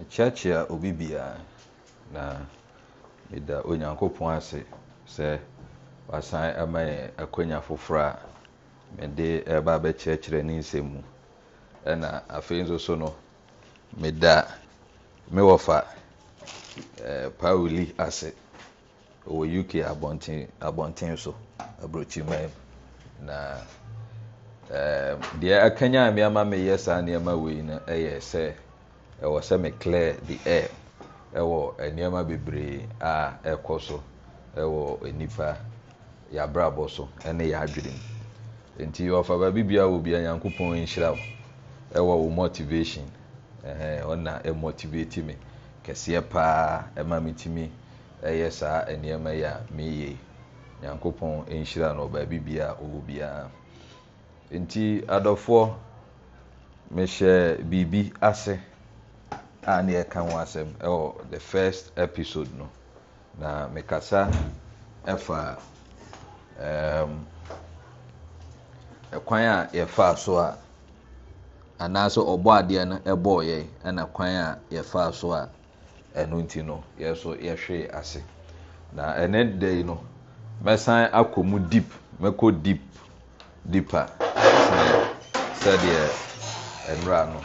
a obi biara na meda onyankopɔn ase sɛ wasan ama yɛ akwanya foforɔ a mede ɛba bɛkyerɛkyerɛ ne nsɛm mu ɛna afei nso so no meda me wɔfa pawuli ase ɔwɔ uk abɔnten so abrɔkyiman mu na deɛ akanya a me ama meyɛ saa nnoɛma wei no ɛyɛ sɛ ɛwɔ sɛ me clear the air ɛwɔ nneɛma bebree a ɛkɔ so ɛwɔ nipa yɛabrabɔ so ɛne yɛ adwenem nti ɔfa baabibiaa wɔ bia nyankopɔn nhyira wo ɛwɔ wo motivation ɔna ɛmotivate me kɛseɛ paa ɛma metumi ɛyɛ saa nnoɔma yi a meyei nyankopɔn nhyira no ɔbaabibiaa ɔwɔ biara nti adɔfoɔ mehyɛ biribi ase a ne yɛka ho asɛm ɛwɔ the first episode no na mekasa ɛfa ɛkwan a yɛfaa so a anaasɛ ɔbɔ adeɛ no ɛbɔɔ yɛn ɛna kwan a yɛfaa so a ɛno nti no yɛ so yɛhwee ase na ɛnɛ da yi no mɛsan akɔ mu deep mɛkɔ deep deeper sɛdeɛ ɛnura no.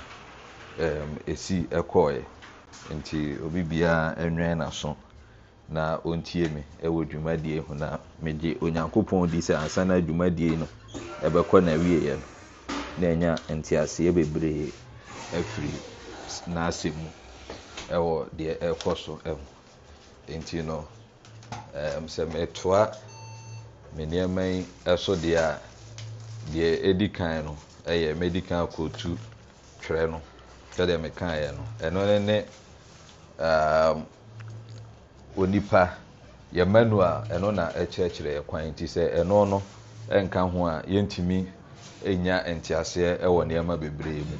Um, esi ɛkɔɛ nti obi biara ɛnwɛn n'aso na ontie mi ɛwɔ dwumadie ho na megye onyankopɔn di sɛ ansa na dwumadie no ɛbɛkɔ na yɛ no na ɛnya nteaseɛ bebree ɛfiri n'asɛm mu ɛwɔ deɛ ɛkɔ so ɛho. nti no ɛm um, sɛ metoa me nneɛma yi ɛso deɛ a deɛ ɛdi kan no ɛyɛ mɛdi kootu twerɛ no. sɛdeɛ mekaeɛ no ɛno ne ne um, onipa yɛ mmanu a ɛno na ɛkyerɛkyerɛ yɛ kwan nti sɛ ɛno no ɛnka ho a yɛntumi ɛnya nteaseɛ ɛwɔ nneɛma bebree mu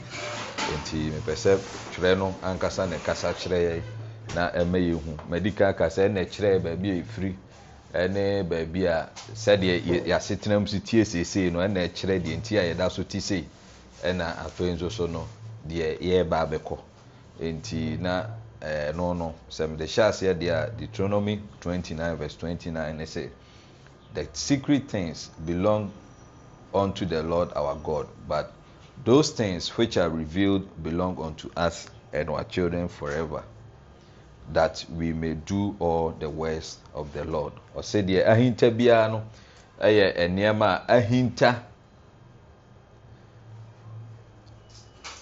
nti mepɛ sɛ twerɛ no ankasa ne kasa kyerɛ yɛ na ɛmɛ yɛ hu mɛdi ka kasa ɛna kyerɛ baabi a efiri ɛne baabi a sɛdeɛ yɛasetenam so tie seesei no ɛna ɛkyerɛ deɛ nti a yɛda so ti sei ɛna afei nso so no. ɛyɛbaabɛkɔ ɛnti naɛno eh, no sɛmede syɛɛaseɛdeɛ a detronomy 2929 ne sɛ the secret things belong unto the lord our god but those tings which are revealed belong unto us ɛnoa children forever that we may do all the wors of the lord ɔsɛ deɛ ahinta biara no ɛyɛ nnoɛma a ahinta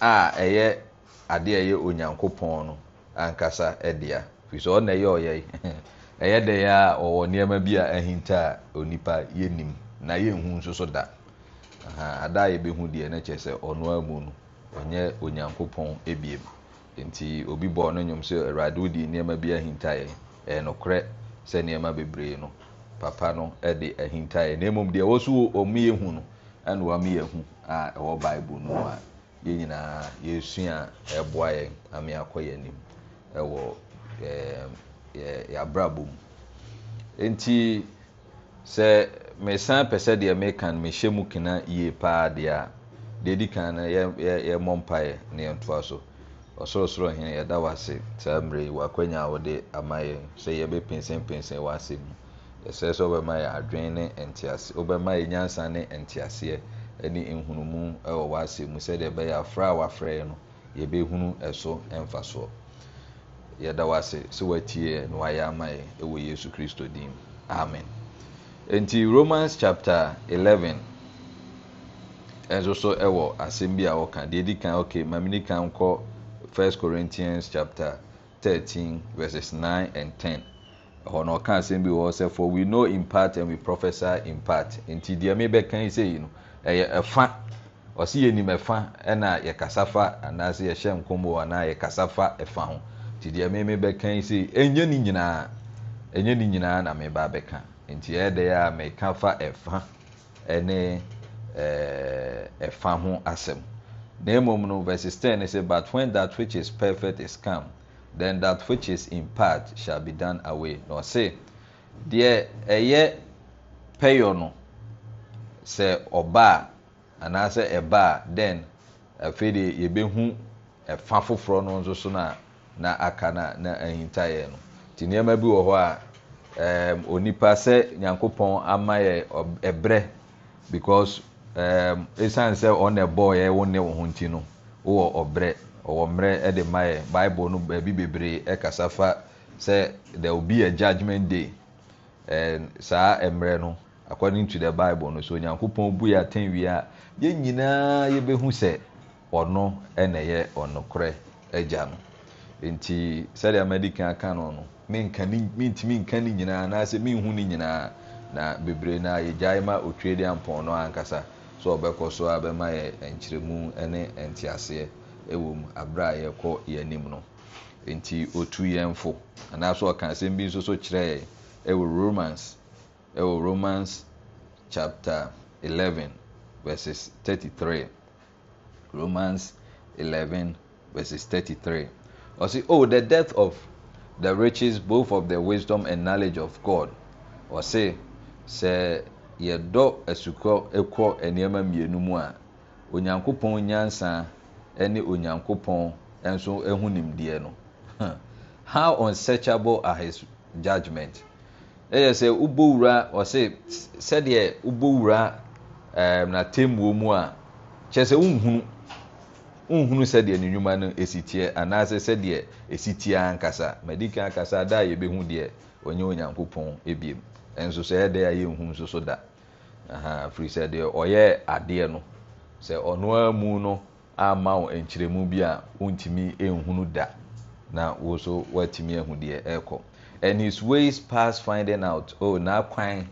a ɛyɛ adeɛ a ɛyɛ onyankopɔn no ankasa dea firi sɛ ɔna ɛyɛ yi. ɛyɛ deɛ a ɔwɔ nneɛma bi a ahinta a onipa yɛ yɛnim na yɛnhu nso so da ada a yɛbɛhu deɛ no kyɛr sɛ ɔnoa mu no ɔnyɛ onyankopɔn biem nti obi bɔ no nwom sɛ awurade wodi nneɛma bi ahintayɛn ɛyɛ nokorɛ sɛ nneɛma bebree no papa no ɛde de ahintayɛn na emu deɛ ɛwɔ so ɔmi yɛhu no ɛna wami yɛhu a ɛwɔ bible no mu a yɛn nyinaa yɛsua a ɛboa yɛn ame akɔ yɛn anim ɛwɔ yɛabrabɔ mu nti sɛ mesan pɛ sɛ deɛ meka no mehyɛ mu kena yie paa deɛ a deɛ di kan no yɛmmɔ mpaeɛ na yɛntoa so ɔsorosoro hene yɛda wase saa mmerɛ yi wakwanya a wode ama yɛn sɛ yɛbɛpensenpensen wɔ asɛm mu yɛsɛ sɛ wobɛma yɛ adwene ne ntease wobɛma yɛ nyansa ne nteaseɛ ne nhunumu wɔ w'asɛm mu sɛdeɛ ɛbɛyɛ afra a wafrɛ no yɛbɛhunu ɛso mfasoɔ yɛda w'ase sɛ watie na wayɛ ama yɛ ɛwɔ yesu kristo din amen nti romans chapter eleven nso so ɛwɔ asɛm bi a wɔka deɛ di kan okay mamini di kan kɔ first corinthians chapter thirteen verses nine and ten ɛhɔ na ɔka asɛm bi wɔ sɛ for we know in part and we prophesy in part nti deɛ mi bɛka yi sɛ yi no ɛyɛ ɛfa ɔsi yɛ nim ɛfa ɛna yɛkasa fa anaasɛ yɛhyɛ nkɔmɔ anaa yɛkasa fa ɛfa ho ti deɛ mɛmɛ bɛka yi sɛ ɛnyɛ ne nyinaa ɛnyɛ ne nyinaa na mɛba bɛka nti ɛyɛ dɛ a mɛka fa ɛfa ɛne ɛɛ ɛfa ho asɛm na mmom no verses ten sɛ but when that which is perfect is come then that which is in part shall be done away na ɔsɛ deɛ ɛyɛ pɛyɔ no sɛ ɔba a anaasɛ ɛba a den afei deɛ yɛbɛhu ɛfa foforɔ no nso so no a na aka no na ahintaeɛ no nti nnoɔma bi wɔ hɔ a onipa sɛ nyankopɔn ama yɛ ɛbrɛ because ɛsiane sɛ ɔne bɔɔyɛ wo ne wo ho nti no wowɔ ɔbrɛ ɔwɔ mmerɛ de ma yɛ bible no baabi bebree kasa fa sɛ there will be a judgment day saa mmerɛ no according to the bible no so onyankopɔn bu yɛ atɛn wie a yɛn nyinaa yɛbɛhu sɛ ɔno ɛna yɛ ɔnokorɛ agya no nti sɛdeɛ amadi kan aka no no mentumi nka ne nyinaa anaasɛ menhu ne nyinaa na bebree no a yɛgyae ma otwe de ampɔn no ankasa sɛ ɔbɛkɔ so a bɛma yɛ nkyerɛmu ne nteaseɛ wɔ mu aberɛ a yɛkɔ yɛn anim no nti ɔtu yɛn fo anaasɛ ɔka asɛm bi nso so kyerɛ yɛ wɔ romans ɛwɔ romans chapter eleven verses thirty-three romans eleven verses thirty-three ɔsi oh, the death of the riches both of the wisdom and knowledge of God ɔsi sɛ yɛdɔ asukɔ ɛkɔ nneɛma mmienu mu a onyankopɔn nyansa ɛne onyankopɔn ɛnso ɛho nimdeɛ no how unsearchable are his judgment. ɛyɛ sɛ wobɔ wura ɔse sɛdeɛ wobɔ wura natammuo mu a kyɛɛ sɛ wonhunu wonhunu sɛdeɛ ne nnwuma no ɛsitiɛ anaasɛ sɛdeɛ ɛsitiea ankasa madi ka akasa da a yɛbɛhu deɛ ɔnyɛ onyankopɔn biom ɛnso so ɛyɛdɛ a yɛnhu nso so da firi sɛ deɛ ɔyɛɛ adeɛ no sɛ ɔnoara mu no ama wo nkyerɛmu bi a wontumi nhunu da na wo so woatumi ahu deɛ ɛrkɔ and his ways pass finding out oh n'akwan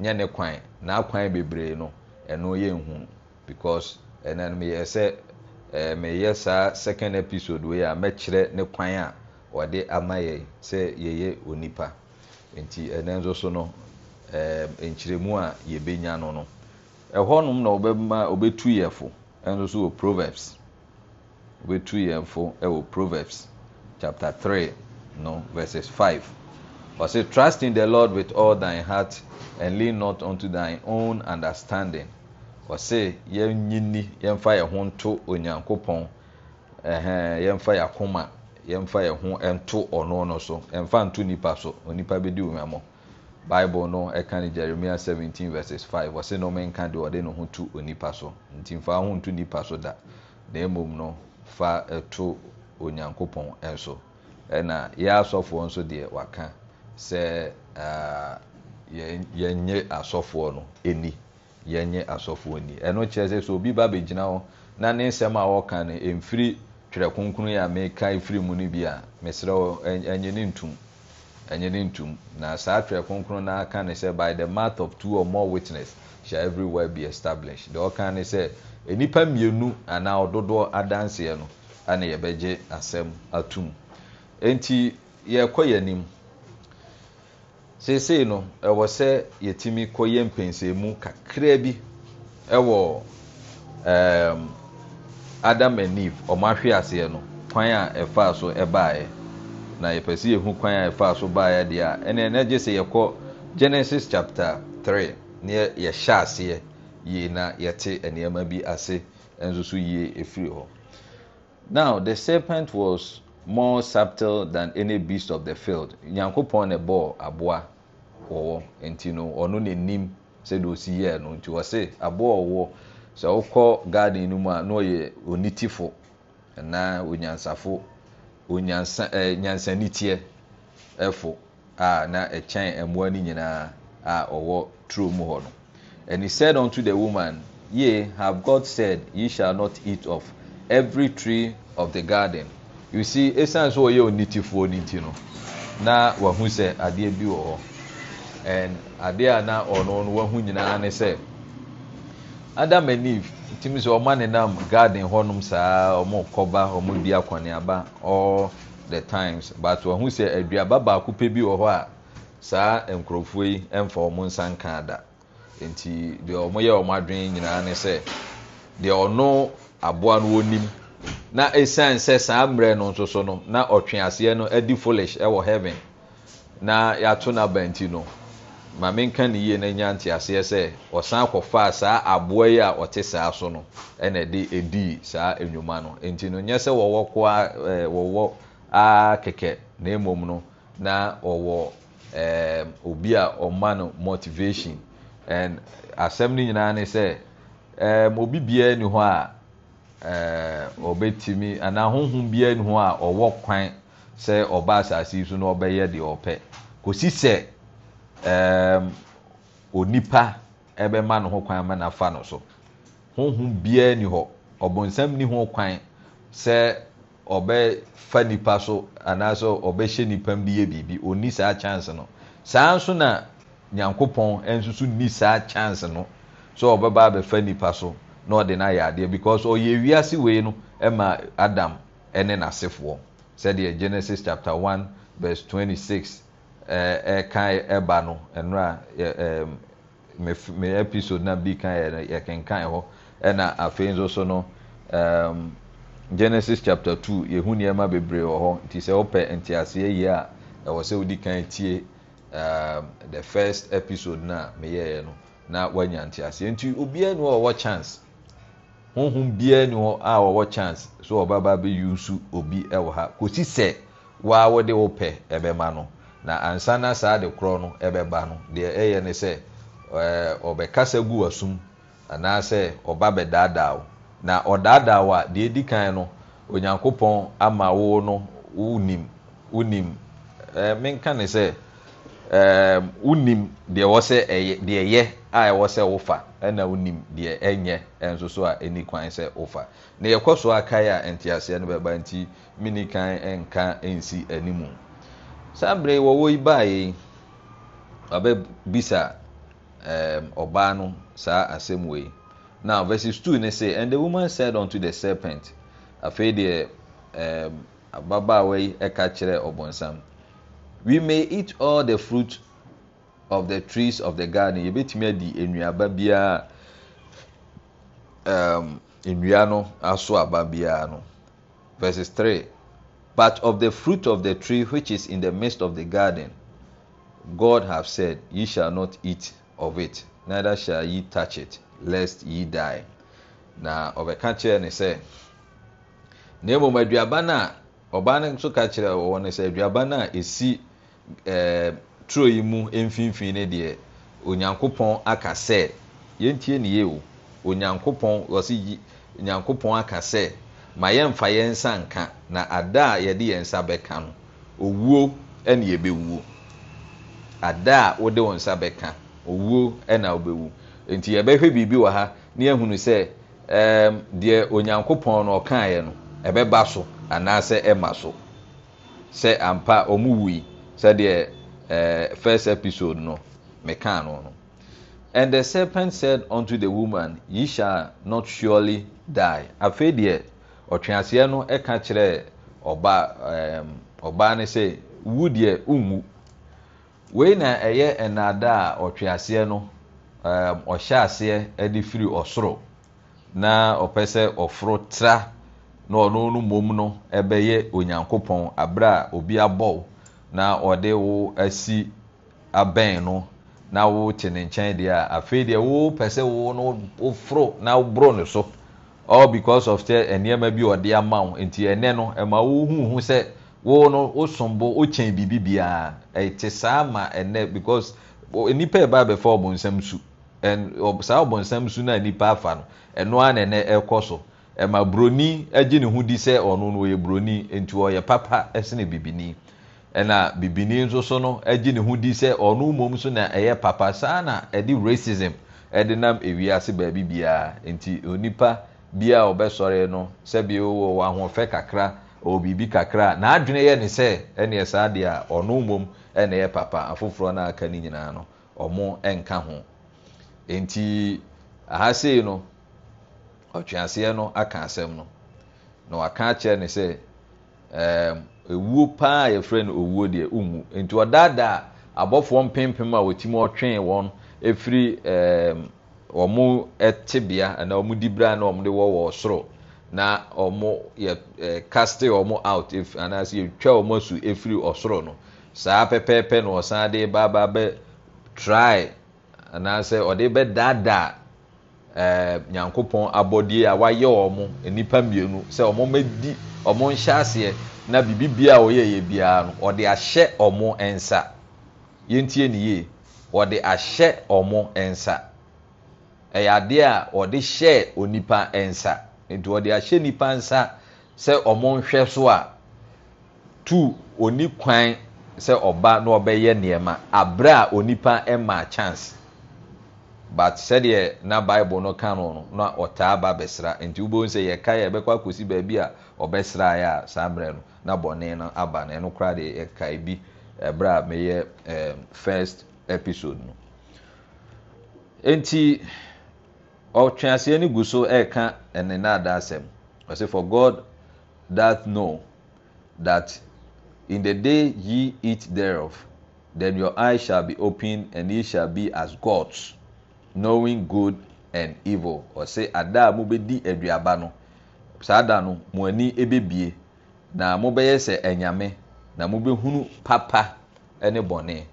nyɛ ne kwan n'akwan bebree no ɛno yɛ nhu because ɛnna meyɛ sɛ ɛɛ meyɛ saa second episode wei a mɛkyerɛ ne kwan a wɔde ama yɛ sɛ yɛyɛ onipa nti ɛnna nso so no ɛɛ nkyerɛmu a yɛbɛnya no no ɛhɔnom na ɔbɛma ɔbɛtu yɛ fo ɛnso so wɔ proverbs ɔbɛtu yɛ fo ɛwɔ proverbs chapter three. No, verses five. But say, Trust in the Lord with all thine heart and lean not unto thine own understanding. wɔse yɛnyini yɛmfa yɛ ho nto onyankopɔn yɛmfa yɛ akoma yɛmfa yɛ ho nto ɔno no so yɛmfa nto nipa so onipa bɛdi omiamɔ bible no ɛka e no jeremia 17 verses 5 wɔse no menka deɛ ɔde ne ho to onipa so nti mfa ho nto nipa so da na mmom no fa ɛto eh, onyankopɔn ɛnso ɛna yɛ asɔfoɔ nso deɛ waka sɛ yɛnyɛ asɔfoɔ no ɛni yɛnyɛ asɔfoɔ ni ɛno kyerɛ sɛ sɛ obi ba bɛgyina hɔ na ne nsɛm a wɔka no ɛmfiri twerɛ kronkron yi a meka ɛfiri mu no bi a mesrɛ wɔ ɛnyɛ ne ntum ɛnyɛ ne ntum na saa twerɛ kronkron no aka ne sɛ by the mouth of two or more witness shall every word be established deɛ ɔka ne sɛ nnipa mmienu anaa ɔdodoɔ adanseɛ no ɛna yɛbɛgye asɛm atum nti yɛrekɔ yɛn anim seesei no ɛwɔ sɛ yɛtumi kɔ yɛ mpɛnsɛmu kakra bi ɛwɔ ɛɛm adam and eve ɔmo ahwe aseɛ no kwan a ɛfaa so ɛbaeɛ na yɛpɛ sɛ yɛhu kwan a ɛfaa so baeɛ deɛ a ɛnna ɛnna gye sɛ yɛkɔ genesis chapter three ne yɛhyɛ aseɛ yie na yɛte nneɛma bi ase nso so yie efiri hɔ now the serpent was more subtle than any beast of the field nyankopɔn ne bɔɔ aboa wɔwɔ nti no ɔno ne nim sɛdeɛ osi yɛ no nti ɔse aboa ɔwɔ sɛ wokɔ garden no mu a na ɔyɛ onitifo anaa onyansafo onyansa ɛɛ nyansanitiɛ ɛfo a na ɛkyɛn ɛmoa no nyinaa a ɔwɔ turo mu hɔ no and he said unto the woman yea have God said ye shall not eat of every tree of the garden. si ɛsiane so ɔyɛ ɔni tifoɔ no no na wahu sɛ adeɛ bi wɔ hɔ and adeɛ a na ɔno no wahu nyinaa ne sɛ adam and aniv timi sɛ ɔma ne nam garden hɔnom saa ɔmokɔba di akwaneaba all the times but ɔhu sɛ aduaba baako pɛ bi wɔ hɔ a saa nkurɔfoɔ yi mfa ɔmo nsa nka da nti deɛ ɔmoyɛ ɔmo adwene nyinaa ne sɛ deɛ ɔno aboa no wɔnim na esan sɛ saa mmerɛ no nso so no na ɔtwe aseɛ no adi folish ɛwɔ heaven na yɛato no no Maame menka ne yie no nya nteaseɛ sɛ ɔsan kɔfaa saa aboa yi a ɔte saa so no ɛna ɛde ɛdii saa nnwuma no nti no nyɛ sɛ wɔwɔ koa eh, wɔwɔ aa kɛkɛ na mmom no na ɔwɔ eh, obi a ɔma no motivation Ɛn asɛm no nyinaa ne sɛ eh, obi biara ni hɔ a ɔbɛtumi eh, anaa honhom biaa nu ho a ɔwɔ kwan sɛ ɔba asase yi so na ɔbɛyɛ deɛ ɔpɛ kosi sɛ onipa bɛma no ho kwan ama noafa no so honhom biaa ni hɔ ɔbonsam ni ho kwan sɛ ɔbɛfa nnipa so anaasɛ ɔbɛhyɛ nnipam bi yɛ biribi ɔnni saa chance no saa nso na nyankopɔn nso nsuso nni saa chance no sɛ ɔbɛba abɛfa nnipa so na ɔde no ayɛ adeɛ because ɔyɛ wiase wei no ma adam ne n'asefoɔ sɛdeɛ genesis chapter one verse twenty 26 eh, ɛka eh, ɛba eh, no ɛnora me episode na bi ka yɛkenkan hɔ ɛna afei nso so no genesis chapter two yɛhu nneɛma bebree wɔ hɔ nti sɛ wopɛ nteaseɛ yie a ɛwɔ sɛ wodi kan tie the first episode na meyɛeɛ no na woanya nteaseɛ nti obiara ni wɔwɔ chance honhom biara ni hɔ a wɔwɔ chance sɛ wɔbabaa bɛyuso obi wɔ ha Kosi sɛ waa wode wo pɛ bɛma no na ansana saa de korɔ no bɛba no deɛ ɛyɛ ne sɛ ɔbɛkasa gu wasum anaasɛ ɔba bɛdaadaa wo na ɔdaadaa wo a deɛ ɛdi kan no onyankopɔn ama wo no wonim wonim menka ne sɛ Ehm, wonim deɛ ɛwɔ sɛ deɛ ɛyɛ a ɛwɔ sɛ wofa ɛna wonim deɛ ɛnyɛ ɛnso so a ɛni kwan sɛ wofa na yɛkɔ so akae a nteaseɛ no bɛba nti mini kan nka nsi anim saa mmerɛ wɔwɔ yi baeɛ wabɛbisa ehm, ɔbaa no saa asɛm wei now verses two ne say and the woman said unto the serpent afei deɛ ehm, ababaawa yi ɛka kyerɛ ɔbɔnsam. we may eat all the fruit of the trees of the garden yɛbɛtumi adi nnuaba biara um, no aso aba no verses three but of the fruit of the tree which is in the midst of the garden God have said ye shall not eat of it neither shall ye touch it lest ye die na of kyerɛ ne sɛ na mmom aduaba no a ɔbaa no nso ka kyerɛ wɔn ne sɛ aduaba no a Eh, turo yi mu mfimfini no deɛ onyankopɔn aka sɛ yɛntie ne yeo onyankopɔn ɔse onyankopɔn aka sɛ ma yɛmfa yɛn nsa nka na ada a yɛde yɛn nsa bɛka no owuo ɛne yɛbɛwuo ada a wode wɔn nsa bɛka owuo ɛna ɔbɛwu nti yɛbɛhwɛ biribi wɔ ha ne yɛhunu sɛ deɛ onyankopɔn na no yɛ no ɛbɛba so anaasɛ ɛma so sɛ ampa ɔmo wui sɛdeɛ eh, first episode no mekaa no no and the serpent said unto the woman ye shall not surely die afei deɛ ɔtweaseɛ no ɛka kyerɛ ɔbaa ɔbaa ne sɛ wu deɛ nwu wei na ɛyɛ ɛnaada a ɔtweaseɛ no ɔhyɛ aseɛ de firi ɔsoro na ɔpɛ sɛ ɔforo tra na ɔno no mmom no ɛbɛyɛ onyankopɔn aberɛ a obi abɔw na ɔde wo asi abɛn no na wote ne nkyɛn deɛ a afei deɛ wo pɛ sɛ wo no woforo na woboro ne so all because of sɛ nneɛma bi ɔde ama wo nti ɛnɛ no ɛma wohuhu sɛ wo no wosombo wokyɛn biribi biara ɛte saa ma ɛnɛ because nnipa ɛba abɛfa ɔbɔnsam su ɛn saa ɔbɔnsam su na nnipa afa no ɛno ara na ɛnɛ ɛkɔ so ɛma broni agye ne ho di sɛ ɔno no ɔyɛ broni nti ɔyɛ papa ɛsene bibini. ɛna bibini nso so no gye ne ho di sɛ ɔno mmom so na ɛyɛ papa saa na ɛde racism ɛde nam ewiase baabi biara nti onipa bia a ɔbɛsɔre no sɛbi wɔ ahoɔfɛ kakra ɔwɔ biribi kakra na adwene yɛ ne sɛ ɛneɛ saa deɛ a ɔno mmom ɛna ɛyɛ papa afoforɔ no aka no nyinaa no ɔmo nka ho nti ahasee no ɔtweaseɛ no aka asɛm no na waka akyerɛ ne sɛ ɛɛm. ewuo paa a yɛfrɛ no owuo deɛ umu nti ɔdaadaa abɔfoɔ mpempem a wɔtim ɔtwee wɔn efiri ɛɛm ehm, wɔn ɛtebea anaa wɔn di bra na wɔn de wɔ wɔ soro na wɔn yɛ ɛɛ eh, kaste wɔn out ef anaasɛ yɛtwa wɔn asu efiri ɔsoro no saa pɛpɛɛpɛ na ɔsan de ba ba bɛ try anaasɛ ɔde bɛ daadaa. Eh, nyankopɔn abɔdeɛ a wayɛ wɔn nnipa mmienu sɛ wɔn mɛdi wɔn nhyɛ aseɛ na biribiara a wɔyɛ yɛ biara no wɔde ahyɛ wɔn nsa yɛntie ne yie wɔde ahyɛ wɔn nsa ɛyɛ adeɛ a wɔde hyɛ onipa nsa nti wɔde ahyɛ nipa nsa sɛ wɔn hwɛ so a tu oni kwan sɛ ɔba na ɔbɛyɛ nneɛma abere a onipa ɛma chance but sɛdeɛ na bible no ka no no na ɔtaa ba bɛsra nti wobɛhu sɛ yɛka yɛ bɛkɔ akɔsi baabi a ɔbɛsraeɛ a saa mmerɛ no na bɔne no aba no ɛno koraa de yɛkae bi ɛberɛ eh, a meyɛ eh, first episode no nti ɔtweaseɛ no gu so ɛreka ɛne naadaasɛm ɔsɛ for god that know that in the day ye eat thereof then your eye shall be opened and ye shall be as gods knowing good and evil ɔsɛ ada a mobɛdi aduaba no saa da no mo ani bɛbie na mobɛyɛ sɛ anyame na mobɛhunu papa ne bɔne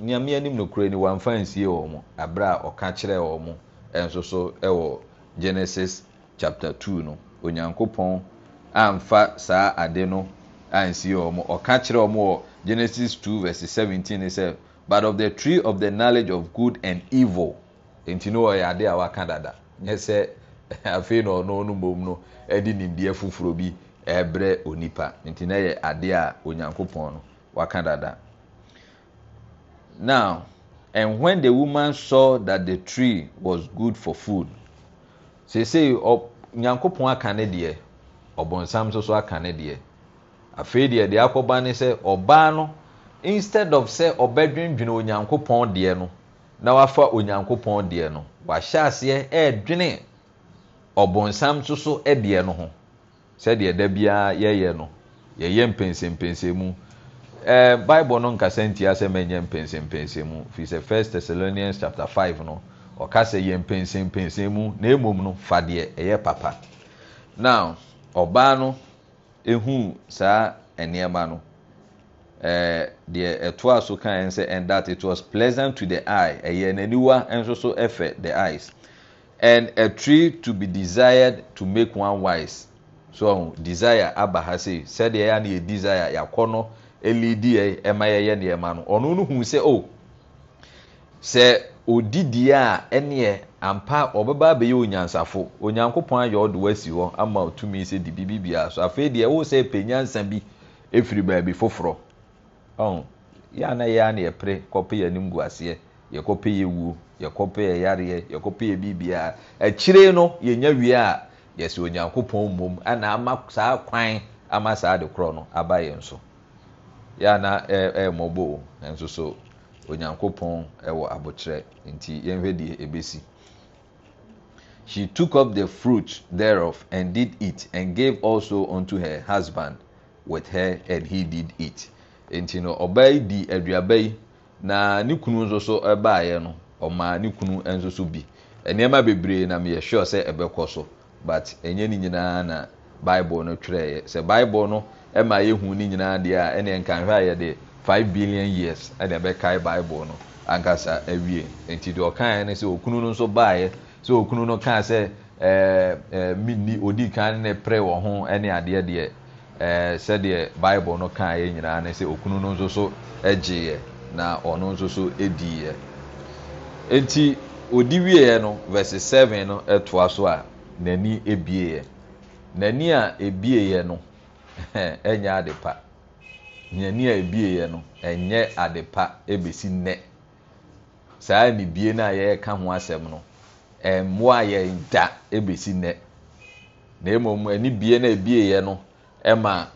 nneɛma anim nokorɛ ni wɔamfa nsie wɔ mo aberɛ a ɔka kyerɛ wɔ mo nso so wɔ genesis chapter two no onyankopɔn amfa saa ade no ansie wɔ mo ɔka kyerɛ wɔ mo wɔ genesis two verse seventeen 17 sɛ but of the tree of the knowledge of good and evil nti no ɔyɛ adeɛ a waka dada nyɛ sɛ afei na ɔno no mbom no ɛde nimdeɛ foforɔ bi ɛbrɛ onipa nti na yɛ adeɛ a onyankopɔn no waka dada now and when the woman saw that the tree was good for food seesei nyankopɔn aka ne deɛ ɔbɔnsam nso so aka ne deɛ afei deɛ deɛ akɔba ne sɛ ɔbaa no instead of sɛ ɔbɛdwendwene onyankopɔn deɛ no na wafa onyankopɔn deɛ no wahyɛ aseɛ ɛɛdwene ɔbɔnsam nso so deɛ no ho sɛdeɛ da biara yɛyɛ no yɛyɛ mpɛnsɛmpɛnsɛ mu ɛɛ bible no nkasa ntia sɛ mɛnyɛ mpɛnsɛmpɛnsɛ mu fi sɛ first thessalonians chapter five no ɔka sɛ yɛ mpɛnsɛmpɛnsɛ mu na emom no fa deɛ ɛyɛ papa now ɔbaa no ehu saa nneɛma no. Eh, deɛ ɛtoa so kan sɛ and that it was pleasant to the eye ɛyɛ n'aniwa nso so ɛfɛ the eyes and a tree to be desired to make one wise so desire aba ha sei sɛdeɛ yɛ ana yɛ desire yakɔ no elidi yɛ ɛma yɛyɛ nneɛma no ɔno no hu sɛ o oh, sɛ odidie a ɛneɛ ampa ɔbɛba abɛyɛ onyansafo onyankopɔn ayɛ ɔde wasi hɔ ama otumi sɛ di bibi bia so afei deɛ ɛwɔ sɛ pɛ nyansa bi efiri baabi foforɔ. yaa na yɛa ne yɛpere kɔpɛ yɛ anim gu aseɛ yɛkɔpɛ yɛ wuo yɛkɔpɛ yɛ yareɛ yɛkɔpɛ yɛ biribiaa akyire no yɛnya wie a yɛsɛ onyankopɔn mmom ɛna ama saa kwan ama saa de korɔ no aba yɛn so yɛa na ɛmmɔbɔo ɛnso so onyankopɔn ɛwɔ abokyerɛ nti yɛnhwɛ deɛ ɛbɛsi she took up the fruit thereof and did eat and gave also unto her husband with her and he did eat nti no ɔbaa yi di aduaba yi na ne kunu nso so baeɛ no ɔmaa ne kunu nso so bi nnoɔma bebree na meyɛ sure sɛ ɛbɛkɔ so but ɛnyɛ ne nyinaa na bible no twerɛeɛ sɛ bible no ma yɛhu ne nyinaa deɛ a ɛne nkahwɛ a yɛde 5 billion years ɛne ɛbɛkae bible no ankasa awie nti deɛ ɔkaeɛ no sɛ okunu no nso baeɛ sɛ okunu no kaa sɛ menni odi kan ne prɛ wɔ ho ne adeɛ deɛ Eh, sɛdeɛ bible no kaa yɛ nyinaa ne sɛ okunu no nso so gyeeɛ na ɔno nso so diiɛ ɛnti ɔdi wieɛ no verse seven no toa so a n'ani bieɛ n'ani a ɛbieɛ no ɛnyɛ ade pa n'ani a ɛbieɛ no ɛnyɛ ade pa bɛsi nnɛ saa nibie no a yɛɛka ho asɛm no mmoa a yɛnda ebesi nnɛ na mmom ani bie no ɛbieɛ no ɛma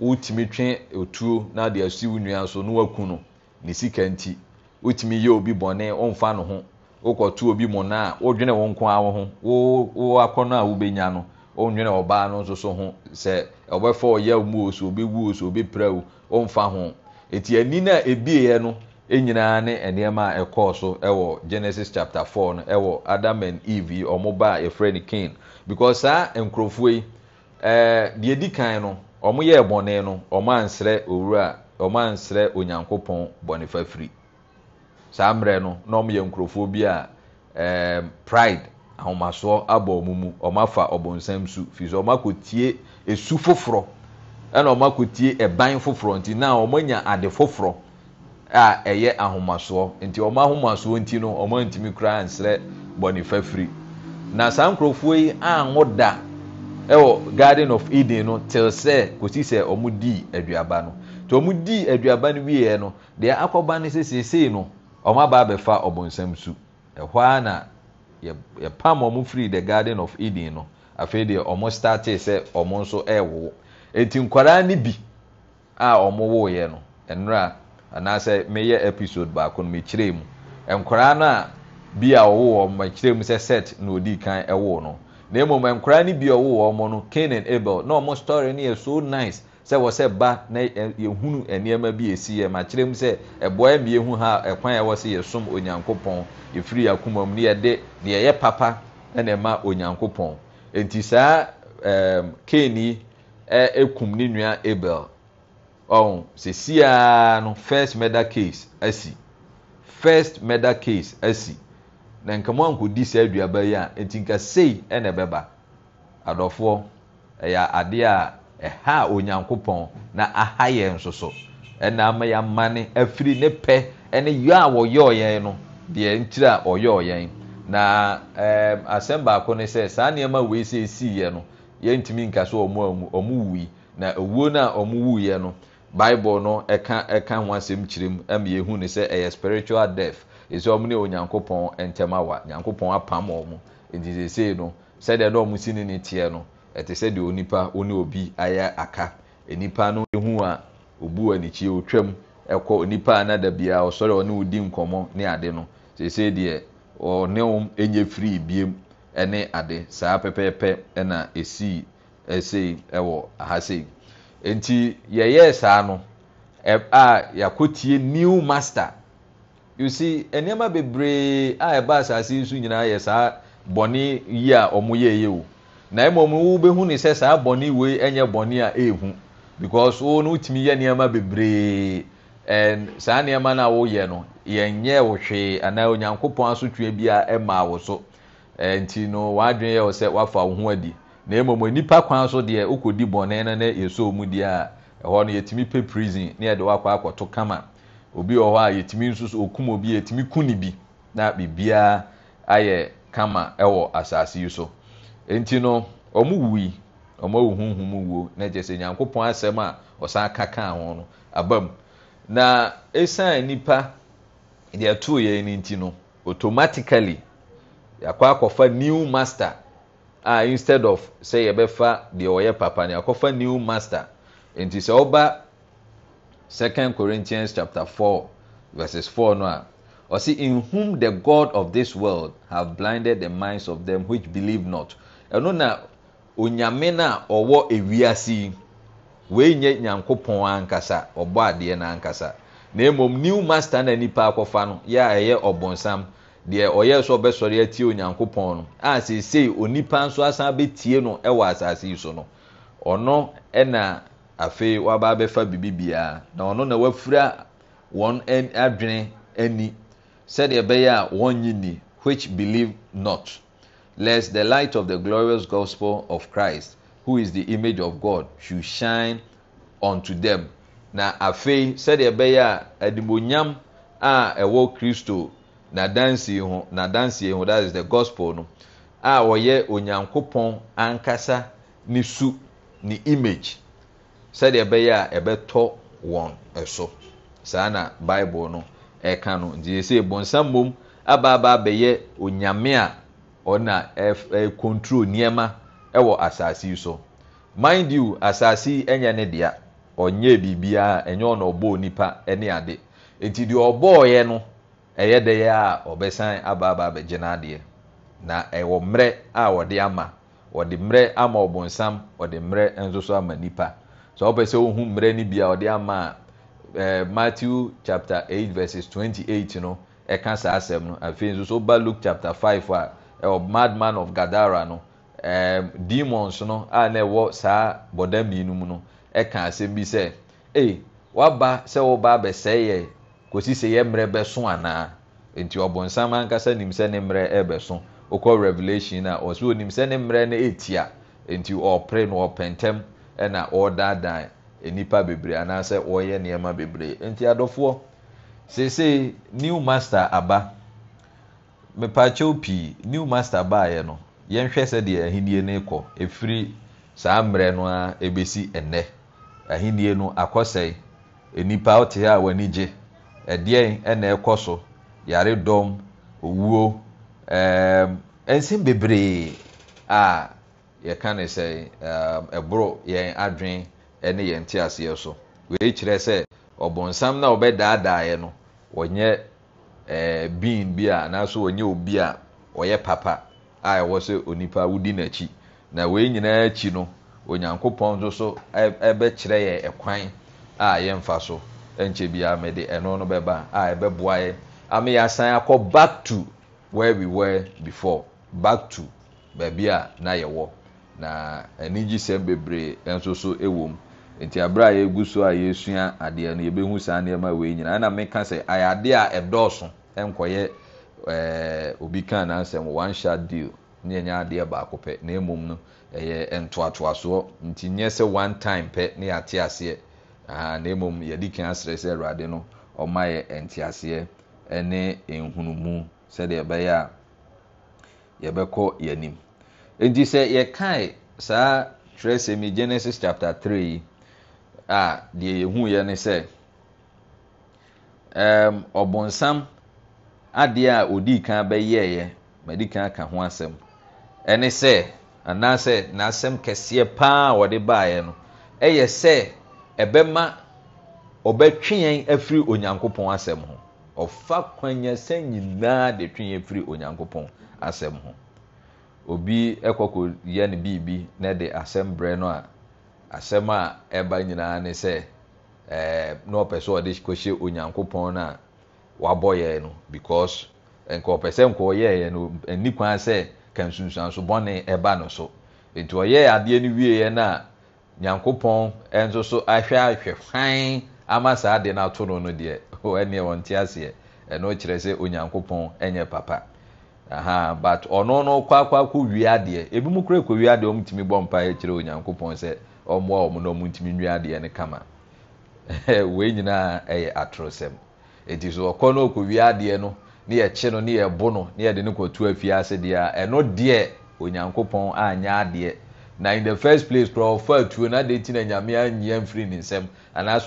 wotumi twe otuo na de asi wo nua so na waku no ne sika nti wotumi yɛ obi bɔne ɔmfa no ho wokɔto obi mu no a wodwene wo nko a wo ho wo akɔ no a wobɛnya no wondwene ɔbaa no nso so ho sɛ ɔbɛfa ɔyɛ mu o so obɛwu o so obɛpira o ɔmfa ho ɛti ani no a ɛbieeɛ no nyinaa ne nnoɔma a ɛkɔɔ so wɔ genesis chapter four no ɛwɔ adam and eve yi ɔmo ba a yɛfrɛ no cain because saa nkurɔfoɔ yi deɛ di kan no ɔmo yɛ bɔne no ɔmo ansrɛ owura ɔmo ansrɛ onyankopɔn bɔne fafiri saa mmerɛ no na ɔmo yɛ nkurɔfoɔ bi a pride ahomasoɔ abɔ ɔmo mu ɔmo afa ɔbɔnsam su firi sɛ ɔmo akɔtie esu foforɔ ɛna ɔmo tie ɛban foforɔ nti na ɔmo anya ade foforɔ a ɛyɛ ahomasoɔ nti ɔmo ahomasoɔ nti no ɔmo antumi koraa ansrɛ bɔne firi na saa nkurɔfoɔ yi anwo da. ɛwɔ garden of eden no till sɛ kòsi sɛ wɔn dii aduaba no tí wɔn Di aduaba no wieɛ no deɛ akɔba no sɛsɛsɛɛ no wɔn aba abɛfa ɔbɔnsɛm su ɛhɔ ara na yɛpam wɔn firi the garden of eden no afei deɛ wɔn starte sɛ wɔn nso ɛɛwo eti nkwadaa no bi a wɔn wɔɔyɛ no nnora anaasɛ meyɛ episode baako no mekyerɛ mu nkwadaa no a bi a wɔwɔ wɔn mekyerɛ mu sɛ set na odi kan ɛwo no na mmom nkwaraa no bi a ɔwɔ wɔn no Cain and Abel na wɔn story no yɛ so nice sɛ wɔ sɛ ba na yɛhunu nneɛma bi esi yɛ ma kyerɛ mu sɛ ɛboa mmienu ha ɛkwan a ɛwɔ sɛ yɛsom onyankopɔn efiri akoma mu ne yɛde deɛ ɛyɛ papa ɛna ɛma onyankopɔn nti saa ɛɛm Cain yi ɛkum ne nua Abel ɔn sesia no first murder case asi first murder case asi. na nkama ankɔdi saa aduaba yi a eti nka sei ɛne adɔfoɔ ɛyɛ adeɛ a ɛha onyankopɔn na aha yɛn nso so ɛna ma yɛamane afiri ne pɛ ɛne yɔ a wɔyɔɔ yɛn no deɛ nkyiri a ɔyɔɔ yɛn na asɛm baako ne sɛ saa nneɛma wei sɛ ɛsiiiɛ no yɛntumi nka so ɔmo wui na ɛwuo no a ɔmo yɛ no bible no ɛka ɛka ho asɛm kyerɛ mu ma yɛhu ne sɛ ɛyɛ spiritual death ɛsɛ ɔmo ne onyankopɔn ntɛm awa nyankopɔn apam ɔmo nti sesei no sɛdeɛ na ɔmo si ne ne teɛ no ɛte sɛdeɛ onipa ɔne obi ayɛ aka nipa no ehu a obu anikyi otwam ɛkɔ nipa anada bia ɔsɔre ɔne odi nkɔmɔ ne ade no sesei deɛ ɔne wɔn enye firi biem ɛne ade saa pɛpɛɛpɛ ɛna esii ɛsei ɛwɔ aha sei nti yɛyɛ saa no e, a yɛakɔtie new master. you see nneɛma bebree a ɛba asaase nso nyinaa yɛ saa bɔne yi a wɔn yɛ yie o na mmom wobɛhu ne sɛ saa bɔne wei nyɛ a because wo no bebree and saa nneɛma no a woyɛ no yɛnyɛ wo hwee anaa onyankopɔn asotwe biara ɛmaa so nti no yɛ sɛ wafa wo ho adi na mmom nipa kwan so deɛ wokɔdi bɔne no na na yɛde wakɔ akɔto kama obi wɔ hɔ a yɛtumi nso so ɔkum obi yɛtumi ku ne bi na biribiaa ayɛ kama ɛwɔ asase yi so Nti no ɔmo wui ɔmo awo honhom wuo na gye sɛ nyankopɔn asɛm a ɔsan kakaa ho no aba mu na ɛsiane nipa deɛ ɛtoo yɛn no nti no automatically yɛakɔ akɔfa new master a instead of sɛ yɛbɛfa deɛ ɔyɛ papa no yɛakɔfa new master nti sɛ ɔba 2 corinthians chapter 4 verses 4 no a see in whom the god of this world have blinded the minds of them which believe not ɛno na onyame na ɔwɔ ewiase yi wei nye nyankopɔn ankasa ɔbɔ adeɛ na ankasa na emom new master na nipa akɔfa no yɛ a ɛyɛ ɔbɔnsam deɛ ɔyɛ so ɔbɛsɔre atie onyankopɔn no a seesei onipa nso asan abɛtie no ɛwɔ asaase yi so no ɔno ɛna afei waba abɛfa biribi biara na ɔno na wafura wɔn adwene ani sɛdeɛ ɛbɛyɛ a wɔnyi ni which believe not lest the light of the glorious gospel of Christ who is the image of God should shine unto them na afei sɛdeɛ ɛbɛyɛ a adimonyam a ɛwɔ Kristo na dansi ho na dansi ho that is the gospel no a wɔyɛ onyankopɔn ankasa ne su ne image. sɛdeɛ ɛbɛyɛ a ɛbɛtɔ wɔn ɛso saa na bible no ɛka no nti yɛ sɛ bɔnsa mmom abaaba abɛyɛ onyame a ɔna ɛkɔntro nneɛma ɛwɔ asase so mind you asase yi ɛnyɛ ne dea ɔnyɛ biribiara ɛnyɛ ɔna ɔbɔ nipa ɛne ade nti deɛ ɔbɔɔyɛ no ɛyɛ deɛ a ɔbɛsan abaaba abɛgyina adeɛ na ɛwɔ mmrɛ a ɔde ama ɔde mmrɛ ama ɔbɔnsam ɔde mmrɛ nso so ama nipa. so wopɛ sɛ wohu mmerɛ no bi a ɔde ama a matthew chapter 8 verses 28 no ɛka saa asɛm no afei nso so woba luke chapter five, a ɛwɔ eh, madman of gadara no um, demons no a na ɛwɔ saa bɔda mmienu mu no ɛka asɛm bi sɛ ee waba sɛ woba abɛsɛe yɛ kòsi sɛ yɛ mmerɛ bɛso anaa nti ɔbɔnsam ankasa nim sɛ ne mmerɛ ɛbɛso okɔ revelation a ɔsɛ onim sɛ ne mmerɛ no etia nti ɔpere no ɔpɛntɛm. ɛna ɔredaadan nnipa bebree anaasɛ ɔreyɛ nneɛma bebree nti adɔfoɔ seesei new master aba mepaakyɛw pii new master baayɛ no yɛnhwɛ sɛdeɛ ahennie no kɔ efiri saa mmerɛ no a ɛbɛsi ɛnnɛ ahennie no akɔsɛe nipa wote ɛ a w'ani gye ɛdeɛn ɛna ɛkɔ so yaredɔm owuo ɛnsɛm bebree a yɛka ne sɛ um, ɛboro yɛn adwen ne yɛn te aseɛ so wei kyerɛ sɛ ɔbɔnsam na yɛ no ɔnyɛ eh, bin bi a anaaso ɔnyɛ obi a ɔyɛ papa a ɛwɔ sɛ onipa wodi n'akyi na wei nyinaa akyi no onyankopɔn nso so ɛbɛkyerɛ yɛ ɛkwan a yɛmfa so nkyɛ biaa mede ɛno no bɛba a ɛbɛboa yɛ ama yɛasan akɔ back to where we were before back to baabi a na yɛwɔ na anigyesɛm bebree nso so wɔ mu nti aberɛ a yɛgu so a yɛsua adeɛ no yɛbɛhu saa nneɛma wei nyinaa ɛna meka sɛ ayɛ adeɛ a ɛdɔɔso nkɔyɛ obi ka nansɛm one shot deal ne ɛnyɛ adeɛ baako pɛ na mmom no ɛyɛ ntoatoasoɔ nti nyɛ sɛ one time pɛ ne yɛate aseɛ na mmom yɛde ka asrɛ sɛ awurade no ɔma yɛ nteaseɛ ne nhunumu sɛdeɛ ɛbɛyɛ a yɛbɛkɔ yɛanim nti sɛ yɛkae saa twerɛsɛm yi genesis chapter three a deɛ yɛhu yɛ ne sɛ ɛɛm ɔbɔnsam adeɛ a odi kan bɛyɛɛyɛ mɛdi kan ka ho asɛm ɛne sɛ anaasɛ n'asɛm kɛseɛ paa a wɔde baeɛ no ɛyɛ sɛ ɛbɛma ɔbɛtwiɛn yɛn afiri onyankopɔn asɛm ho ɔfa kwanyasa nyinaa de twiɛn yɛn afiri onyankopɔn asɛm ho. obi kɔkɔyɛ no biribi na de asɛm brɛ no a asɛm a ɛba nyinaa ne sɛ na ɔpɛ sɛ ɔde kɔhyɛ onyankopɔn no a wabɔ yɛ no because nka ɔpɛ sɛ nka ɔyɛɛ no ani kwan sɛ ka nsunsuanso bɔne ɛba no so nti ɔyɛ adeɛ no wieɛ no a nyankopɔn nso so ahwɛ ahwɛ hann ama saa ade no ato no no deɛ ɛneɛ ɔnte aseɛ ɛno kyerɛ sɛ onyankopɔn nyɛ papa but ɔno eh, no kɔakɔakɔ wieadeɛ ebimu kora ɛkɔwieadeɛ ɔmtumi bɔ mpa kyerɛ onyankopɔn sɛ ɔmmoa ɔm no ɔmntumi nwiadeɛ no kama wei nyinaa ɛyɛ atorɔsɛm so ɔkɔ no no ne no ne no ne no a ɛno deɛ onyankopɔn anyɛ adeɛ na in the first place ade na nyame mfiri ne na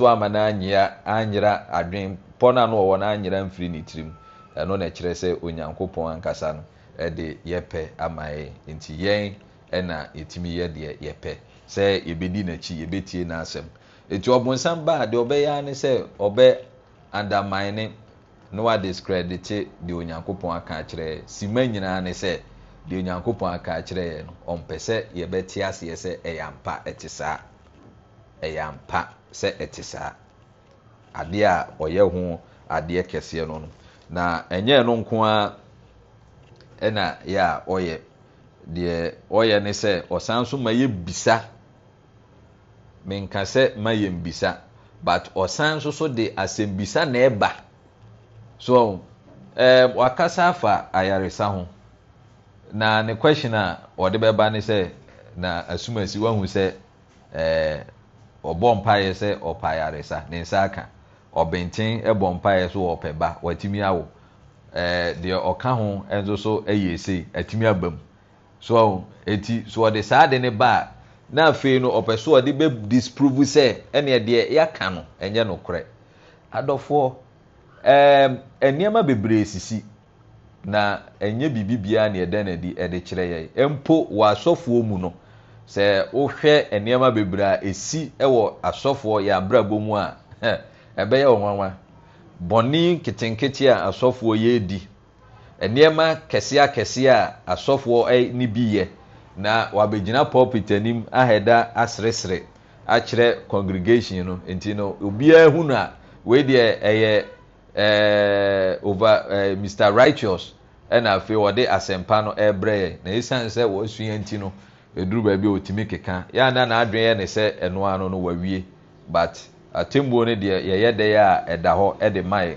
ɔwɔ mfiri ne tirim ɛno na ɛkyerɛ sɛ onyankopɔn ankasa no ɛde yɛpɛ ama yɛ nti yɛn ɛna yɛtumi yɛ deɛ yɛpɛ sɛ yɛbɛdi n'akyi yɛbɛtie n'asɛm eti ɔbonsam baa deɛ ɔbɛyɛ ara sɛ ɔbɛ undermine ne na wadiscredite deɛ onyankopɔn aka akyerɛ yɛ sima nyinaa ne sɛ deɛ onyankopɔn aka akyerɛ yɛ no ɔmpɛ sɛ yɛbɛte aseɛ sɛ ɛyɛ ampa ɛte saa ɛyɛ ampa sɛ ɛte saa adeɛ a ɔyɛ ho adeɛ kɛseɛ no no. na ɛnyɛ no nko a ɛna yɛ a ɔyɛ deɛ ɔyɛ ne sɛ ɔsan so ma yɛ bisa menka sɛ ma yɛ mbisa but ɔsan so so de asɛmbisa na ɛba so ɛɛ wakasa afa ayaresa ho na ne question a ɔde bɛba ne sɛ na asumasi wahu sɛ ɛɛ ɔbɔ mpaeɛ sɛ ɔpa ayaresa ne nsa aka. ɔbɛnten bɔ mpaeɛ so wɔpɛ ba watumi awo deɛ ɔka ho nso so yɛ ese atumi aba mu so eti so ɔde saa de ne ba a na afei no ɔpɛ so ɔde bɛdisprove sɛ ɛneɛ deɛ yɛaka no ɛnyɛ nokorɛ adɔfoɔ nneɛma bebree sisi na ɛnyɛ biribibiaa ne ɛda nadi ɛde kyerɛ yɛ mpo wɔ asɔfoɔ mu no sɛ wohwɛ nneɛma bebree a esi wɔ asɔfoɔ yɛ abrabɔ mu a ɛbɛyɛ wɔ nwanwa bɔne nketenkete a asɔfoɔ edi, nnoɔma kɛseɛ akɛseɛ a asɔfoɔ ne bi yɛ na wabɛgyina pulpit anim ahɛda aseresere akyerɛ congregation no nti no obiara hu no a wei deɛ ɛyɛ over mr righteous ɛna afei wɔde asɛmpa no ɛbrɛ yɛ na ɛsiane sɛ wɔasua nti no eduru baabi a ɔtumi keka yɛa na naadwene yɛ ne sɛ ɛnoa no no wawie but atemmuo no deɛ yɛyɛ dɛeɛ a ɛda hɔ de maɛ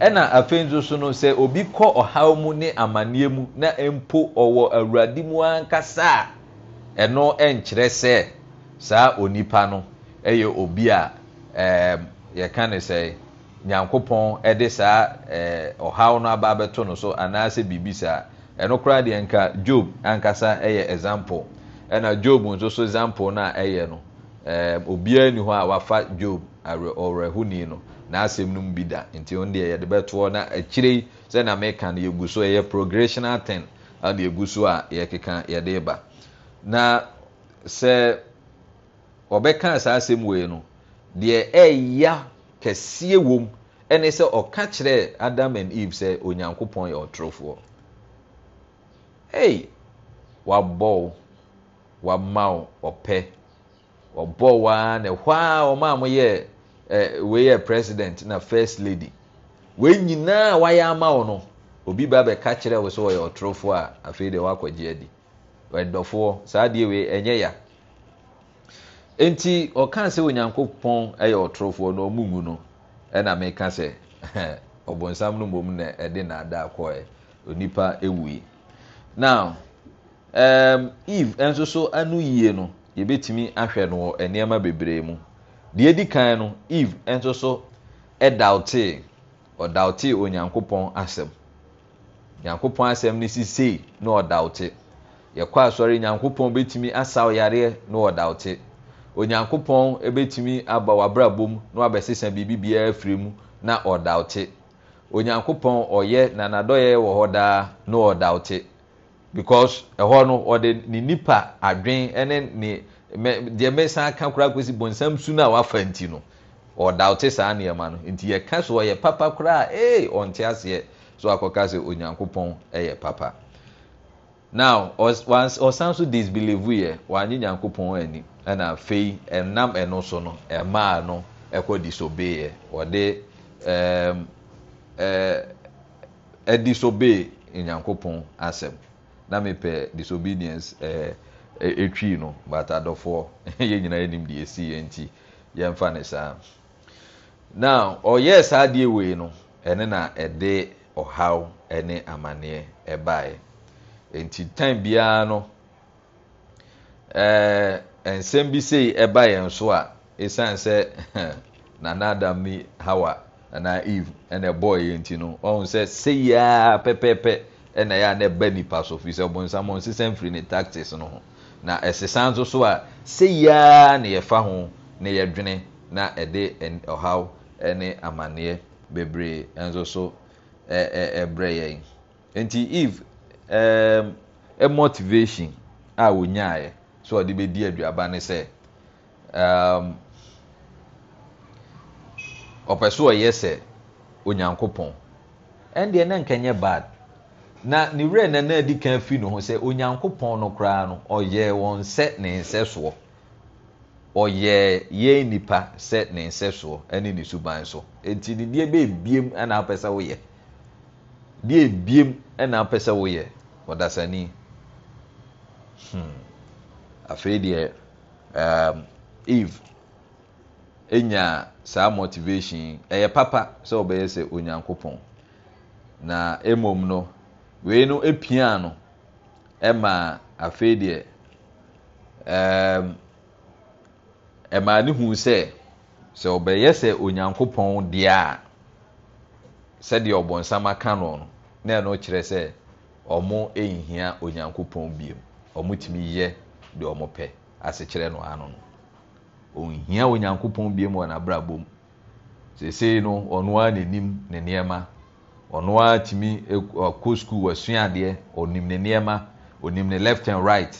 ɛna afei nso so no sɛ obi kɔ ɔhaw mu ne amanneɛ mu na mpo ɔwɔ awurade mu ankasa a ɛno nkyerɛ sɛ saa onipa no ɛyɛ obi a yɛka ne sɛ nyankopɔn de saa ɔhaw no aba bɛto no so anaasɛ biribi saa ɛno koraa deɛ nka job ankasa ɛyɛ example ɛna job nso so example no a ɛyɛ no Eh, obiara ni hɔ a wafa dwob ɔwerɛhoni no naasɛm nom bi da nti ɔ deɛ yɛde bɛtoɔ na akyire yi na meka no yɛgu so ɛyɛ progressional 10 ade ɛgu so a yɛkeka yɛde ba na sɛ ɔbɛkaa saa asɛm wei no deɛ ɛya kɛseɛ wom ɛne sɛ ɔka kyerɛ adam and eve sɛ onyankopɔn yɛ ɔtorofoɔ ei wabɔwo wama wo ɔpɛ ɔbɔ waa na ɛhɔ a ɔma a moyɛ ɛ wɔyɛ president na first lady wɔn nyinaa wayɛ ama wɔn no obi ba bɛka kyerɛ wɔ sɛ ɔyɛ ɔtorofoɔ a afei deɛ wakɔgye adi ɛdɔfoɔ saa deɛ wei ɛnyɛ ya nti ɔkaa sɛ onyankopɔn ɛyɛ ɔtorofoɔ na ɔmo mu no ɛna meka sɛ ɔbɔnsam no mmom na ɛde naadaa kɔɛ onipa ewui now um, eve nso so ano yie no. yɛbɛtumi ahwɛ no wɔ nneɛma bebree mu deɛ edi kan no eve nso so dawtee ɔdawtee onyankopɔn asɛm nyankopɔn asɛm no sisei na ɔdawte yɛkɔ asɔre nyankopɔn bɛtumi asaw yareɛ na ɔdawte onyankopɔn bɛtumi aba wabrabom na wabɛsesa biribi biara firi mu na ɔdawte onyankopɔn ɔyɛ na nanadɔyɛ wɔ hɔ daa na ɔdawte because ɛhɔ no ɔde ne nipa adwen ɛne ne mɛ deɛ mɛsan ka koraa kɔsi bɔnsam su no a wafa nti no ɔdawote saa nneɛma no nti yɛka so ɔyɛ papa koraa ee eh, ɔnte aseɛ so akɔka sɛ onyankopɔn ɛyɛ papa now ɔsan so disbelieve yɛ wɔanye nyankopɔn ani ɛna afei ɛnam ɛno so no ɛmaa no ɛkɔ disobey yɛ ɔde ɛɛm ɛɛ ɛdisobey nyankopɔn asɛm. na mepɛ disobedience ɛɛ eh, ɛtwi eh, no but adɔfoɔ yɛn nyinaa yɛn nim deɛ esi yɛn nti yɛmfa ne saa now ɔyɛɛ saa adeɛ wei no ɛne na ɛde ɔhaw ɛne amaneɛ ɛbaeɛ nti time biara no ɛɛ eh, nsɛm bi sei ɛba yɛn so a esan sɛ nana adam ni hawa anaa eve ɛna ɛbɔɔ yɛn ti no ɔhun sɛ seyaa pɛpɛɛpɛ ɛna ɛyɛ a na ɛba nipa so fi sɛ ɔbɔnsam ɔnsesa mfiri ne tactics no ho na ɛsesa nso so a seyaa na yɛfa ho na yɛdwene na ɛde ɔhaw ɛne amanneɛ bebree nso so ɛbrɛ yɛn nti if ɛɛm um, motivation a wonyaeɛ so ɔde bɛdi aduaba ne sɛ ɛɛm ɔpɛ so ɔyɛ sɛ onyankopɔn ɛndeɛ na nkɛnyɛ bad. na ne werɛ na na adi kan firi ne ho sɛ onyankopɔn no koraa no ɔyɛ wɔn sɛ ne nsɛ soɔ ɔyɛɛ yɛn nipa sɛ ne nsɛ soɔ ɛne ne suban so nti ne deɛ bɛɛ biem ɛna apɛ sɛ woyɛ deɛ biem ɛna apɛ sɛ woyɛ ɔdasani hmm afei deɛ um, eve enya saa motivation ɛyɛ papa sɛ ɔbɛyɛ sɛ onyankopɔn na emom no. wee no piaa no ɛma afei deɛ ɛmaa ne hu sɛ sɛ ɔbɛyɛ sɛ onyankopɔn deɛ a sɛdeɛ ɔbɔnsam aka no no na ɛno kyerɛ sɛ ɔmo nhia onyankopɔn ɔmo ɔmotumi yɛ deɛ ɔmo pɛ asekyerɛ no ano no ɔnhia onyankopɔn biom wɔ n'abrabom seesei no ɔno n'anim ne nnoɔma ɔno ara tumi kɔ school wasua adeɛ onim ne nneɛma onim ne left and right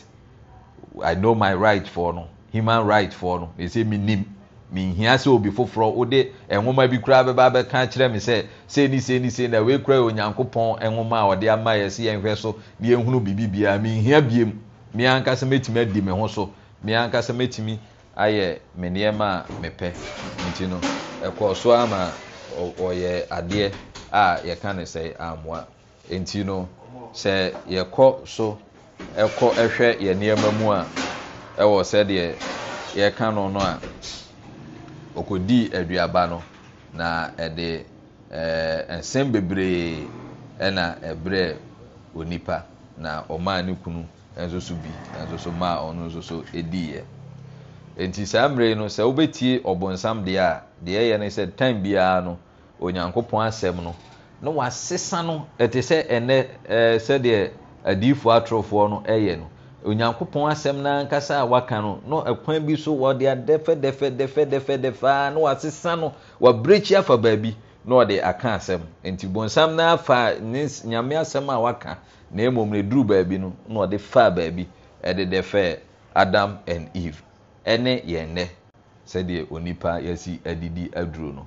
i know my right for no human right for no ɛsɛ mi nim mi nhia sɛ obi foforɔ wode nwoma bi koraa bɛba bɛka kyerɛ mi sɛ seeni na wei kura onyankopɔn nwoma a ɔde ama yɛ sɛ yɛnhwɛ so mi nhia biem mi ankasa mɛtumi adi mi ho so mi ankasa ayɛ nneɛma a nti no a yɛka eh, eh, eh, no sɛ amoa Nti no sɛ yɛkɔ so ɛkɔ ɛhwɛ yɛ nneɛma mu a ɛwɔ sɛdeɛ yɛka no no a ɔkɔdii aduaba no na ɛde ɛɛ nsɛm bebree ɛna ɛbrɛ onipa na ɔmaa ne kunu nso so bi nso so maa ɔno nso so edi yɛ. Nti saa yi no sɛ wobɛtie ɔbonsam deɛ a deɛ yɛ ne sɛ tan biara no onyankopɔn asɛm no na wasesa no ɛte sɛ ɛnɛ sɛdeɛ adiyifoɔ atorofoɔ no yɛ no onyankopɔn asɛm noankasa a waka no na ɛkwan bi so wɔde adɛfɛdɛfɛdɛfɛdɛfɛa na wasesa no wabrɛkyi afa baabi na ɔde aka asɛm nti bonsam no afa nyame asɛm a waka na mmom no duru baabi no na ɔde faa baabi ɛde dɛ adam and eve ɛne yɛn nɛ sɛdeɛ onipa yɛasi adidi aduro no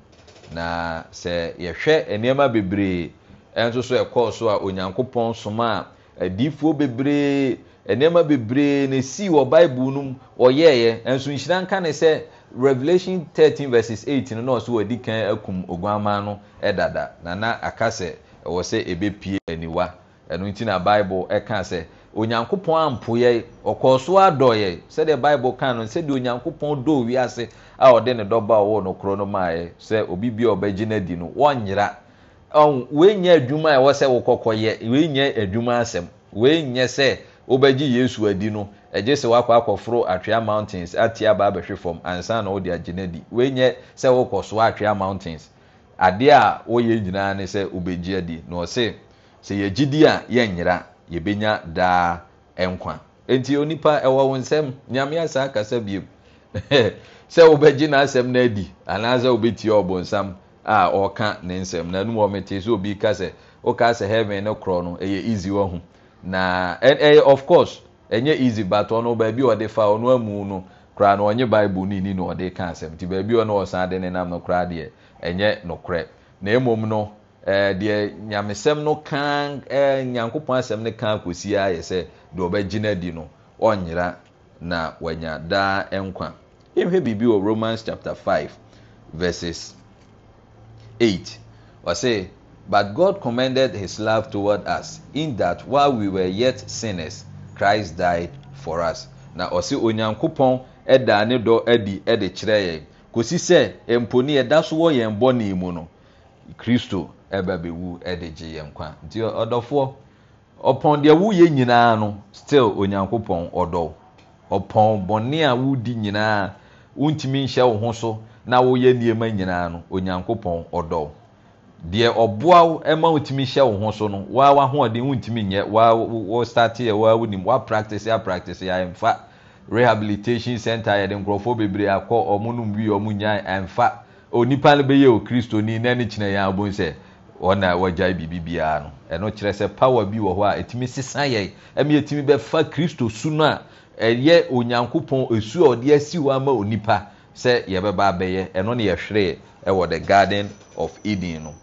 na sɛ yɛhwɛ nneɛma bebree nso so ɛkɔɔ so a onyankopɔn soma a adiifoɔ bebree nneɛma bebree na sii wɔ bible no mu ɔyɛeɛ ɛnso nhyira nka ne sɛ revelation 13:8 no na ɔso wɔadi kan akum oguaman no ɛdada, na na aka sɛ ɛwɔ sɛ ɛbɛpie aniwa ɛno nti na bible ɛka sɛ onyankopɔn ampoyɛ ɔkɔɔ so adɔyɛ sɛdeɛ bible ka no sɛdeɛ onyankopɔn dɔɔ wiase a ɔde ne dɔbɔ a ɔwɔ no korɔ no maaeɛ sɛ obi bia ɔbɛgye no adi no wɔnyera weinya adwuma a ɛwɔ sɛ wokɔkɔyɛ weinya adwuma asɛm weinyɛ sɛ wobɛgye yesu adi no ɛgye sɛ woakɔ akɔforo atwea mountains ati abaa bɛhwe fam ansa na wode agye no adi weinyɛ sɛ wokɔ soa atwea mountains adeɛ a woyɛ nyinaa ne sɛ wobɛgye adi na ɔse sɛ di a yɛnyera yɛbɛnya daa nkwa ɛnti onipa ɛwɔ wo nsɛm nyame asaa kasa biom sɛ wobɛgye n'asɛm no anaasɛ wobɛtie ɔbonsam a ɔka ne nsɛm nanom sɛ obi ka sɛ sɛ korɔ no ɛyɛ easy na ɛyɛ of course ɛnyɛ easy but ɔno baabi ɔde fa ɔno amu no koraa no ɔnye bible no ni no ɔde ka asɛm baabi ɔno ɔsan de no deɛ ɛnyɛ nokorɛ na mmom no deɛ nyamesɛm no kan nyankopɔn asɛm no kan kɔsi ayɛ sɛ deɛ ɔbɛgye no na yɛnhwɛ biribi wɔ romans chapter five verses eight ɔse but god commended his love toward us in that while we were yet sinners christ died for us na ɔse onyankopɔn ɛdaa ne dɔ adi ɛde kyerɛ yɛn kòsi sɛ mponi ɛda so wɔ yɛn bɔ ne mu no kristo ɛbɛ bɛwu ɛde gye yɛn kwa nti ɔdɔfoɔ ɔpɔn deɛ woyɛ nyinaa no still onyankopɔn ɔdɔ ɔpɔn bɔnne a wodi nyinaa wontumi nhyɛ wo ho so na woyɛ nneɛma nyinaa no onyankopɔn ɔdɔ deɛ ɔboa wo ma wotumi hyɛ wo ho so no waa wahoɔden wontumi nyɛ wo starteɛ waa ya woapractice apractice ɛmfa rehabilitation center yɛde nkurɔfoɔ bebree akɔ ɔmonom wie ɔmo nyae nfa. onipa no bɛyɛ o kristoni na ne kyina yɛn abom sɛ ɔna wagyae biribi biara no ɛno kyerɛ sɛ power bi wɔ hɔ a ɛtumi sesa yɛn ɛmi ɛtumi bɛfa kristo su no a ɛyɛ onyankopɔn esu a ɔde asi hɔ ama onipa sɛ yɛbɛba abɛyɛ ɛno ne yɛhwere ɛwɔ the garden of eden no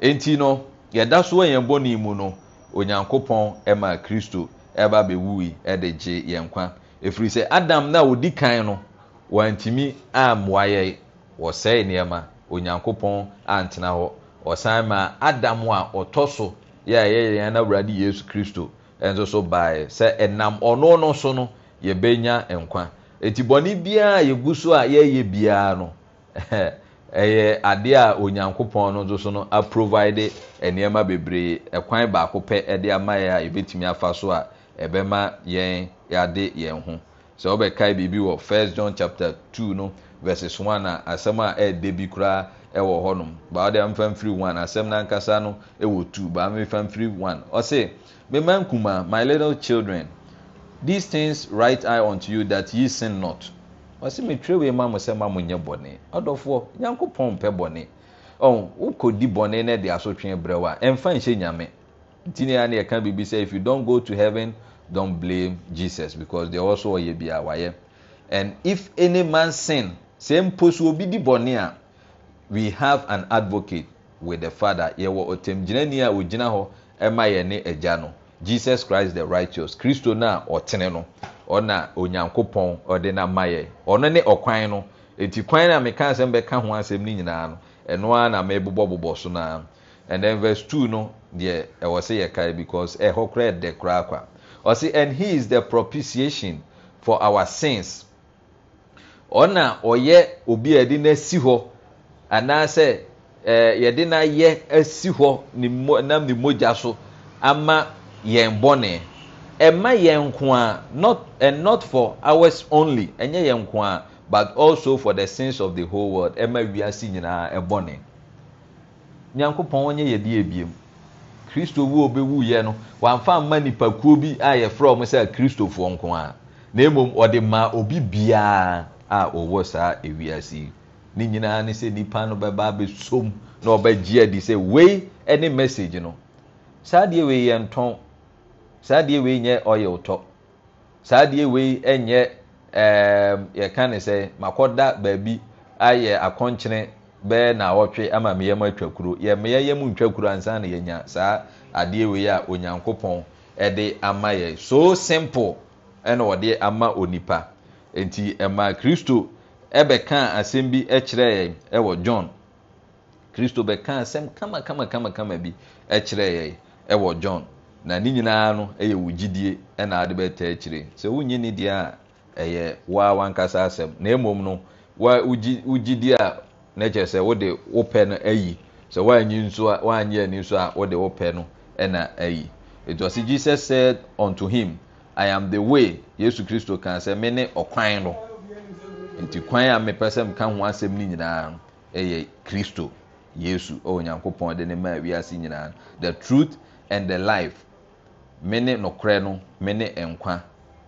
eti no yɛda so wɔ yɛn bɔ ne mu no onyankopɔn ɛma kristo ɛba abɛwui ɛde gye yɛn kwa efiri sɛ adam na odi kan no wantumi amoa yɛ wɔsɛɛ nneɛma onyankopɔn antena hɔ ɔsan ma adam a ɔtɔ so yɛ a yɛyɛ yɛn na awurade yesu kristo ɛnso so baeɛ sɛ ɛnam ɔno no so no. yɛbɛnya nkwa ɛti bɔne biara a yɛgu so a yɛyɛ biara no ɛyɛ ade a onyankopɔn no nso so no aprovide nnoɔma bebree ɛkwan baako pɛ ama amayɛ a yɛbɛtumi afa so a ɛbɛma yɛn yɛade yɛn ho sɛ wobɛkae biribi wɔ first john chapter two no verses one a asɛm a ɛɛdɛ bi koraa ɛwɔ hɔnom baa amfam amfamfiri one asɛm no ankasa no ɛwɔ two baa mefamfiri one ɔse mema nkumaa my little children these things write I unto you that ye sin not ɔsi mi tire wei ma mo sɛ ma mo nyɛ bɔnɛ ɔdɔfoɔ nyanko pɔn pɛ bɔnɛ ɔn oh, wokɔ di bɔnɛ na de asotwe brɛwa ɛnfa nhyɛ nyame ntini ya na yɛka bibi sɛ if you don go to heaven don blame Jesus because they also ɔyɛ bi a wayɛ and if any man sin sɛ mpo obi di bɔnɛ a we have an advocate with the father yɛwɔ ɔtɛm gyinani a ogyina hɔ ɛma e yɛn ne ɛgya e no jesus christ the righteous kristo na a ɔtene no ɔna onyankopɔn ɔde na mayɛ ɔno ne ɔkwan no eti kwan na meka asɛm bɛka ho asɛm no nyinaa no ɛno ara na mɛbobɔbobɔ so naa and then verse two no deɛ ɛwɔ sɛ yɛ kae because ɛhɔ koraa ɛdɛ koraa kwa ɔsi and he is the propitiation for our sins ɔna ɔyɛ obi a yɛde na si hɔ anaasɛ ɛɛ yɛde na yɛ asi hɔ ne mo nam ne mogya so ama yɛn bɔne ɛma yɛn nko a not and not for hours only ɛnyɛ yɛn nko a but also for the sins of the whole world ɛma wiase nyinaa ɛbɔne nyankopɔn wɔnyɛ yɛde ebiem kristo wu a obewu yɛ no wamfa mma nipakuo bi a yɛfrɛ wɔn sɛ kristofoɔ nko a na mmom ɔde ma obi biara a ɔwɔ saa ewiase yi ne nyinaa ne sɛ nipa no bɛba abɛsom na ɔbɛgye adi sɛ wei ɛne message no saa deɛ wei yɛ ntɔn saa adeɛ wei nyɛ oil tɔ saa adeɛ wei nyɛ ɛɛm ehm, yɛka ne sɛ makɔda baabi ayɛ akɔnkyene bɛyɛ na ɔtwe ama mmea mu atwa kuro yɛ mmea yɛ mu ntwa kuro ansa na yɛnya saa adeɛ wei a onyankopɔn ɛde ama yɛ so simple ɛna ɔde ama onipa nti ɛma kristo ɛbɛka asɛm bi ɛkyerɛ yɛn ɛwɔ john kristo bɛka asɛm kama kama kama kama bi ɛkyerɛ yɛn ɛwɔ john. na ne nyinaa no yɛ wo gyidie na ade bɛta akyire sɛ wonyi ne deɛ a ɛyɛ woa wankasa asɛm na mmom no wogyidie a na kyerɛ sɛ wode wo pɛ no ayi sɛ woanyi nso a woanyɛ ani nso a wode wo pɛ no na ayi it was Jesus said unto him I am the way Yesu Kristo kan sɛ me ne ɔkwan no nti kwan a mepɛ sɛ mka ho asɛm no nyinaa no yɛ Kristo Yesu ɔwɔ Nyankopɔn de ne maa wiase nyinaa the truth and the life me nokorɛ no me ne nkwa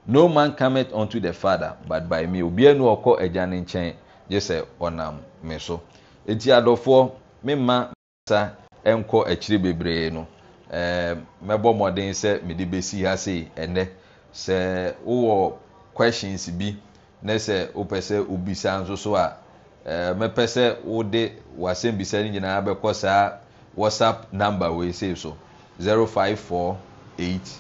no man cometh unto the father but by me obiara nu ɔkɔ agya ne nkyɛn gye sɛ ɔnam me so eti adɔfoɔ me mma sa nkɔ akyire bebree no ɛɛ mɛbɔ mmɔden sɛ mede besi ha sei ɛnɛ sɛ wowɔ questions bi ne sɛ wopɛ sɛ obisa nso so a ɛɛ mɛpɛ sɛ wode wasɛm bisa ne nyinaa bɛkɔ saa whatsapp number wei sei so zero five four eight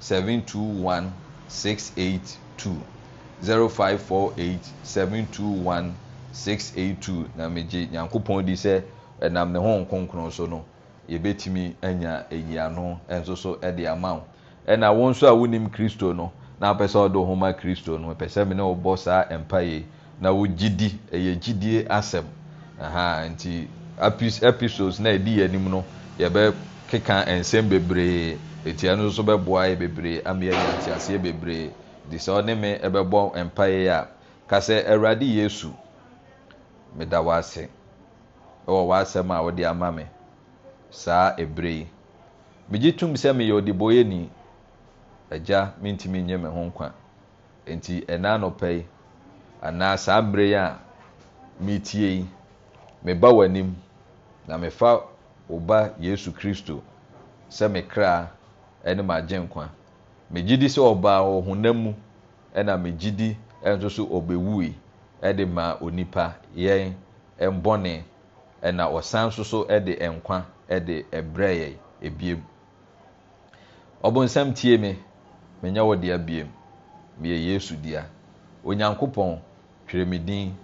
seven two one six eight two zero five four eight seven two one six eight two na megye nyankopɔn di sɛ ɛnam ne ho nkonkron so no yɛbɛtumi anya eyiano nso so ɛde ama wo ɛna wɔn nso a wonim kristo no na apɛ sɛ ɔde ho kristo no pɛ sɛ mene wɔbɔ saa mpa yi na wogyi di ɛyɛ gyidie asɛm aha nti episodes na ɛdi yɛn anim no yɛbɛ keka nsɛm bebree. ɛtia no so bɛboa yɛ bebree ameɛnya nteaseɛ bebree nti sɛ ɔne me bɛbɔ mpaeɛ a ka sɛ awurade yesu meda w'ase ɛwɔ w'asɛm a wode ama me saa ɛberɛ yi megye tum sɛ ni ɔdebɔyɛni agya mentumi nnye me ho nkwa ɛnti ɛna anɔpɛ yi anaa saa mmerɛ yi a metie yi meba w'anim na mefa wo ba yesu kristo sɛ me kraa ɛne magye nkwa megye di sɛ ɔbaa wɔ mu ɛna megye di ɛnso so ɔbɛwui ɛde ma onipa yɛn mbɔne na ɔsan nso so ɛde nkwa ɛde ɛbrɛ yɛn ebiem ɔbɔnsam tie me menya wɔ dea biem meyɛ yesu dea onyankopɔn twerɛ me din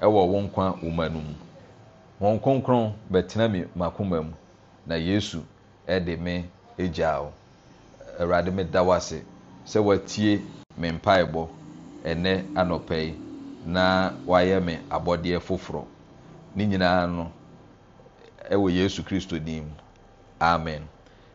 ɛwɔ wo nkwa woma no mu wɔn kronkron bɛtena me makoma mu na yesu ɛde me egyaa wo. awurade meda w ase sɛ watie me mpaebɔ ɛnɛ anɔpɛ yi na wayɛ me abɔdeɛ foforɔ ne nyinaa no ɛwɔ yesu kristo nim amen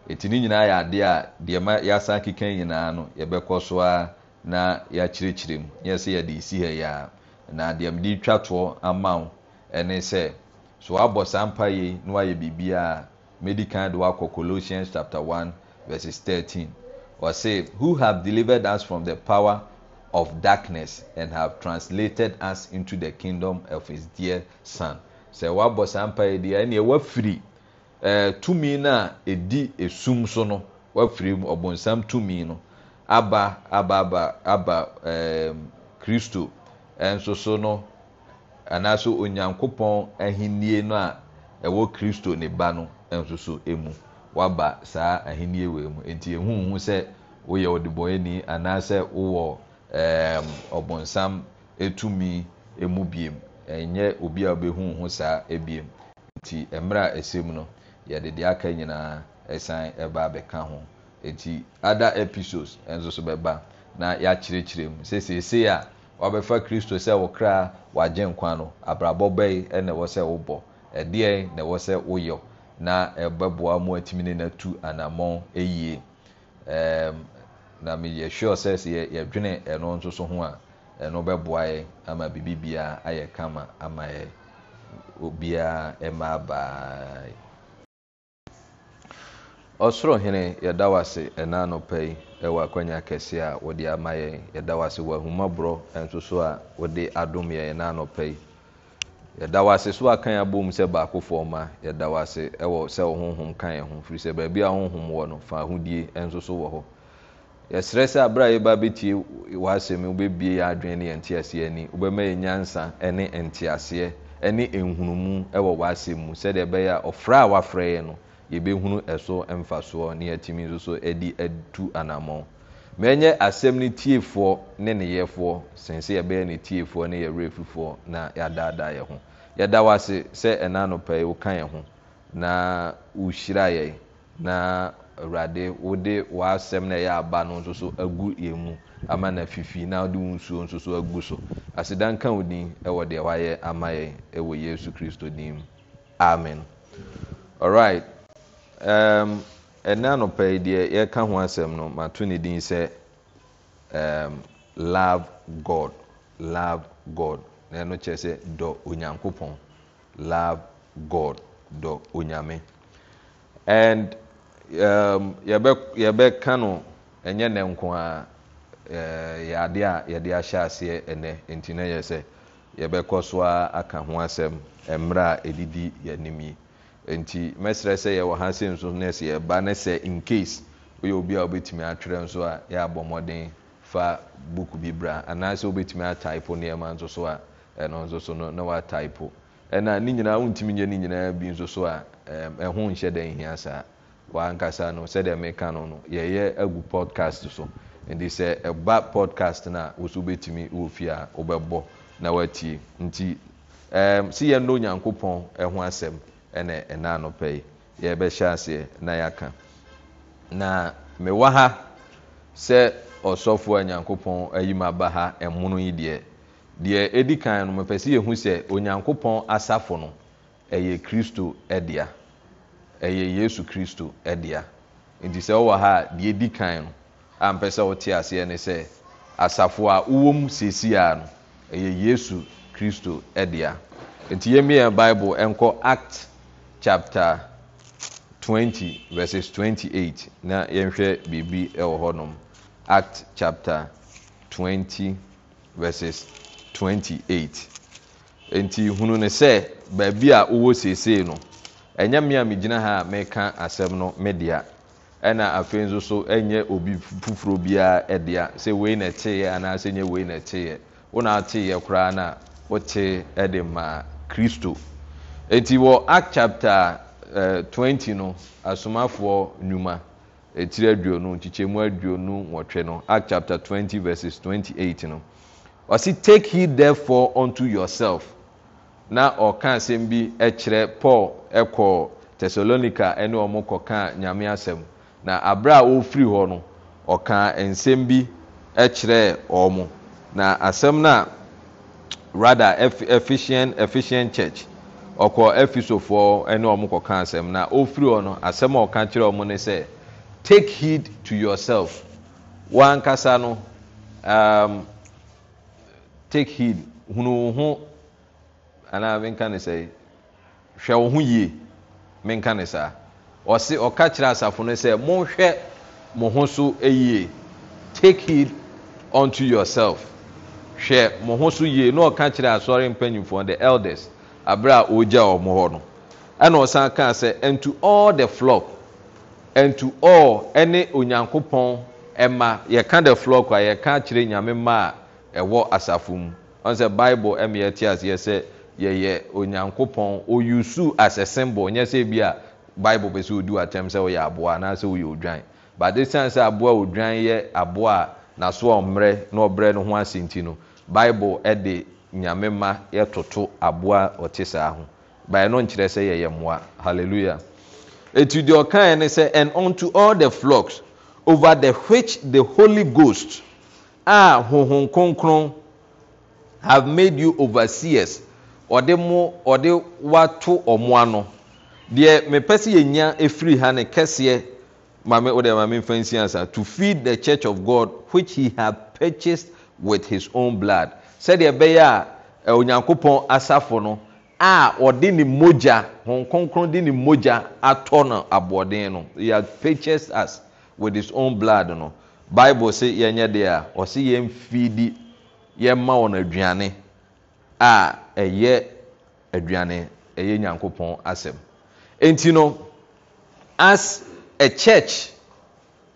ɛti ne nyinaa yɛ adeɛ a deɛma yɛasan keka nyinaa no yɛbɛkɔ so ara na yɛakyerɛkyerɛ mu yɛ sɛ yɛde esi ha yi a na deɛmede twa toɔ ama wo ɛne sɛ so wabɔ saa mpa yi na wayɛ biribiaa medi kan de wakɔ colossians chapter 1 wɔse who have delivered us from the power of darkness and have translated us into the kingdom of his dear son sɛ woabɔsa m payɛdia nneɛ woafiri eh, tumi no a ɛdi ɛsum so no woafirimu ɔbonsam tumi no aba aba eh, kristo ɛnso so no anaaso onyankopɔn ahenie no a ɛwɔ kristo ne ba no nsu so mu waba saa ahenni wei mu nti ehuhu sɛ woyɛ ɔdebɔni anaasɛ wowɔ ɛɛm ɔbɔnsam etumi emu biem ɛnyɛ obi a ɔbɛhuhu ho saa ebiem nti mmerɛ a ɛsɛ mu no yɛde deɛ aka nyinaa ɛsan ɛba abɛka ho nti ada episodes ɛnso so bɛba na yɛakyerɛkyerɛ mu sɛsiesie a wabɛfa kristo sɛ wɔkra wagye nkwa no abrabɔ bɛyi na ɛwɔ sɛ wobɔ ɛdeɛ na ɛwɔ sɛ woyɛ na ɛbɛboa mo atumi ne natu anammɔn yie na meyɛ sure sɛ sɛ yɛdwene ɛno nso so ho a ɛno bɛboa yɛ ama biara ayɛ kama ama yɛ obiara ɛmaa abaa ɔsoro hene yɛda w ase ɛna nɔpa yi ɛwɔ akɔnya kɛseɛ a wɔde ama yɛ yɛda w ase wɔ ahumaborɔ ɛnso so a wode adom yɛ ɛna nɔpa yi yɛda w so akan abɔmu sɛ ma yɛda w ɛwɔ sɛ wo honhom ka ho firi sɛ baabi a wɔ no fa nso so wɔ hɔ yɛsrɛ sɛ aberɛ a yɛba bɛtie w'asɛm wobɛbie yɛ adwene ne yɛ nteaseɛ ani wobɛma yɛnyansa ne nteaseɛ ɛne nhunumu ɛwɔ w'asɛm mu sɛdeɛ ɛbɛyɛ a a no yɛbɛhunu ɛso mfasoɔ na yɛadaadaa yɛda w'ase sɛ ɛna nopɛi woka yɛ ho na wohyira yɛi na awurade wode w'asɛm na ɛyɛ aba no nso so agu yɛ mu ama na fifi na wode wo nsuo nso so agu so aseda nka wo din ɛwɔ deɛ wayɛ ama yɛn ɛwɔ yesu kristo din mu amen alright um, ɛna nopɛi deɛ yɛka ho asɛm no mato ne din sɛ um, love god love god na ɛno kyerɛ sɛ dɔ onyankopɔn love god dɔ onyame and um, yɛbɛka no ɛnyɛ ne nko a eh, yɛadeɛ a yɛde ahyɛ aseɛ ɛnɛ ɛnti na yɛ sɛ yɛbɛkɔ so a aka ho asɛm mmerɛ a ɛdidi yɛanim yi ɛnti mɛsrɛ sɛ yɛwɔ ha se nso no ɛsɛ yɛba ne sɛ incase woyɛ obi a wobɛtumi atwerɛ nso a yɛabɔ mmɔden fa buku bi bra anaasɛ wobɛtumi atypo nnoɔma nso so a ɛno nso so no na waataipo ɛna ne nyinaa ntumi nyɛ ne nyinaa bi nso so a ɛho nhyɛ da nhia saa waankasa no sɛdeɛ meka no no yɛyɛ agu podcast so nti sɛ ɛba podcast na a wo so wobɛtumi wɔ fie a wobɛbɔ na watie nti si sɛ yɛnno nyankopɔn ho asɛm ɛna ɛna nɔpɛyi yɛbɛhyɛ aseɛ na yɛaka na mewɔ ha sɛ ɔsɔfo a nyankopɔn ayi ayim aba ha ɛmono yi deɛ deɛ ɛdi kan no mepɛ sɛ yɛhu sɛ onyankopɔn asafo no ɛyɛ kristo dea ɛyɛ yesu kristo dea nti sɛ wowɔ ha a deɛ ɛdi kan no ampɛ sɛ wote aseɛ ne sɛ asafo a wowɔm seesiea no ɛyɛ yesu kristo dea nti yɛmmiyɛ bible ɛnkɔ act chapter twenty verses twenty eight na yɛnhwɛ biribi wɔ hɔnom act chapter twenty verses Twenty-eight. nti hunu ne sɛ baabi a wowɔ seesei no ɛnyɛ mmea megyina ha a meka asɛm no medea ɛna afei nso so ɛnyɛ obi foforɔ biara ɛdea sɛ wei na ɛteeɛ anaasɛ nyɛ wei na ɛteeɛ wona ateeɛ koraa na a wote ɛde maa kristo nti wɔ act chapter uh, 20 no asomafoɔ nnwuma ɛtiri aduonu nkyekyɛmu aduonu wɔtwe no act chapter twenty verses twenty-eight no ɔsi take heed therefore unto yourself na ɔka asɛm bi kyerɛ paul kɔ thessalonica ne ɔmo kɔka nyame asɛm na abere a ɔfiri hɔ no ɔka nsɛm bi kyerɛɛ ɔmo na asɛm no rather efficient efficient church ɔkɔ efisofoɔ ne ɔmo kɔka asɛm na ɔfiri hɔ no asɛm a ɔka kyerɛ ɔmo ne sɛ take heed to yourself wankasa no um, take heed hunu wo ho anaa menka ne sɛ hwɛ wo ho yie menka ne saa ɔse ɔka kyerɛ asafo no sɛ monhwɛ mo ho so yie take heed unto yourself hwɛ mo ho so yie na ɔka kyerɛ asɔre mpanyimfoɔ the elders abere a ɔregya wɔn hɔ no ɛna ɔsan kaa sɛ and to all the flock and to all ɛne onyankopɔn ɛma yɛka the flock a yɛka kyerɛ nyame mmaa ɛwɔ asafo mu ɔn sɛ bible ɛmɛ yɛte aseɛ sɛ yɛyɛ onyankopɔn oyusu as a symbol nyɛ sɛ bi a bible pɛ sɛ odi atɛm sɛ ɔyɛ aboa anaasɛ ɔyɛ odwan but this time sɛ aboa odwan yɛ aboa a n'aso ɔmmerɛ na ɔbrɛ no ho ase nti no bible ɛde nyame ma yɛtoto aboa ɔte saa ho bɛyɛ no nkyerɛ sɛ yɛyɛ mmoa hallelujah etu deɛ ɔkan ne sɛ and unto all the flocks over the which the holy ghost a honhom kronkron have made you overseers ɔde mo ɔde wato ɔmo ano deɛ mepɛ sɛ yɛnya efiri ha ne kɛseɛ maame o maame nfa nsia sa to feed the church of god which he had purchased with his own blood sɛdeɛ ɛbɛyɛ a onyankopɔn asafo no a ɔde ne mogya hon kronkron de ne mogya atɔ no aboɔden no he had purchased us with his own blood no bible sɛ yɛnyɛ deɛ a ɔse yɛmfiidi yɛmma wɔn aduane a ɛyɛ aduane ɛyɛ nyankopɔn asɛm ɛnti no as a church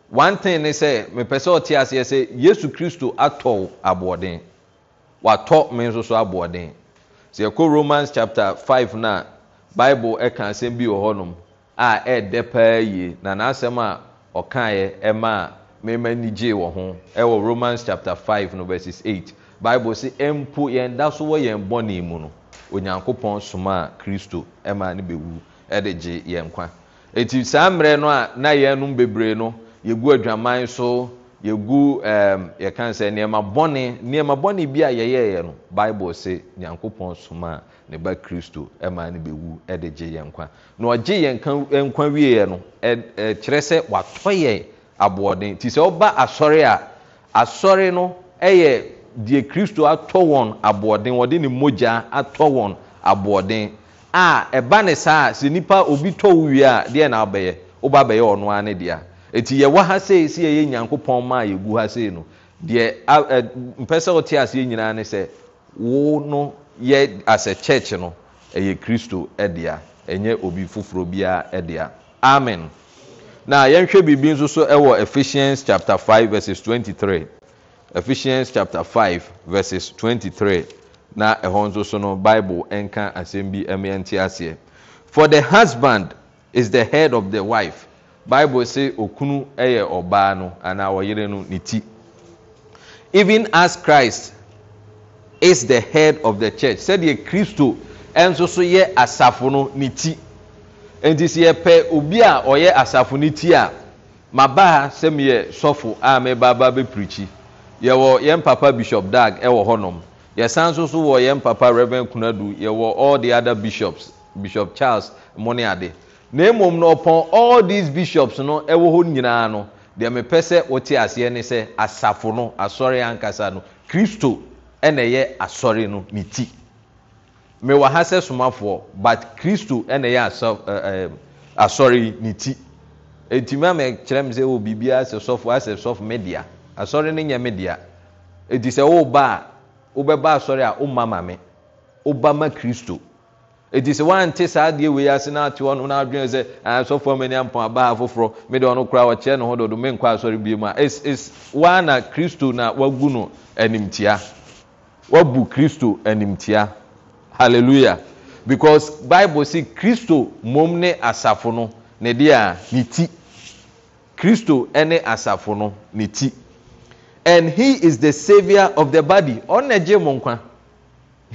one thing ne sɛ mepɛ sɛ ɔte aseɛ sɛ yesu kristo atɔw aboɔden watɔ me nso so aboɔden sɛ yɛkɔ romans chapter five na, bible ɛka asɛm bi wɔ hɔnom a ɛɛdɛ paa yie na n'asɛm a ɔkaeɛ ɛmaa mmarima ni gyee wɔ ho ɛwɔ romans chapter five, no verses eight. bible sɛ mpo yɛn da so wɔ yɛn bɔne mu no onyankopɔn somaa kristo ma no bɛwu ɛde gye yɛn kwa ɛti saa mmerɛ no a na yɛnom bebree no yɛgu adwaman so yɛgu yɛka sɛ nnoɔma bɔne bi a yɛyɛeɛ no bible se nyankopɔn somaa ne ba kristo ma no bɛwu de gye yɛn kwa na ɔgye yɛnkwa wieeɛ no kyerɛ sɛ watɔ yɛ aboɔden nti sɛ woba asɔre a asɔre no ɛyɛ deɛ kristo atɔ wɔn aboɔden wɔde ne mogyaa atɔ wɔn aboɔden a ɛba ne saa a sɛ nnipa obi tɔ wo wie a deɛ na abɛyɛ ɔba abɛyɛ ɔno ara ne dea ɛti yɛwɔ ha sei sɛ yɛyɛ nyankopɔn maa yɛgu ha sei no deɛ mpɛ sɛ wote aseɛ nyinaa ne sɛ wo no yɛ asɛ church no ɛyɛ kristo dea ɛnyɛ obi foforɔ biara dea amen na yɛnhwɛ biribi nso so Ewo ephesians chapter five verses twenty-three ephesians chapter five verses twenty-three na ɛhɔ nso so no bible enka asɛm bi ɛmɛ for the husband is the head of the wife bible say okunu eye obano no anaa ɔyere no niti. even as christ is the head of the church sɛdeɛ Christo ɛnso so ye asafo no niti. nti sɛ yɛpɛ obi a ɔyɛ asafo no ti a mabaa sɛ meyɛ sɔfo a mebaaba bɛpirikyi yɛwɔ yɛn papa bishop dag ɛwɔ hɔnom yɛsan nso so wɔ yɛn papa reverend kunadu yɛwɔ all the other bishops bishop charles mo ne ade na mmom na ɔpɔn all these bishops no ɛwɔ hɔ nyinaa no deɛ mepɛ sɛ wɔte aseɛ ne sɛ asafo no asɔre ankasa no kristo ɛna ɛyɛ asɔre no ne ti mewɔ ha sɛ somafoɔ but kristo ɛna ɛyɛ asɔre ne ti ɛtumi ama kyerɛ me sɛ wɔ biribiaa sɛ sɔfoɔ asɛ sɔfo medea asɔre no nyɛ medea ɛti sɛ woba a wobɛba asɔre a woma ma me woba oh, e oh, ma kristo ɛti e sɛ woante saa deɛ wei ase no ate ɔno no adwene sɛ asɔfoɔ mani ampa abaa foforɔ mede ɔno koraa wɔkyerɛ ne ho dodo menkɔ asɔre bie mu a woa na kristo na wagu no animtia wabu kristo animtia halleluia because bible se kristo mom ne asafo no ne deɛ a ne ti kristo ɛne asafo no ne ti an he is the savior of the body ɔnɛ gye mo nkwa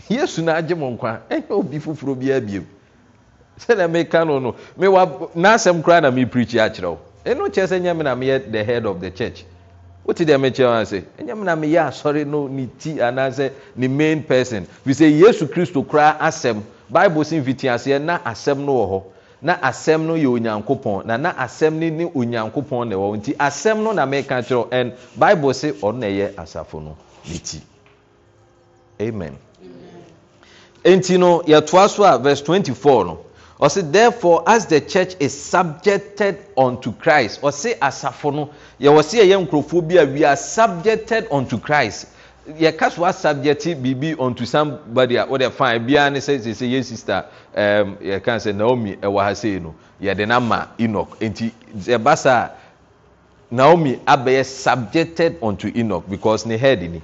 yɛsu noa gye mo nkwa ɛyɛ ɔbi foforɔ biabiemu sɛdɛ meka no no en' sɛm koraa na mepreakhi akyerɛ wo ɛno kyerɛ sɛ nyɛ me na meyɛ the head of the church wote deɛ mekyerɛ w a sɛ ɛnyam na meyɛ asɔre no ne ti anaasɛ ne main person firi sɛ yesu kristo koraa asɛm bible si mfiti aseɛ na asɛm no wɔ hɔ na asɛm no yɛ onyankopɔn na na asɛm no ne onyankopɔn ne wɔ nti asɛm no na meka kyerɛ ɛn bible se ɔno na ɛyɛ asafo no ne ti amen enti no yɛtoa so a twenty four no ɔs therefore as the church i subjected unto christ ɔse asafo no yɛwɔ seyɛyɛ nkurɔfoɔ bi a wi ar subjected unto christ yɛka soa subjecte biribi unto somebody a wode fa biaa ne sɛssɛ yɛ siste yɛka sɛ naomi ɛwɔ asee no yɛde na ma enoc ɛnti ɛbasa a naomi abɛyɛ subjected unto enoch because ne head ni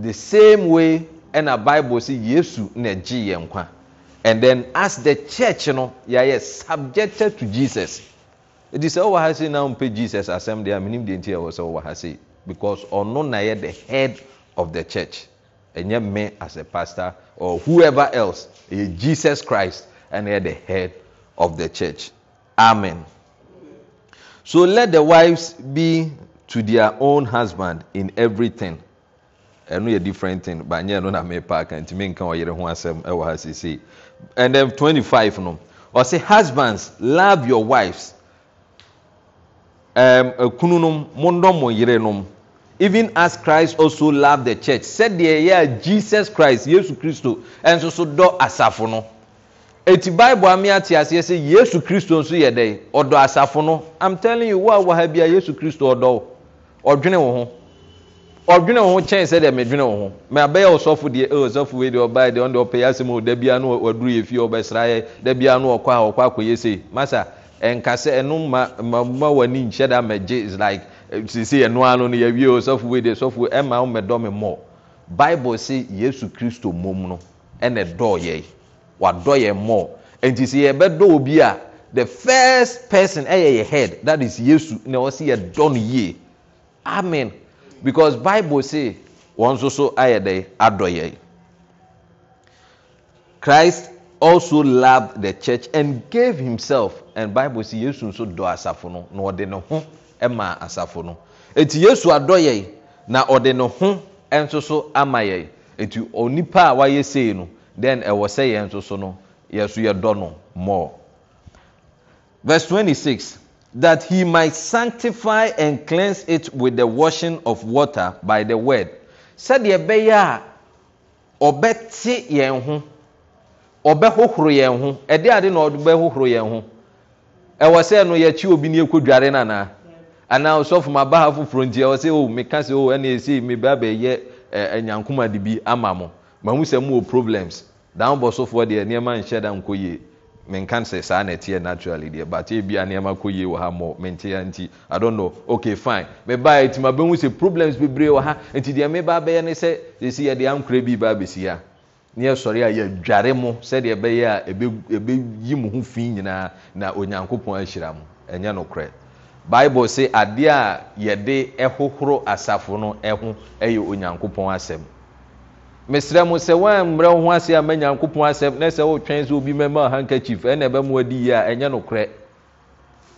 the same way na bible sɛ yesu neɛgye yɛnkwa and then as the church you know, yeah, yes, subjected to jesus it is over oh, wowɔ ha now. na jesus asɛm deɛ a the deɛ nti ɛwɔ sɛ oh, wowɔ ha sei because ɔno na the head of the church ɛnyɛ me as a pastor or whoever else jesus christ and yɛ the head of the church amen so let the wives be to their own husband in everything ɛno yɛ different thing but nyɛ no na mepa aka nti menka ɔyere ho asɛm ɛwɔ ha seesei and then 25 no say husbands love your wives um, even as Christ also loved the church said the yeah Jesus Christ Yesu Kristo and so so asafo no eti Bible ami ti aseɛ sɛ Jesus Kristo so ye dɛ ɔdɔ asafo no I'm telling you what wahabia Jesus ha bi a Yesu Kristo ɔdɔ wo ho. ɔdwene wo ho kyɛn sɛ deɛ medwene wo ho mɛ abɛyɛ ɔsɔfo deɛ ɛ ɔsɔfo wei deɛ ɔbaa deɛ ɔnde ɔpɛyɛ asɛm o da bia no waduru yɛ fie ɔbɛsra yɛ da bia no ɔkɔ a ɔkɔ akɔyɛ sei masa ɛnka ɛno ma ma ma w'ani nhyɛ da mɛgye is like sisi ɛno ano no yɛwie ɔsɔfo wei deɛ ɔsɔfo ɛma wo mɛdɔ mi mɔ bible si yesu kristo mom no ɛna ɛdɔɔ yɛ wadɔ yɛ mɔ nti si yɛbɛdɔ obi the first person ɛyɛ yɛ head that is yesu na ɔsi yɛ dɔ no amen. because bible say, wɔn nso so ayɛ dɛ adɔ christ also loved the church and gave himself and bible say, yesu nso dɔ asafo no na ɔde ne ho ma asafo no eti yesu adɔ na ɔde ne ho nso so ama yɛn eti onipa a wayɛ sei no then ɛwɔ sɛ yɛn nso so no yɛso yɛdɔ no more verse twenty six. that he might sanctify and cleanse it with the washing of water by the word sɛdeɛ ɛbɛyɛ a ɔbɛte yɛn ho ɔbɛhohoro yɛn ho ɛde ade na ɔbɛhohoro yɛn ho ɛwɔ sɛ no yɛkyi obi ne ɛkɔ dware no anaa anaa ɔsɔfo ma ba ha foforɔ nti ɛwɔ sɛ o oh, meka sɛ o oh, ɛna ɛsɛ mi ba bɛyɛ ɛ ɛnyankoma de bi ama mo mahu sɛ mo wɔ problems down bɔ sofoɔ deɛ nneɛma nhyɛ da nkɔ yie menka sɛ saa na ɛteɛ naturally deɛ but ebia nneɛma kɔ yie wɔ ha mɔ mentea nti i don't know okay fine mebaa etima bɛhu sɛ problems bebree wɔ ha nti deɛ mebaa bɛyɛ ne sɛ esi yɛde ankorɛ bi baa besi ha ne yɛsɔre a yɛdware mo sɛdeɛ ɛbɛyɛ a ɛbɛyi mo ho fi nyinaa na onyankopɔn ahyira mo ɛnyɛ nokorɛ bible say adeɛ a yɛde ɛhohoro e asafo no ɛho e ɛyɛ e onyankopɔn asɛm mesrɛ mo sɛ woammrɛ wo ho ase ama nyankopɔn asɛm ne sɛ wotwɛn sɛ obi mɛma hankachief ɛna ɛbɛmo adi yie a ɛnyɛ nokorɛ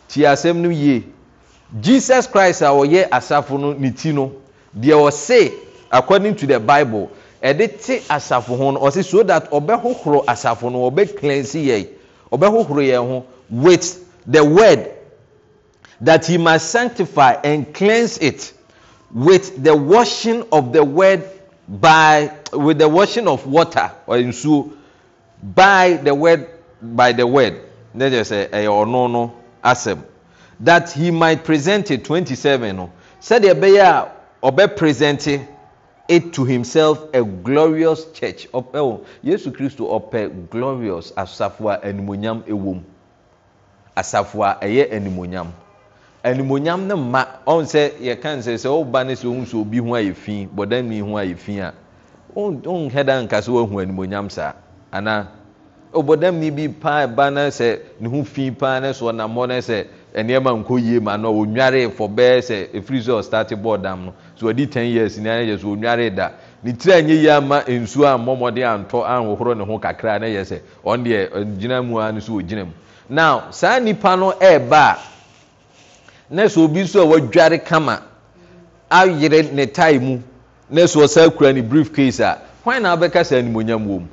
tie asɛm no yie jesus christ a ɔyɛ asafo no ne ti no deɛ ɔse according to the bible ɛde te asafo ho no ɔse so that ɔbɛhohoro asafo no ɔbɛclense yɛn ɔbɛhohoro yɛn ho with the word that he must sanctify and cleanse it with the washing of the word by with the washing of water or nsuo by the word by the word ne de sɛ ɛyɛ ɔno no asɛm that he might present it twenty seven no sɛdeɛ ɛbɛyɛ a ɔbɛ present it to himself a glorious church ɔpɛ wɔn eh, oh, yesu kristo ɔpɛ glorious asafo a animonyam ɛwɔ mu asafo a ɛyɛ animonyam. E animonyam no mma ɔhu sɛ yɛka n sɛ sɛ woba no sɛ ɔhu sɛ obi ho ayɛ fi bɔdani ho ayɛ fi a wonhɛda nka sɛ woahu animonyam saa anaa oh, bɔdamni bi paa ba no sɛ ne ho fi paa no so ɔnammɔ no sɛ ɛnoɔma nkɔ yie ma no ɔnwaree fɔ bɛɛ sɛ ɛfiri sɛ ɔstarte bɔɔdam no sɛ ɔde 10 years nnyɛ sɛ ɔnwaree da ne tiri anyɛ yi ama nsuo ammɔmɔde antɔ anhohoro ne ho kakraa no yɛ sɛ ɔn deɛ gyina mu a no so ɔgyina mu no saa nnipa no ɛɛba na sɛ obi nso a wɔadware kama ayere ne tae mu na sɛ ɔsan kura ne brief case a hwan na wobɛka saa animonyam wɔ mu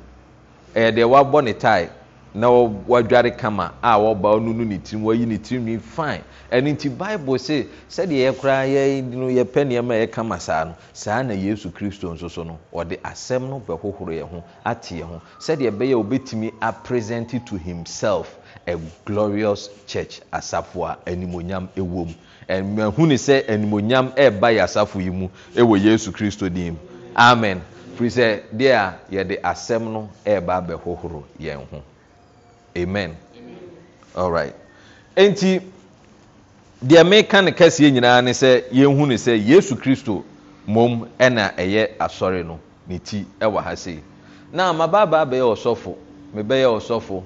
ɛyɛ deɛ wabɔ ne tae na wadware kama a wɔba ɔno no ne tirim wɔyi ne tirim ne fine ɛno nti bible se sɛdeɛ yɛkoraa yɛ no yɛpɛ nneɛma a yɛkama saa no saa na yesu kristo nso so no ɔde asɛm no bɛhohoro yɛn ho ate yɛn ho sɛdeɛ ɛbɛyɛ a obɛtumi apresent to himself a glorious church asafo a animonyam ɛwɔ mu ɛmahu ne sɛ animonyam ɛreba yɛ asafo yi mu ɛwɔ yesu kristo dim amen firi sɛ deɛ a yɛde asɛm no ɛreba abɛhohoro yɛn ho amen alright nti deɛ meka ne kɛseɛ nyinaa ne sɛ yɛnhu ne sɛ yesu kristo na ɛna ɛyɛ asɔre no ne ti ɛwɔ ha sei na mabaabaa bɛyɛ ɔsɔfo mebɛyɛ ɔsɔfo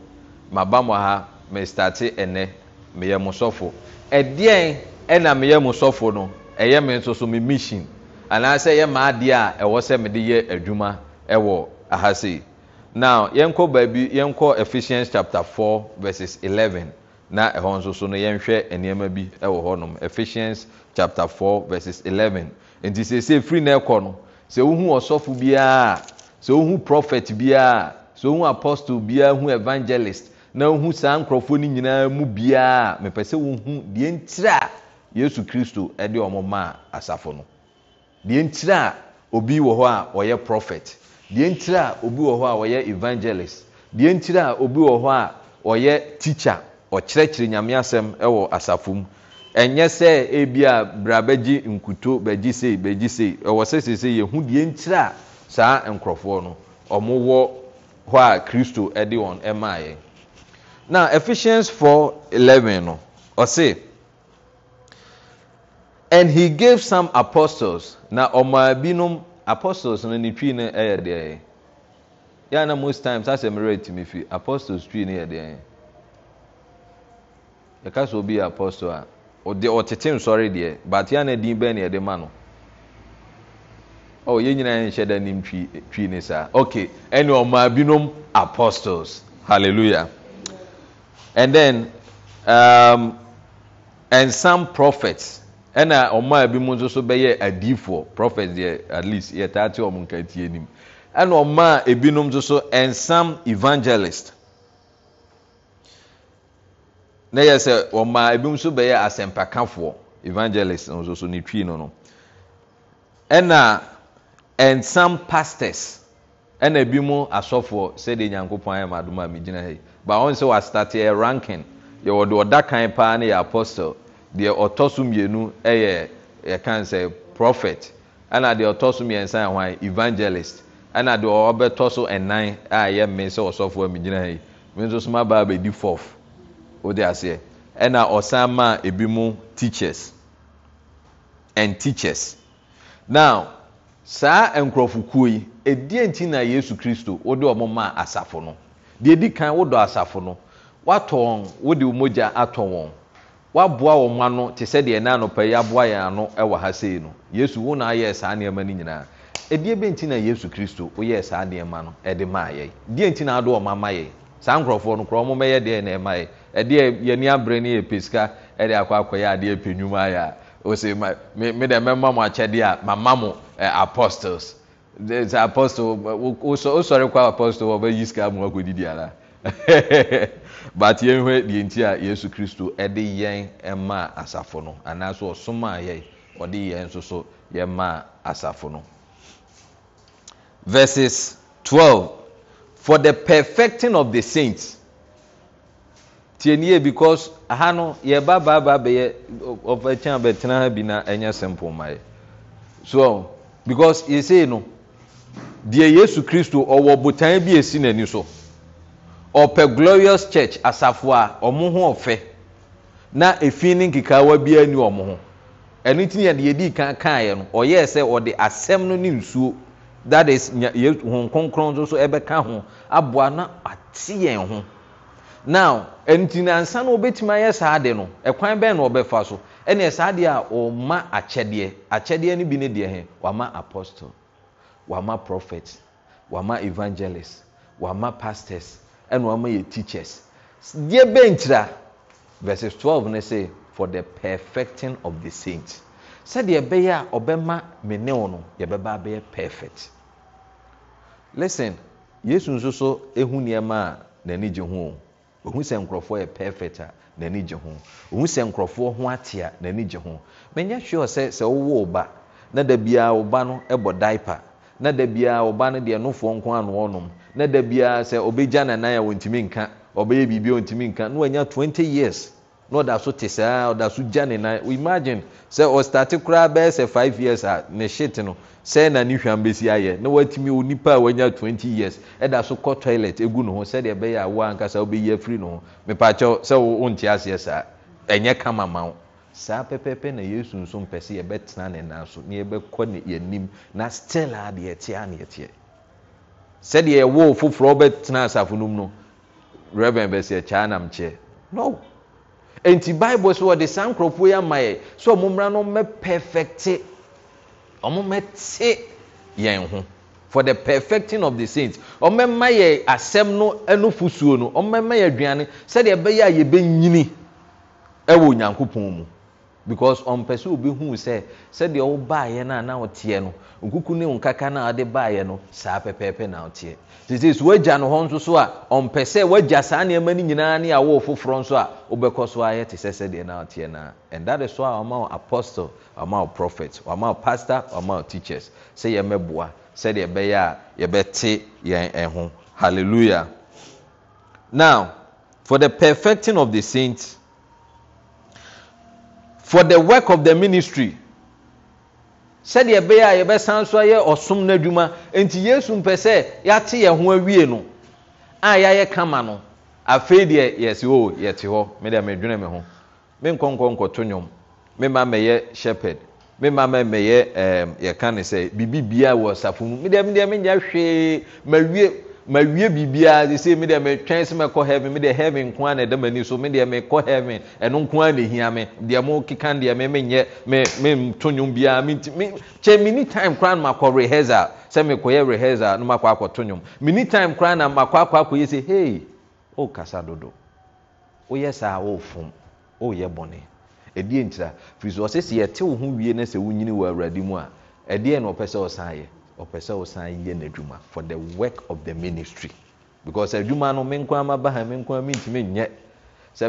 maba mo ha mestate ɛnɛ meyɛ mo sɔfo ɛdeɛn ɛna meyɛ mo sɔfo no ɛyɛ me nso so me mission anaasɛ ɛyɛ maadeɛ a ɛwɔ sɛ mede yɛ adwuma ɛwɔ aha sei now yɛnkɔ baabi yɛnkɔ Ephesians chapter four verses eleven na ɛhɔ nso so no yɛnhwɛ nneɛma bi ɛwɔ hɔnom Ephesians chapter four verses eleven nti sese firi na ɛkɔ no sɛ wohu ɔsɔfo biara sɛ wohu prophet biara sɛ wohu apostle biara hu evangelist na wohu saa nkurɔfoɔ no nyinaa mu biaa mepɛ sɛ wohu deɛ ntira a yesu kristo de ɔmo maa asafo no deɛ ntira a obi wɔ hɔ a ɔyɛ profet deɛ ntira a obi wɔ hɔ a ɔyɛ evangelist deɛ ntira a obi wɔ hɔ a ɔyɛ teacher ɔkyerɛkyerɛ nyame asɛm wɔ asafo mu ɛnyɛ sɛ ebi a bra bɛgye nkuto bɛgye sei bɛgye sei ɛwɔ sɛ sese yɛhu deɛ ntira a saa nkurɔfoɔ no ɔmo hɔ a kristo de wɔn maa yɛn. n ephecians 4 11 no ɔse an he gave some apostles na ɔmaa binom apostles no ne twii no ɛyɛ deɛɛ yɛ na most timeasɛ me werɛtimi fi apostles twi no yɛ deɛɛ yɛka sɛɔbi yɛ apostle a dɛɔtetem sɔre deɛ but yɛnadin bɛnoɛde ma no yɛnyinaɛhyɛdanimtwi ne saa ok ɛne ɔmaa binom apostles halleluya ndthen ɛnsam um, prophets ɛna ɔmaa bi mu nsoso bɛyɛ adiyifoɔ prohet deɛ at least yɛtaa te ɔm nka ti anim ɛna ɔmaa ebinom nso so ɛnsam evangelist ne yɛ sɛ ɔmaa bimu nso bɛyɛ asɛmpakafoɔ evangelist nossone twi no no ɛna ɛnsam pastors ɛna bimu asɔfoɔ sɛdeɛ nyankopɔn ayɛ maadoma a megyina hi but wọn sɛ wasitati yɛ ranking yɛwɔ deɛ ɔda kan paa no yɛ apostle deɛ ɔtɔ so mmienu yɛ yɛkan sɛ prophet ɛna deɛ ɔtɔ so mmiɛnsa yɛ hwan evangelist ɛna deɛ ɔbɛtɔ so ɛnan a yɛ mme sɛ ɔsɔfo a megyina yi mi nso soma baa bɛdi fourth ɔde aseɛ ɛna ɔsan maa ebi teachers and teachers now saa nkurɔfokuo yi edie nti na yesu kristo ɔde ɔmo maa asafo no. deɛ di kan wodɔ asafo no woatɔn wode wo mogya atɔ wɔn woaboa wɔ mo ano te sɛdeɛ ɛna anɔpa yi aboa yɛn ano ɛwɔ ha sei no yesu wo na ayɛɛ saa nnoɔma no nyinaa ɛdeɛ bɛnti na yesu kristo woyɛɛ saa nnoɔma no ɛde maa yɛn deɛ nti na ade ɔma ma yɛn saa nkurɔfoɔ no korɔ ɔmomɛyɛ deɛ na ɛma yɛ ɛdeɛ yɛni abrɛ no yɛ pɛ sika ɛde akɔ akɔyɛ adeɛ pɛ nnwuma ayɛ a ɔsɛ mede mɛma mo akyɛdeɛ a mama mo apostles The apostle wosɔre kɔ apostle wɔ bɛyi sika mu akɔdidi ara but yɛnhwɛ deɛ nti a yesu kristo ɛde yɛn ɛmaa asafo no anaasɛ ɔsomaa yɛn ɔde yɛn nso so yɛmaa asafo no verses twelve for the perfecting of the saints tiɛniɛ because aha no yɛba baaba bɛyɛ ɔfɛkyɛn abɛtena ha bi na ɛnyɛ simple ma yɛ so because yɛsei no. deɛ yesu kristo ɔwɔ botan bi esi n'ani so ɔpɛ glorious church asafo a ɔmo ho ɔfɛ na efi ne nkekaawa biara ni ɔmo ho ɛno ti yɛde yɛdi kan kaayɛ no ɔyɛɛ sɛ ɔde asɛm no ne nsuo that is hon kronkron nso so ɛbɛka ho aboa na ate yɛn ho now ɛnti nansa no ɔbɛtumi ayɛ saa de no ɛkwan bɛn na ɔbɛfa so ɛnna saa deɛ a ɔma akyɛdeɛ akyɛdeɛ no bi ne deɛ he wama apostle wama prophet ma evangelist ma pastors nmayɛ teachers deɛ bɛntira v12nos fo the perfectin of the saintsɛdeɛ bɛyɛ a ɔbɛma menneo noyɛbɛbɛbɛyɛ perfect lt yesu nsso hunma ananigy housɛnkrɔfoɔɛ perfectan husɛnkrɔfoɔ ho ateananig ho nyɛ hɛɔsɛsɛ wowo ba na dabiao bano bɔ dipe na da biara ɔba no deɛ nofoɔ nko ano ɔnom na da biara sɛ ɔbɛgya nanan a wɔntumi nka ɔbɛyɛ biribi a nka na wanya twenty years na ɔda so te saa ɔda so gya ne nan imagine sɛ ɔstate koraa bɛyɛ sɛ five years a ne shit no sɛ na ne hwam bɛsi ayɛ na watumi onipa a wanya twenty years ɛda so kɔ toilet egu ne ho sɛdeɛ ɛbɛyɛ a wɔn ankasa ɔbɛyi afiri ne ho mipaakyɛw sɛ wɔn nte aseɛ saa ɛnyɛ kama ma wɔn saa pɛpɛɛpɛ na yesu nso mpɛ sɛ yɛbɛtena ne nan so na yɛbɛkɔ ne yɛnim na still a deɛ ɛteɛ a ne yɛteɛ sɛdeɛ ɛwɔ foforɔ ɔbɛtena asafo no mu no reverend bɛsɛ kyaa nam kyɛ no nti bible so wɔde saa nkurɔfoɔ yi ama yɛ sɛ ɔmo mmra no mɛ pɛfɛkte ɔmo mɛte yɛn ho for the perfecting of the saints ɔmɛma yɛ asɛm no ɛno fusuo no ɔmɛma yɛ aduane sɛdeɛ ɛbɛyɛ a yɛbɛnyini ɛwɔ onyankopɔn mu. because on sɛ obi hu sɛ sɛdeɛ wobaeɛ no ana ɔteɛ no nkuku ne nkaka no a ɔde baeɛ no saa pɛpɛɛpɛ na ɔteɛ sesei so woagya no hɔ nso so a ɔmpɛ sɛ woagya saa nneɛma no nyinaa ne awo foforɔ nso a wobɛkɔ so ayɛ te sɛ sɛdeɛ ɔteɛ and that is why ɔma wɔ apostle ɔma wɔ prophet ɔma wɔ pastor ɔma wɔ teachers sɛ yɛmɛboa sɛdeɛ ɛbɛyɛ a yɛbɛte yɛn ɛho hallelujah now for the perfecting of the saints for the work of the ministry sɛdeɛ ɛbɛyɛ a yɛbɛsan so ayɛ ɔsom no adwuma nti yesu mpɛ sɛ yɛate yɛn ho awie no a yɛayɛ kama no afei deɛ yɛsi o oh, yɛte hɔ me deɛ medwene me ho me nkɔnkɔ nkɔto nnwom me ma mɛyɛ shepherd me ma mɛ mɛyɛ ɛɛm ehm, yɛka ne sɛ biribi biara wɔ safo mu me deɛ me deɛ me nya hwee mɛwie. mawie biribiaeeeamniɔnaekekawoikyɛ menni i naɔrhzɛeɛhwnkasa dowoyɛ safɛ ɔeirfɔs ɛtewo oe sɛ woyini ɔawe mu eɛnoɔpɛsɛ osaɛ ɔpɛ sɛ wo san yɛ no adwuma f he wrk of the ministry badwuma no menkank entmyɛ sɛ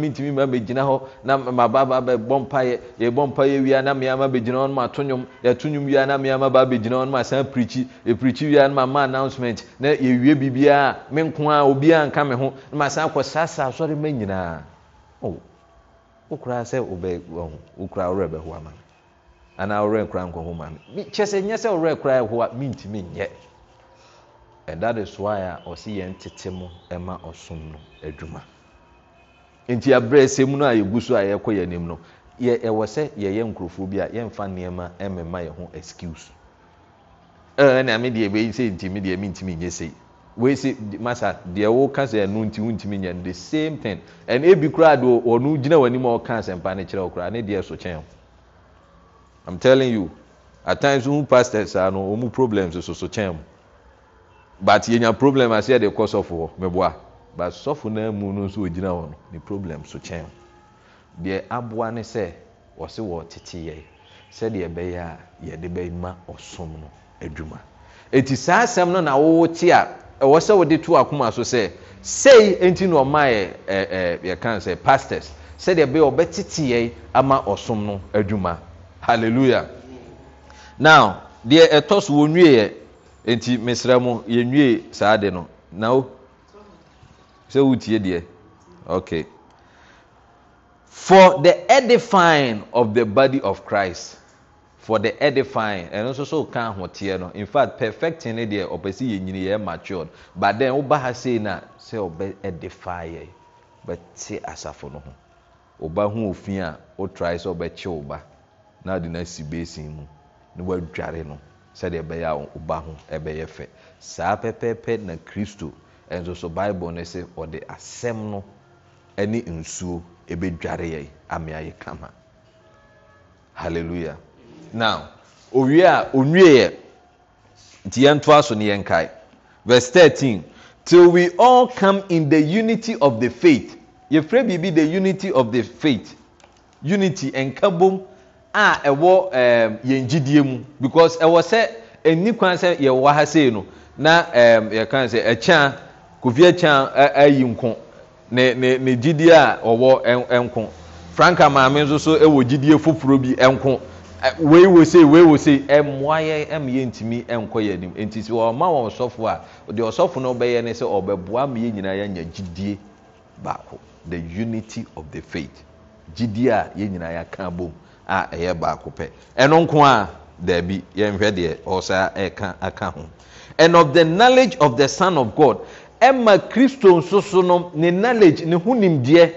menegina hɔewegapɛpi ea anoncement ɛe birbia me nkabianka me ho masa kɔsasa sɔre ma nyinaawoaɛ oh, anaa ɔwerɛ nkora nkɔho ma me kyɛ sɛ nyɛ sɛ ɔwerɛ kora ɛho a mentumi nyɛ ɛda de so a ɔsi yɛn tete mu ɛma ɔsom no adwuma nti abirɛ ɛsɛ mu no a yɛgu so a yɛkɔ yɛn anim no yɛ ɛwɔ sɛ yɛyɛ nkurɔfoɔ bi a yɛmfa nneɛma ɛmɛma yɛn ho excuse ɛɛ ɛna mi deɛ bɛyi sɛ ntumi deɛ mi ntumi nyɛ sɛ wei sɛ masa deɛ wɔka sɛ ɛno nti ntumi nyɛ no the same thing ɛna ebi koraa do ɔno gyina wɔn anim a ɔka asɛmpa ne kyerɛ ɔkora ne deɛ so kyɛn o. I'm telling you at times when pastors ano no mu problems soso kyɛn mu but yɛn nya problem ase yɛ de kɔ sɔfo hɔ mɛboa but sɔfo naa mu no nso ogyina hɔ no ne problem so kyɛn mu deɛ aboa ne sɛ wɔsi wɔ tete yɛ sɛdeɛ ɛbɛyɛ a yɛde bɛ ma ɔsom no adwuma eti saa asɛm no na wɔwɔ te a ɛwɔ e sɛ wɔde to akoma so sɛ sei eti na ɔma yɛ ɛɛ e, e, yɛ kan sɛ pastors sɛdeɛ ɛbɛyɛ ɔbɛtete yɛ ama ɔsom no adwuma hallelujah now deɛ ɛtɔ so wɔnwie yɛ nti mesrɛ mo yɛnwie saa de no now, o sɛ wotie deɛ okay for the edifying of the body of Christ for the edifying ɛno nso so ka ahoteɛ no in fact perfecting ne deɛ ɔpɛ si yɛ nyini yɛ matured but then woba ha sei na sɛ ɔbɛ edify yɛ bɛte asafo no ho ɔba ho ofin a o try sɛ ɔbɛkye ɔba. Now the next asi besin mu ne woadware no sɛdeɛ ɛbɛyɛ a woba ho bɛyɛ fɛ saa na kristo Enzo so bible no sɛ asem no ne nsuo ya yɛ ameayɛ kama hallelujah no owie a ɔnwieeɛ nti verse 13 till we all come in the unity of the faith yɛfrɛ biribi the unity of the faith unity and kabum. a ɛwɔ yɛn gyidie mu because ɛwɔ sɛ ɛni kwan sɛ yɛwɔ ha sei no na yɛka sɛ ɛkyɛn kofi ɛkyɛn ɛyi nko ne ne ne gyidie a ɔwɔ nko franka maame nso so ɛwɔ gyidie foforɔ bi wei wɔ sei wei wɔ sei ɛmmoa yɛ ɛm yɛ ntumi nkɔ yɛ nti sɛ ɔma wɔn a deɛ ɔsɔfo no bɛyɛ ne sɛ ɔbɛboa ma nyinaa yɛnya gyidie a ɛyɛ baako pɛ ɛno nko a daabi yɛnhwɛ deɛ ɔsa ɛka aka ho and of the knowledge of the son of god ɛma kristo nso no ne knowledge ne ho nimdeɛ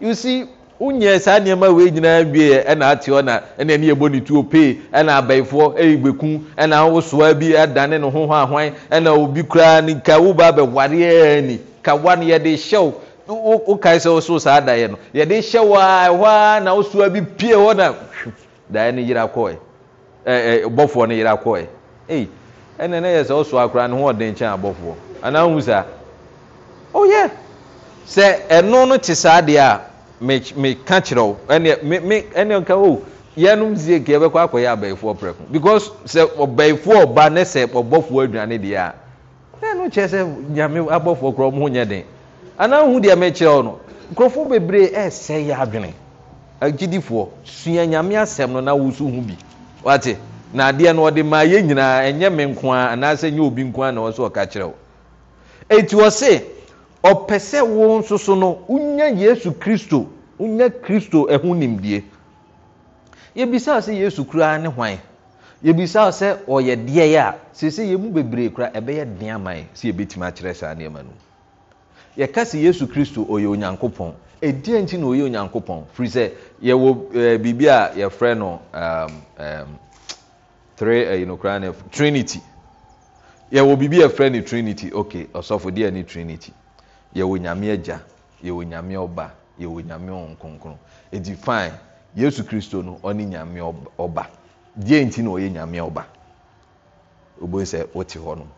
you see wonyɛ saa nneɛma wei nyinaa wie ɛna ate hɔ na ɛna ɛne yɛbɔ ne tuo pee ɛna abɛɛfoɔ ɛyɛ gbeku ɛna awosoa bi adane ne ho ho ahwan ɛna obi koraa ne ka wo ba abɛwareɛ ni kawa no yɛde hyɛw wokae eh, eh, sɛ wo so saa daeɛ no yɛde hyɛ wo ɛhɔ a na wosoa bi pie hɔ na daeɛ no yera kɔɛ bɔfoɔ no yera kɔɛ ɛnɛ no yɛ sɛ wosoa koraa no ho ɔden nkyɛn abɔfoɔ anaa wohu saa oyɛ sɛ ɛno no te saa deɛ a meka kyerɛ wo ɛneɛ ka o yɛnom sie ka yɛbɛkɔ akɔyɛ abayifoɔ prɛko because sɛ ya ɔba ne sɛ ɔbɔfoɔ aduane deɛ a na ɛno kyerɛ sɛ nyame abɔfoɔ korɔ ɔmo ho nyɛ den anaa hu deɛ mekyerɛ wo no nkurɔfoɔ bebree ɛsɛ yɛ adwene agyidifoɔ sua nyame asɛm no na woso hu bi wate na adeɛ no ɔde maa yɛ nyinaa ɛnyɛ me nko a anaasɛ nyɛ obi nko na ɔ sɛ ɔka kyerɛ wo ɛti ɔ se ɔpɛ sɛ wo nso no wonya yesu kristo wonya kristo ho nimdie yɛbisawo sɛ yesu koraa ne hwan yɛbisawo sɛ ɔyɛ deɛeɛ a seesei yɛmu bebree kura ɛbɛyɛ yɛ amae sɛ yɛbɛtimi akyerɛ saa nnoɔma no mu yɛka sɛ yesu kristo ɔyɛ onyankopɔn ɛdeɛ nti na ɔyɛ onyankopɔn firi sɛ yɛwɔ eh, biribi a yɛfrɛ no ehm, ehm, eh, nokoraa no trinity yɛwɔ biribi yɛfrɛ no trinity Okay. ɔsɔfo deɛ ne trinity yɛwɔ nyame agya yɛwɔ nyame ɔba yɛwɔ nyame ɔn kronkron ɛnti fine yesu Kristu no ɔne nyame ɔba deɛ nti na ɔyɛ nyame ɔba ɔbɛhu sɛ wote hɔ nom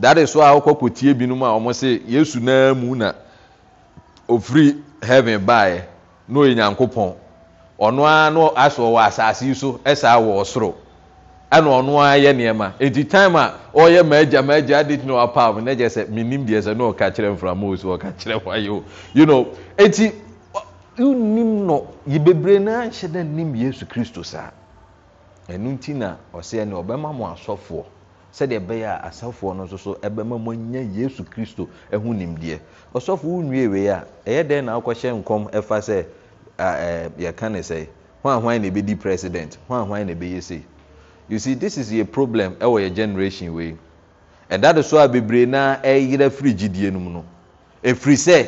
thatis so a tie binom a ɔmo yesu naa mu na ɔfiri heaven baeɛ na ɔyɛ nyankopɔn ɔno ara no asɛ ɔwɔ asase so saa wɔ ɔsoro ɛna ɔno ara yɛ eti ɛnti time a ɔyɛ maagya maagya de tina ɔpaam na gye sɛ menim deɛ sɛ ne ɔka kyerɛ mframa so ɔka kyerɛ wayɛ you know ɛnti nnim no yɛbebree no a nhyɛ da nnim yesu kristo saa ɛno nti na ɔsɛ ne ɔbɛma mo asɔfoɔ sɛdeɛ ɛbɛyɛ a asafoɔ no nso so ɛbɛma moanya yesu kristo ho nimdeɛ ɔsɔfo wo nwie wei a ɛyɛ dɛn na wokɔhyɛ nkɔm ɛfa sɛ ɛɛ yɛka ne sɛ ahɔn hwan na ɛbɛdi president hɔn ahɔn hwan na ɛbɛyɛ sei you see this is a problem ɛwɔ yɛ generation wei ɛda do so a bebree na ɛyera firi gyidie no mu no efiri sɛ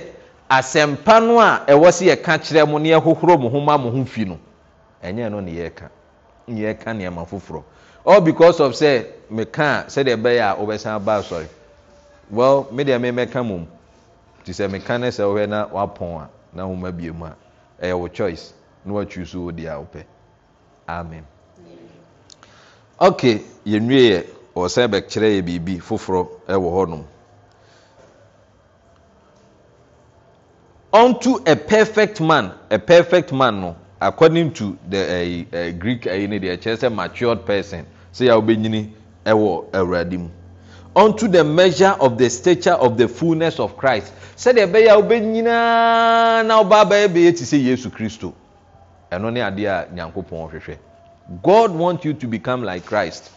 asɛmpa no a ɛwɔ si yɛka kyerɛ mo ne yɛhohoro mo ho ma mo ho fi no ɛnyɛ no ne yɛreka ne yɛreka nneɛma foforɔ becauseof sɛ meka a sɛdeɛ bɛyɛ a wobɛsan ba sɔre mede memɛka mom nti sɛ meka ne sɛ woɛ n wapɔ a na womabiemu a yɛwo choice na woatwiriso ɔdiawopɛɛɔsa ɛkyerɛ y biribi foforɔwɔo nto apcaperfect man no accoding to eh, eh, greek aindeɛ kyerɛ sɛ matured person sɛ yɛ wobɛnyini ɛwɔ awurade mu unto the measure of the stature of the fullness of Christ sɛdeɛ ɛbɛyɛ a wobɛnyinaa na ɔba abɛyɛ bɛyɛ te sɛ Yesu Kristo ɛno ne adeɛ a Nyankopɔn hwehwɛ God want you to become like Christ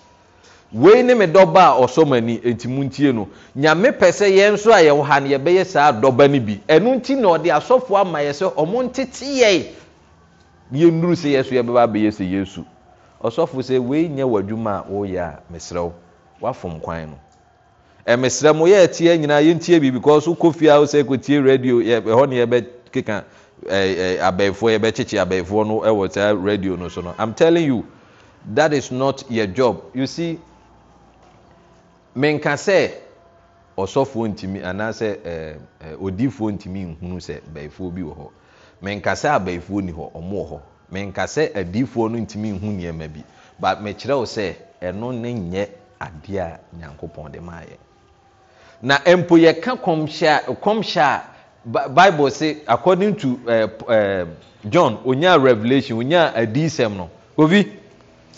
wei ne me dɔba a ɔsɔ mo ani eti mu ntie no nyame pɛ sɛ yɛn nso a yɛwɔ ha no yɛbɛyɛ saa dɔba no bi ɛno nti na ɔde asɔfoɔ ama yɛ sɛ ɔmo ntete yɛe yɛn nuru sɛ yɛ yɛbɛba abɛyɛ sɛ Yesu ɔsɔfo sɛ wei nyɛ w'adwuma a woyɛ a mesrɛ wo kwan no ɛmesrɛ mo yɛ ɛteɛ nyinaa yɛntie bi because wokɔ fie a wo sɛ kɔtie radio ɛhɔ ne yɛbɛkeka abɛɛfoɔ yɛbɛkyekye abɛɛfoɔ no ɛwɔ saa radio no so no i'm telling you that is not your job you see menka sɛ ɔsɔfoɔ ntumi anaasɛ ɛɛ odiifoɔ ntumi nhunu sɛ bɛɛfoɔ bi wɔ hɔ menka sɛ abɛɛfoɔ ni hɔ ɔmo wɔ hɔ menka sɛ adiyifoɔ no ntumi nhu nneɛma bi but mekyerɛ wo sɛ ɛno ne nyɛ adeɛ a nyankopɔn de maayɛ na mpo yɛka kɔmhyɛ a bible se according to eh, eh, john ɔnyaa revelation ɔnyaa adiisɛm no obi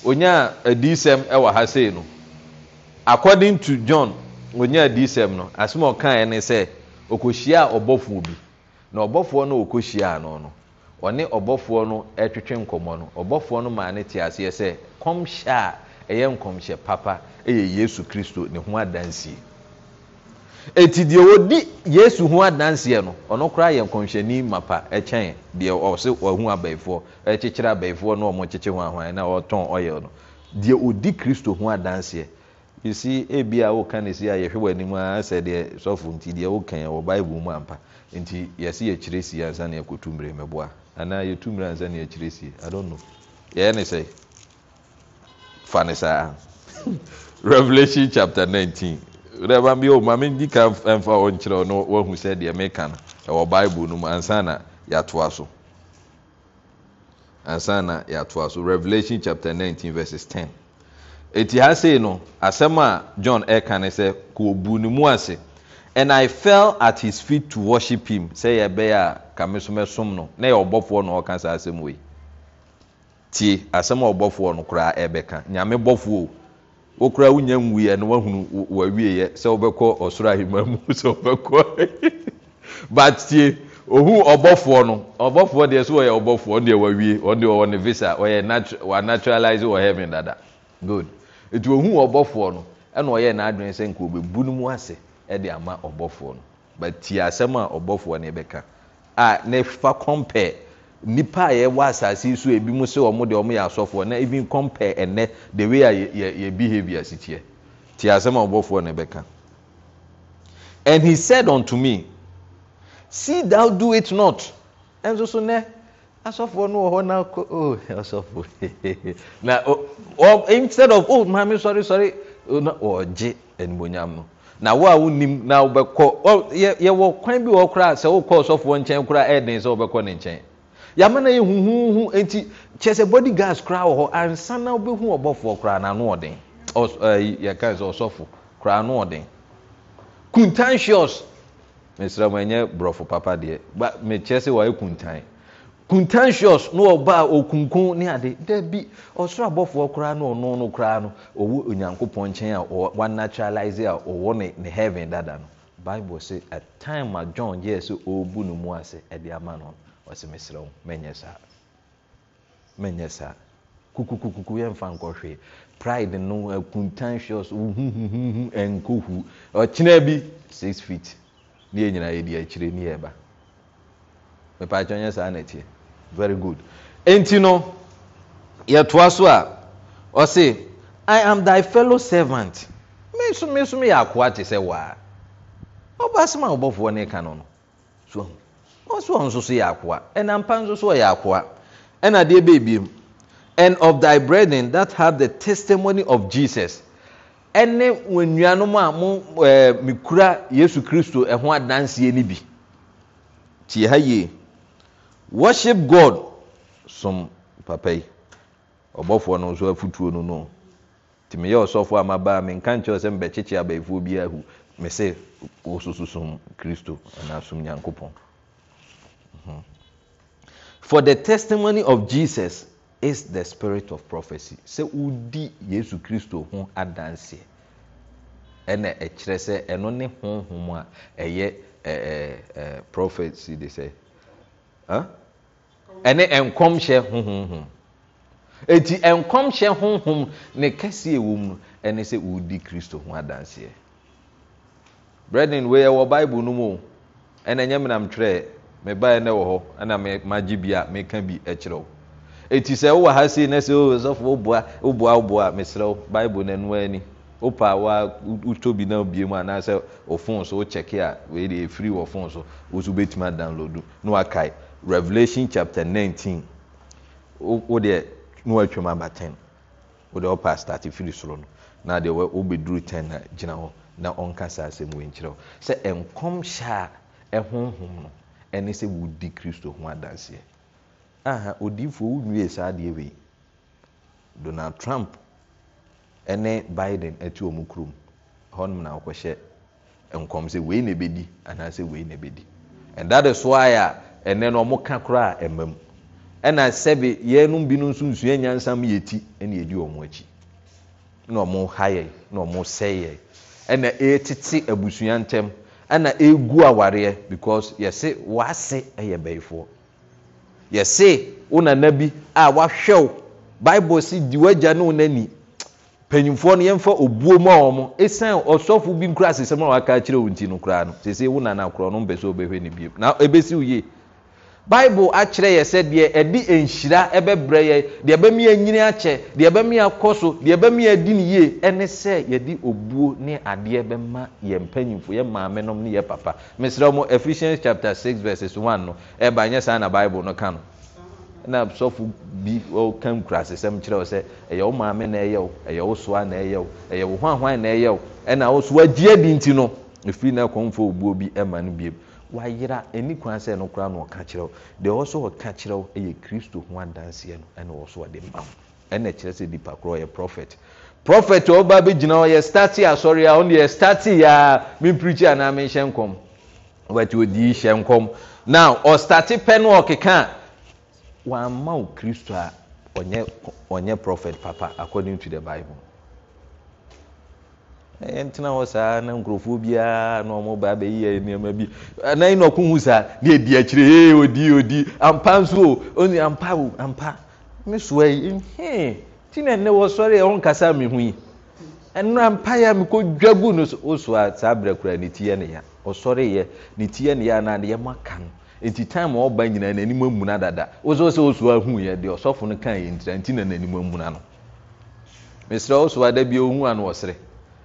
ɔnyaa adiisɛm ɛwɔ ha sei no according to john ɔnyaa adiisɛm no asɛm ɔkaeɛ ne sɛ ɔkɔhyiaa ɔbɔfoɔ bi na ɔbɔfoɔ no ɔkɔhyiaa no no ɔne ɔbɔfoɔ no twetwe nkɔmɔ no ɔbɔfoɔ no maa ne te aseɛ sɛ kɔmhyɛ a ɛyɛ nkɔmhyɛ papa ɛyɛ yesu kristo ne ho adansie Eti deɛ wɔdi yesu ho adanseɛ no ɔno koraa yɛ nkɔmhyɛni mapa ɛkyɛn kyɛn deɛ ɔse ɔhu abayifoɔ kyekyere abayifoɔ na ɔmokyekye ho ahwan na ɔtɔn ɔyɛ no deɛ ɔdi kristo ho adanseɛ ɛsi bia woka no si a yɛhwe w'anim a sɛdeɛ sɔfo nti deɛ wokaɛ wɔ bible mu ampa nti yɛse yɛkyerɛ sie ansa ne yɛkɔtummirɛ mɛboa anaa yɛtu mmerɛ ansa ne akyerɛ sie i don't know yɛyɛ ne sɛ fa ne saa revelation chapter 19 rɛba bi o maame di ka mfa wɔn kyerɛ o na wahu sɛ deɛ meka no ɛwɔ bible no mu ansa na yɛatoa so ansa na yɛatoa so revelation chapter 19 verses 10 eti ha sei no asɛm a john ɛka ne sɛ kò bu ne mu ase. and i fell at his feet to worship him sɛ yɛ be a kame so mɛsom no na yɛ ɔbɔfoɔ na ɔka saa asɛm wei tie asɛm a ɔbɔfoɔ no koraa ɛbɛka nyame bɔfoɔ o wokora wonya nwuiɛ no woahunu wawieɛ sɛ wobɛkɔ ɔsoro ahema mu sɛ wobɛkɔ but tie ohu ɔbɔfoɔ no ɔbɔfoɔ deɛ so wɔyɛ ɔbɔfoɔ ɔno deɛ wawie ɔno deɛ ɔwɔ ne visa ɔyɛ natu wanaturalize wɔ heaven dada good etu ohu ɔbɔfoɔ no ɛna ɔyɛ n'adwene sɛ nka obɛbu no mu ase. ɛde ama ɔbɔfoɔ no but ti asɛm a ɔbɔfoɔ ne bɛka a ne wfa kɔmpair nnipa a yɛwɔ asase yi so abi mu sɛ ɔmodeɛ ɔmo yɛ asɔfoɔ na even cɔmpaire ɛnnɛ the way a yɛ bihavior asi tiɛ ti asɛm a ɔbɔfoɔ no ɔbɛka ɛnd he said unto mi sie thow do it not ɛnso so nɛ asɔfoɔ no wɔ hɔ naɔɔ oh, instead ofmame oh, sɔre sɔre ɔgye animuonyam no na wo a wonim na wobɛkɔyɛwɔ kwan bi wɔ koraa sɛ wokɔ ɔsɔfoɔ nkyɛn koraa ɛden sɛ wobɛkɔ ne nkyɛn yɛama no yɛ huhuhu nti kyɛ sɛ body gas koraa wɔ hɔ ansa na wobɛhu ɔbɔfoɔ koraa nanoɔden yɛkae sɛ ɔsɔfo koraa noɔden kuntan hwios mesrɛ m ɛnyɛ borɔfo papa deɛ mekyerɛ sɛ wayɛ kuntan contentious na ɔbaa okunkun ne ade dabi ɔsoro abɔfoɔ koraa na ɔno no koraa no ɔwɔ onyankopɔn nkyɛn a wanaturalise a ɔwɔ ne ne heaven dada no bible sɛ atime a john yɛɛ sɛ ɔrebu no mu ase ɛde ama no ɔsɛ mesrɛ wo mɛnyɛ saa mɛnyɛ saa kukukukuku yɛmfa nkɔ hwee pride no contentious huhuhuhu ɛnkohu ɔkyena bi six feet ne yɛ nyinaa di akyire ne yɛ ba mepaakyɛ nyɛ saa na ɛteɛ very good enti no yɛtoa so a ɔse i am thy fellow servant mensomyɛ akoa te sɛ wɔ a ɔbasom a wɔbɔfoɔ ne rka no no s ɔ soso yɛ aka ɛnampa nso so ɔyɛ akoa ɛnadeɛ bebiem and of thy brethren that hav the testimony of jesus ɛne wnuanom a mo eh, mekura yesu kristo ho adanseɛ ne bi ntiyɛ ha yie worship god som papa yi ɔbɔfoɔ no w so afutuo no noo nti meyɛ ɔsɔfoɔ a mabaa menka nkyeɛɛwo sɛ mebɛkyekye aba yifoɔ biaahu me se wosososom kristo anaasom nyankopɔn mhm. for the testimony of jesus is the spirit of prophecy sɛ wodi yesu kristo ho adanseɛ ɛna ɛkyerɛ sɛ ɛno ne hohom a ɛyɛ prophecy de sɛ ɛne ɔnkɔm hyɛ hohoho ɛti nkɔmhyɛ hohom ne kɛsee wɔm nsɛ wodi kristo ho adseɛ eɛ wɔ bible no muo ɛn nyɛ menam twerɛɛ mebaɛ nɛ wɔ hɔ na magye bi a meka bi kyerɛ wo ɛti sɛ wowa hasei sɛsfbaa oh, mesrɛ w bibleno noaani wopɛ wotɔ bi nobemunasɛ wo fo sowokyɛkeaefi wɔfoso woswobɛtimi adnlodunwakae revelation chapter 19 wodeɛ ne woatwam aba ten wode opɛ state firi soro no nadeɛwobɛduru 1eagyina hɔ na ɔnka saasɛm wnkyerɛ hɔ sɛ nkɔm hyɛ a hohom none s wodi kristoho dsdifwnesade donad trump ne biden atiɔ mu krom mnokɔhyɛ nkɔ sɛeinebɛdianaithais ɛnɛ no ɔmo ka koraa ɛma mu ɛna sɛbi yɛnom bi no nso nsua nyansam yɛti ɛna yɛdi ɔmo akyi na ɔmo ha yɛ na ɔmo sɛ yɛ ɛna ɛtete abusua ntɛm ɛna egu awareɛ because yɛse wase ɛyɛ bɛyifoɔ yɛse wo nana bi a wahwɛw bible si di wagya ne nani panyimfoɔ no yɛmfa obuo mu a wɔ mo ɔsɔfo bi nkura asesɛm a waka akyerɛ wo nti no koraa no sɛsei wo nana korɔ no mpɛ sɛ wobɛhwɛ ne bio na ɛbɛsi wo yie bible akyerɛ yɛ sɛ deɛ ɛde nhyira bɛbrɛ yɛ deɛ bɛmi anyini akyɛ deɛ bɛmi akɔ so deɛ bɛmi adi ne yie ɛne sɛ yɛde obuo ne adeɛ bɛma yɛn mpanyimfo yɛ maame nom ne yɛ papa mesrɛ mo Ephesians chapter six verses one no ɛba nyɛ saa na bible no ka no na sɔfo bi ɔka nkura nkurasesɛm kyerɛ wo sɛ ɛyɛ wo maame na ɛyɛ wo ɛyɛ wo soa na ɛyɛ wo ɛyɛ wo hwanhwan na ɛyɛ wo ɛna wo so wagye adi nti no ɛfiri na kɔmfo obuo bi ma wayera ɛni kwan sɛ ɛno koraa na ɔka kyerɛw deɛ ɔwɔ so ɔka kyerɛw ɛyɛ kristo ho adanseɛ no ɛna ɔwɔ so ɔde ma wo ɛna kyerɛ sɛ nipa korɔ ɔyɛ prophet prophet ɔba bi gyina hɔ yɛ stati asɔre a ɔno yɛ stati a mi pirikyi anaa mi nhyɛ nkɔm wɔte odi hyɛ nkɔm now ɔstati pɛ no ɔkeka wɔn ama wo kristo a ɔnyɛ ɔnyɛ prophet papa according to the bible yɛntena hɔ saa na nkurɔfoɔ biara na ɔmo ba abɛyɛ nneɛma bi anan na ɔko hu saa ne edi akyire ee odi odi ampa nso o oni ampa o ampa ne soa yi hee ti na ne wɔ sɔre yɛ ɔnkasa mi ho yi ɛnu ampa yɛ mi ko dwa gu no so o soa saa abirɛ kura ne ti yɛ ne ya ɔsɔre yɛ ne ti yɛ ne ya anaa ne yɛ mo aka no eti time a ɔba nyinaa n'anim amuna dada wosɔ sɛ osua hu yɛ deɛ ɔsɔfo no kan yɛ ntira nti na n'anim amuna no mesrɛ osua dɛ bi ohu ano ɔsere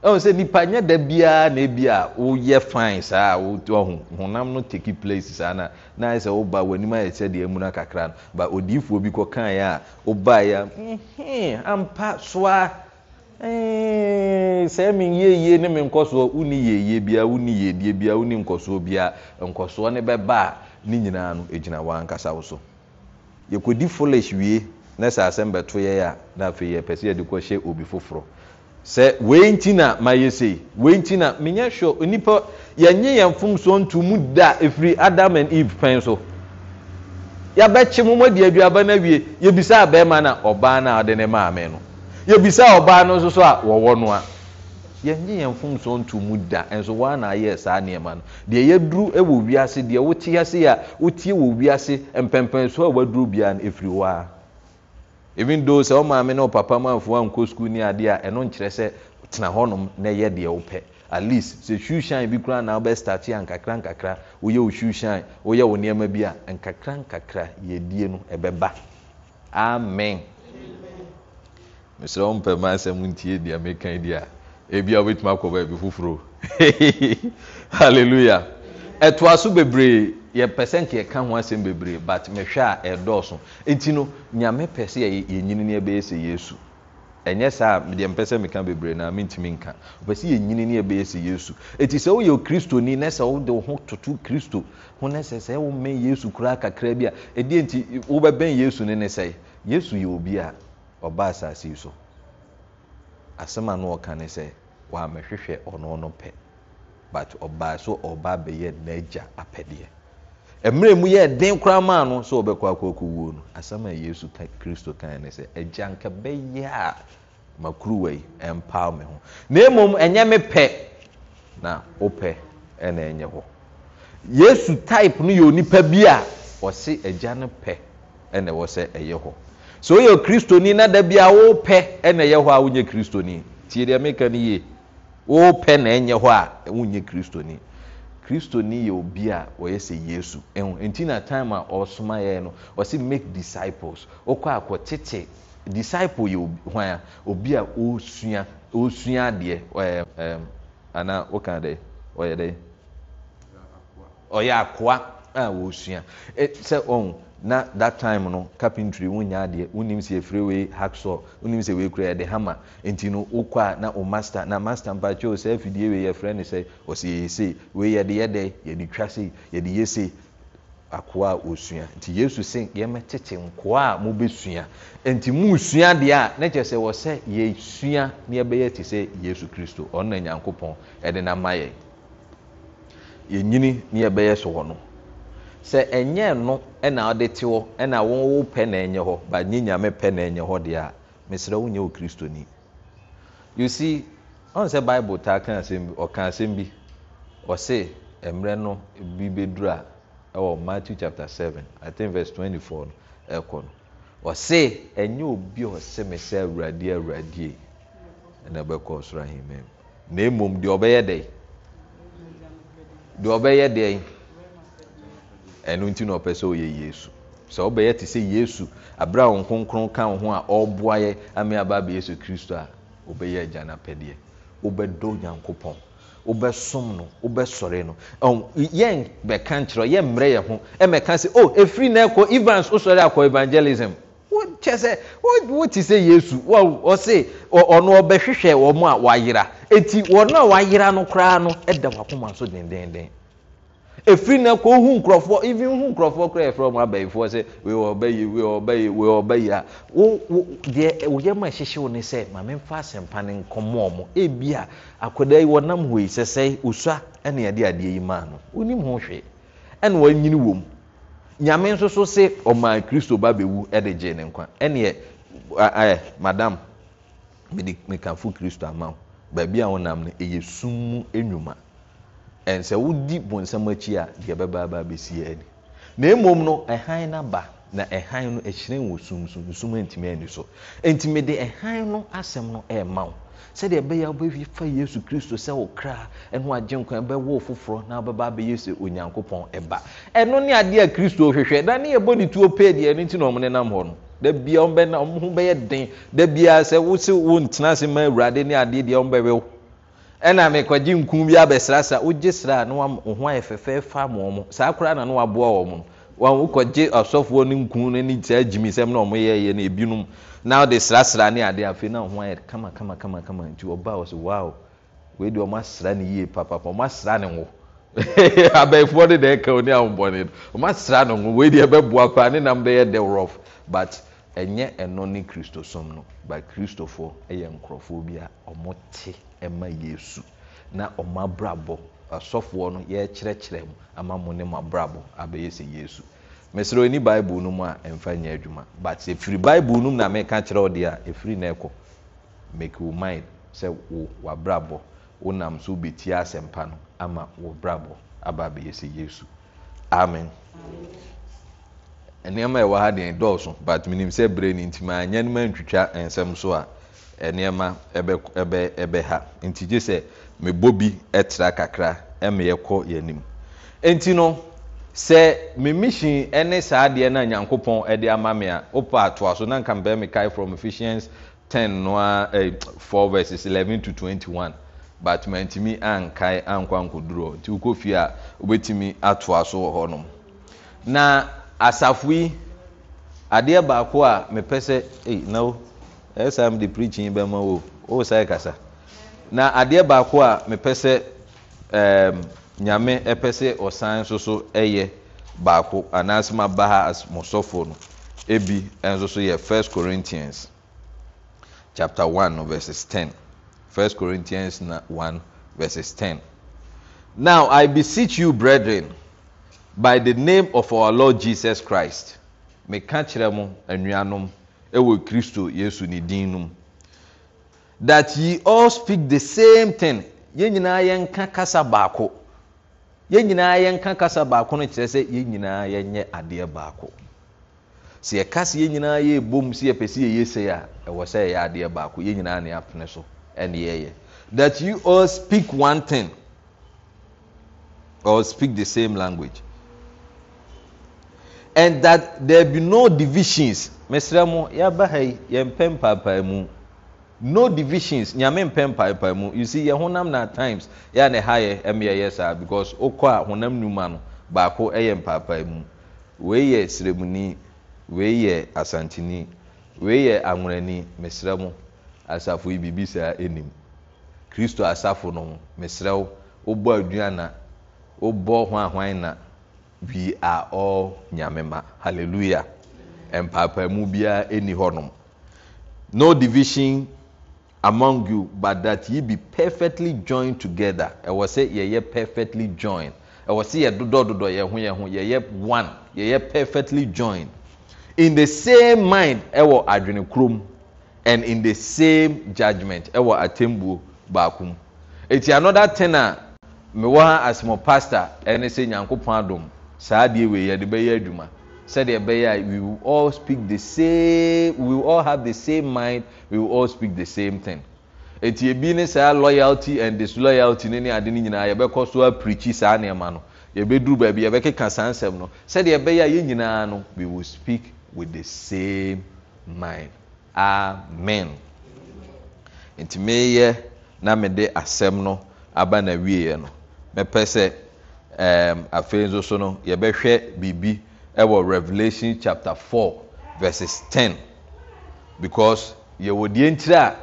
ɛwɔ sɛ nipa nyɛ da biara na ebi a woyɛ fine saa a wotu honam no take place saa na na ayɛ sɛ woba w'anim ayɛ sɛ deɛ emuna kakra no ba odiifoɔ bi kɔ kan yɛ a woba yɛ a ampa soa sɛ mi yieyie ne mi nkɔsoɔ wuni yieyie bia wuni yiedie bia wuni nkɔsoɔ bia nkɔsoɔ ne bɛba a ne nyinaa no egyina wɔn ankasa wo so yɛkɔdi foolish wie na sɛ asɛm bɛto yɛ a na afei yɛ pɛ sɛ yɛde kɔ hyɛ obi foforɔ sɛ wei nti na mayɛ sei wei nti na menyɛ sure nipa yɛnye yɛn fomso nto mu da efiri adam and eve pɛn so yabɛkye mu mɔdi aduaba na wie yɛbisa abɛɛma na ɔbaa na ɔde ne maame no yɛbisa ɔbaa no nso so a wɔwɔ no a yɛnye yɛn fomso nto mu da nso wɔn na ayɛ saa nneɛma no deɛ yɛduru wɔ wiase deɛ wote ase a wotie wɔ wiase mpɛmpɛnso a wɔaduru biara no efiri hɔ ara even though sɛ ɔmaame ne ɔpapa mu afoɔ ankɔ sukuu ne adeɛ a ɛno nkyerɛ sɛ tena hɔnom na ɛyɛ deɛ wopɛ at least sɛ shoe shine bi koraa na wobɛstarte a nkakra nkakra woyɛ wo shoe shine woyɛ wo nneɛma bi a nkakra nkakra yɛdie no ɛbɛba amen mesrɛ wo mpɛ ma asɛm ntie deɛ meka di a ebia wobɛtumi akɔ baabi foforɔ halleluya ɛtoa so bebree yɛpɛ sɛ nka yɛka ho asɛm bebree but mehwɛ a ɛdɔɔso nti no nyame pɛ sɛ yɛnyini ni yɛbɛyɛ sɛ yesu ɛnyɛ saa deɛ mpɛ sɛ meka bebree na mentumi nka ɔpɛ sɛ yɛnyini no yɛbɛyɛ sɛ yesu ɛti sɛ woyɛ kristoni na sɛ wode wo ho toto kristo ho na sɛ sɛ womɛn yesu koraa kakra bi a ɛdeɛ nti wobɛbɛn yesu no ne sɛe yesu yɛ obi a ɔba asase yi so asɛm a no ɔka ne sɛ wɔamɛhwehwɛ ɔno no pɛ but ɔbaa so ɔba abɛyɛ n'agya apɛdeɛ merɛ mu yɛden koramaa noɛɔbɛsaykitaɛ yanka bɛyɛ a makraimpwme ho na mom ɛyɛ mepɛ na wopɛ nyɛ hɔ yesu type no yɛonipa bi a ɔse agyan pɛ nɛwɔ sɛ yɛ hɔ sɛ woyɛ kristoni nodabia wopɛ nyɛ hɔ woyɛ kristoni tideɛ mekany wpɛ n ɛyɛ hɔ awoyɛ kristoni christo ne yɛ obi a ɔyɛ sɛ yesu ho ɛnti na time a ɔɔsomayɛɛ no ɔsi make disciples wokɔ akɔ tete disciple yɛ hwan a obi a ɔsa ɔsua adeɛ anaa woka dɛ ɔyɛ dɛ ɔyɛ akoa a wɔsua sɛ na that time no carpentry wonya adeɛ wonim sɛ efiri wei hacksaw wonim sɛ kura yɛde hammer nti no wokɔ a na o master na master mpakyɛw sɛ afidie wei yɛfrɛ no sɛ ɔsɛ yɛyɛ sei wei yɛde yɛde twa sei yɛde yɛ akoa a osua nti yesu nkoa a mobɛsua nti musua deɛ a ne kyerɛ sɛ na te sɛ yesu kristo ɔno na ɛde na ma na so wɔ sɛ ɛnyɛ no na ɔde te hɔ na wɔwo pɛ na ɛnyɛ hɔ but nye nyame pɛ na ɛnyɛ hɔ deɛ a mesrɛ wonyɛ wo ni you see ɔn sɛ bible taa ka asɛm bi ɔka asɛm bi ɔse mmerɛ no bi bɛduru a ɛwɔ matthew chapter seven i think verse twenty-four no ɛkɔ no ɔse ɛnyɛ obi a ɔse me sɛ awurade awurade ɛna ɛbɛkɔ ɔsoro ahemman mu na emom deɛ ɔbɛyɛ dɛ deɛ ɔbɛyɛ dɛ yi. ɛno nti na ɔpɛ sɛ ɔyɛ yesu sɛ wobɛyɛ te sɛ yesu aberɛ a wo kronkron ka wo ho a ɔboayɛ ame abaaba yesu kristo a wobɛyɛ agya nopɛdeɛ wobɛdɔ onyankopɔn wobɛsom no wobɛsɔre no yɛn bɛka nkyerɛ yɛ mmerɛ yɛ ho mɛka sɛ o ɛfiri no ɛkɔ evans wosɔre akɔ evangelism wokyɛ sɛ wote sɛ yesu ɔse ɔno ɔbɛhwehwɛ wɔ m a wayera eti wɔno a wayera no koraa no ɛda wakoma so dendenden ɛfiri na kɔ hu nkurɔfoɔ ifi hu nkurɔfoɔ kora yɛfrɛ m abayifoɔ sɛ ɔbɛyi a deɛ woyɛma ɛhyehye wo ne sɛ mamemfa asɛmpa no nkɔmmɔɔ mo ebia akɔdaa yi wɔnam hɔi sɛ sɛe ɔsua neɛde adeɛ yi maa no onim ho hwee ɛne wanyini wɔ m nyame nso so se ɔmaa kristo ba bɛwu de gyee ne nkwa ɛneɛ madam mekafo kristo ama wo baabi ɛnsɛ wodi bonsam akyi a deɛ bɛba aba abɛsi ni. na mmom no ɛhan n'aba na ɛhan no ɛhyerɛn wɔ sunsun nsum ntumi ani so ntumi de ɛhan no asɛm no ɛɛma wo sɛdeɛ ɛbɛyɛ wobɛfi fa yesu kristo sɛ wo kra ɛho agye nkwa ɛbɛwɔ foforɔ na wobɛba abɛyɛ sɛ onyankopɔn ɛba ɛno ne adeɛ a kristo hwehwɛ da ne yɛbɔ ne tuo pee deɛ ɛno nti na ɔmo ne nam hɔ no da bia ɔmo bɛna ɔmo ho bɛyɛ den da bia sɛ wosɛ wo ntena ase ma awurade ne adeɛ deɛ ɔmo bɛbɛwɔ ɛna mekɔgye nkum bi abɛsra sa wogye sraa ne wo ho ayɛ fɛfɛɛfa moɔ mo saa koraa na ne waboa wɔ mo no wokɔgye ɔsɔfoɔ no nku no ne saa gyimi sɛm na ebinom na wode srasra ne nị na ho ayɛ kama nti ɔba wɔ wei deɛ asra ne yie papapa asra ne abɛɛfoɔ deɛ ɛka ne asra ne wei deɛ ɛbɛboa ne nam bɛyɛ de ɛma yesu na ɔmo abrabɔ asɔfoɔ no yɛrekyerɛkyerɛ mu ama mo ne mo abrabɔ abɛyɛ sɛ yesu mesere oni bible no mu a mfa nyɛ adwuma but efiri bible no mu na meka kyerɛ ɔde a efiri na ɛkɔ make your mind sɛ wo wabrabɔ wonam so bɛtie asɛmpa no ama wo brabɔ aba abɛyɛ sɛ yesu amen. amen. nneɛma ɛwɔ ha deɛ dɔɔso but menim sɛ bere ne nti maa nyɛ no ma ntwitwa nsɛm so a nnoɔma ebe ha nti gye sɛ mebɔ bi tra kakra meyɛkɔ yɛnim ɛnti no sɛ me mehyin ne saa deɛ no nyankopɔn de ama me a wopɛ so na nka mpɛ mekae from efficians 10 no a 4 vs 11 to 21 but mantumi ankae ankwankɔdurɔ nti wokɔ fie a wobɛtumi atoa so wɔ na asafo yi adeɛ baako a mepɛ sɛ eh, na o ɛsaa preaching preachin bɛma wo wowo sae kasa na adeɛ baako a mepɛ sɛ nyame ɛpɛ sɛ ɔsane nso so ɛyɛ baako anaasɛ maba ha mosɔfoɔ no Ebi, ɛnso so yɛ 1 corinthians chapter 1 verses 10 1 corinthians 1 verses 10 now i beseech you brethren by the name of our lord jesus christ meka kyerɛ mo ɛwɔ kristo yesu ne din nom that ye all speak the same thing yɛn nyinaa yɛnka kasa baako yɛn nyinaa yɛnka kasa baako no kyerɛ sɛ yɛn nyinaa yɛnyɛ adeɛ baako sɛ yɛka sɛ yɛn nyinaa yɛ ebom sɛ yɛpɛ sɛ yɛyɛ sɛ a ɛwɔ sɛ yɛyɛ adeɛ baako yɛn nyinaa na yɛapene so ɛne yɛyɛ that you all speak one thing or speak the same language nosio mesrmɛbh yiypɛpepae muno divsions namemɛpepae mu syɛhonamnoatims ɛne haɛ myɛyɛ saa because wokɔ a honam nnuma no baako yɛ mpaepae mu wei yɛ sremuni weiyɛ asanteni wei yɛ aworani mesrɛ m asafo yi biribisaa nim kristo asafo no h mesrɛ wo wobɔ adana wobɔ ho ahwan na we are all nyamema hallelujah mpaapaemu biara ɛni hɔnom no division among you but that ye be perfectly joined together ɛwɔ sɛ yɛyɛ perfectly joined ɛwɔ sɛ yɛ ye yɛ ho yɛ ho yɛyɛ one yɛyɛ perfectly joined in the same mind ɛwɔ adwene kurom and in the same judgment ɛwɔ atembuo baako mu eti another ten a mewɔ ha as my pastor ɛne sɛ saa adeɛ wei yɛde bɛyɛ adwuma sɛdeɛ bɛyɛ a we will all speak the same we will all have the same mind we will all speak the same thing eti ebi ne saa loyalty and disloyalty ne ne ade ne nyinaa yɛbɛkɔ so apirikyi saa nneɛma no yɛbɛduru baabi yɛbɛkeka saa nsɛm no sɛdeɛ bɛyɛ a yɛn nyinaa no we will speak with the same mind amen ntumi yɛ na mede asɛm no aba na wie yɛ no mɛpɛ sɛ. afei nso so no yɛbɛhwɛ biribi wɔ revelation chapter 4 vs 10 because yɛwɔ deɛ ntiri a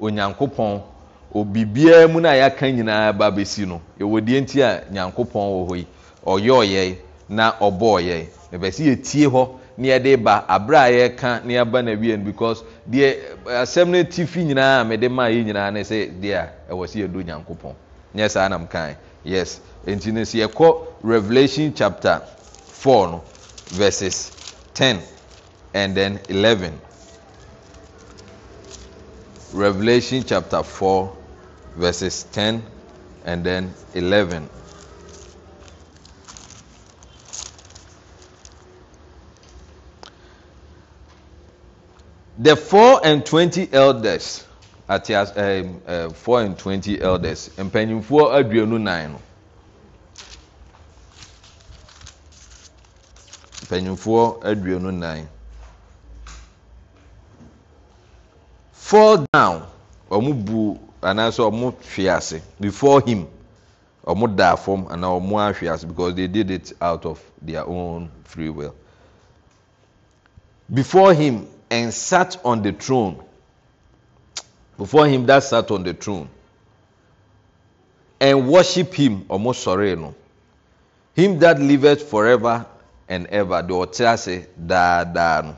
onyankopɔn obiribiara mu na a yɛaka nyinaa ba besi no yɛwɔ deɛ ntiri a nyankopɔn wɔ hɔ yi ɔyɛ ɔyɛ na ɔbɔ ɔyɛ sɛ yɛtie hɔ ne yɛde ba aberɛ a yɛka ne yɛba na awie no because deɛ asɛm no ti fi nyinaa a mɛde maa yi nyinaa ne sɛ deɛ a ɛwɔ si yɛdo nyankopɔn nyɛ saa nam kae yes nti no sɛ yɛkɔ revelation chapter 4 no verses 10 and then 11 revelation chapter 4 verses 10 and then 11 the four and twenty elders Atias as eh, eh, four and twenty elders mpanyinfoɔ aduonu nan no mpanyinfoɔ aduonu nan fall down wɔn bu anaasɛ wɔn hwe ase before him wɔn da fam anaa wɔn ahwe ase because they did it out of their own free will before him and sat on the throne before him that sat on the throne and worship him ɔmo sɔre no him that liveth forever and ever deɛ ɔte ase daadaa no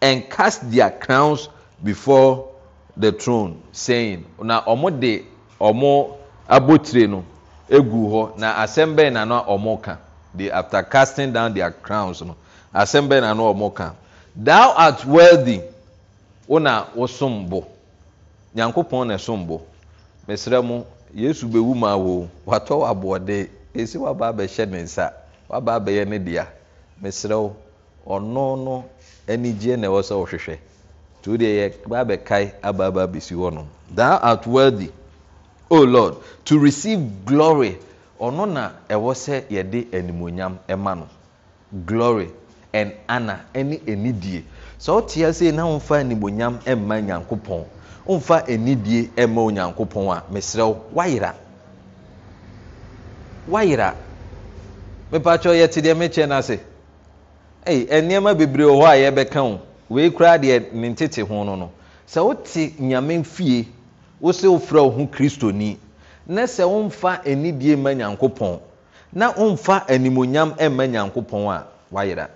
and cast their crowns before the throne saying na ọmọ de ọmọ abotire no egu na assemble na no ɔmo ka after casting down their crowns no asɛm na no ɔmo ka thou art worthy wo na bo. nyankopɔn na ɛso mbɔ mesrɛ mu yesu bɛwu ma wo watɔ w esi ɛsi wabaa bɛhyɛ ne nsa wabaa bɛyɛ ne dea mesrɛ wo ɔno no anigyeɛ na ɛwɔ sɛ wohwehwɛ nti wodeɛ yɛbaa bɛkae abaabaa bɛsi hɔ nom thou art worthy o lord to receive glory ɔno na ɛwɔ sɛ yɛde animonyam ɛma no glory and ana ɛne ɛnidie sɛ ɔte ase na womfa animonyam ɛma nyankopɔn womfa anidie mma onyankopɔn a mesrɛ wo wayera wayera mepɛakyɛ yɛte deɛ mekyɛ no ase nnoɔma bebree wɔ hɔ a yɛbɛka wo wei koraa deɛ ne ntete ho no no sɛ wote nyame fie wo se wo frɛ wo ho kristoni na sɛ womfa anidie mma nyankopɔn na womfa animonyam mma nyankopɔn a wayera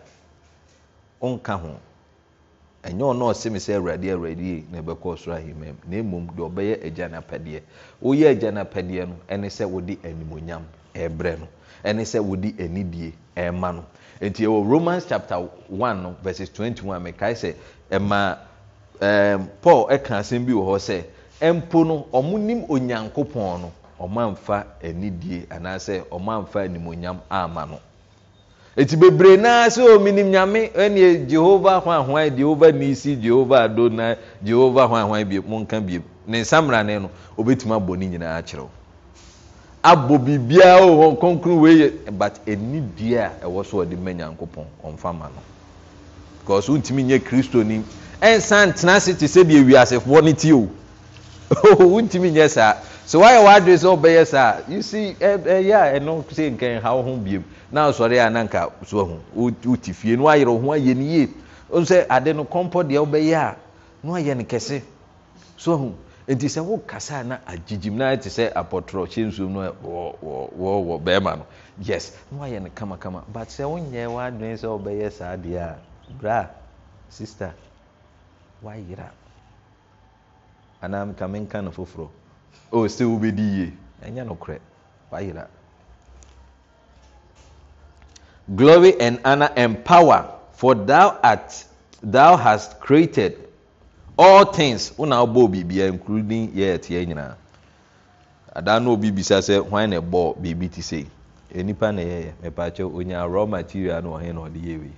wonka ho ɛnyɛ ɔno ɔseme sɛ awurade awuradeye na ɛbɛkɔ ɔsoro ahemam na mmom deɛ ɔbɛyɛ agya nopɛdeɛ woyɛ agya nopɛdeɛ no ɛne sɛ wode animonyam brɛ no ɛne sɛ wode anidie no ɛwɔ e romans chapter 1 no vs 21 mekae sɛ ɛma paul ɛka e asɛm bi wɔ hɔ sɛ ɛmpo no no anidie anaasɛ animonyam ama ɛti bebree naa sɛ ɔminim nyame ɛneɛ jehova ho ahoan jehova nisi jehova adona jehova ho ahoan bi monka biem ne nsamrane no ɔbɛtumi abɔ ne nyinaa akyerɛ wo abɔ biribiara wɔ hɔ yɛ but eni dua a ɛwɔ so ɔde mɛ nyankopɔn ɔnfama no because wontumi nyɛ kristo ni ɛnsa ntena se te sɛ deɛ wiasefoɔ ne ti o wontumi nyɛ saa sɛ woayɛ w'adwene sɛ wobɛyɛ saa usi ɛyɛ a ɛno sɛ nkɛn ha wo ho biom na nsɔre a na nka so ahu wote fie no woayerɛ wo ho ayɛ no yie ɔhu sɛ ade no kɔmpɔ deɛ wobɛyɛ a na woayɛ no kɛse so ahu ɛnti sɛ wokasaa na agyigyim na ɛte sɛ apɔtrɔ hyɛ wọ wọ wọ bɛrima no yes na woayɛ no kamakama but sɛ wonyɛ oh, w'adwene eh, sɛ wobɛyɛ saa deɛ a bra sister woayera anaa mka menka no o sɛ wobɛdi yie ɛnyɛ nokorɛ wayera glory and honor and power for thou art thou hast created all things wo na wobɔɔ biribia including yɛ ɛteɛ nyinaa adaa na obi bisa sɛ hwan ne bɔɔ biribi te sei nipa na yɛyɛ mepaakyɛ onya raw material no ɔhe na ɔde yɛ wei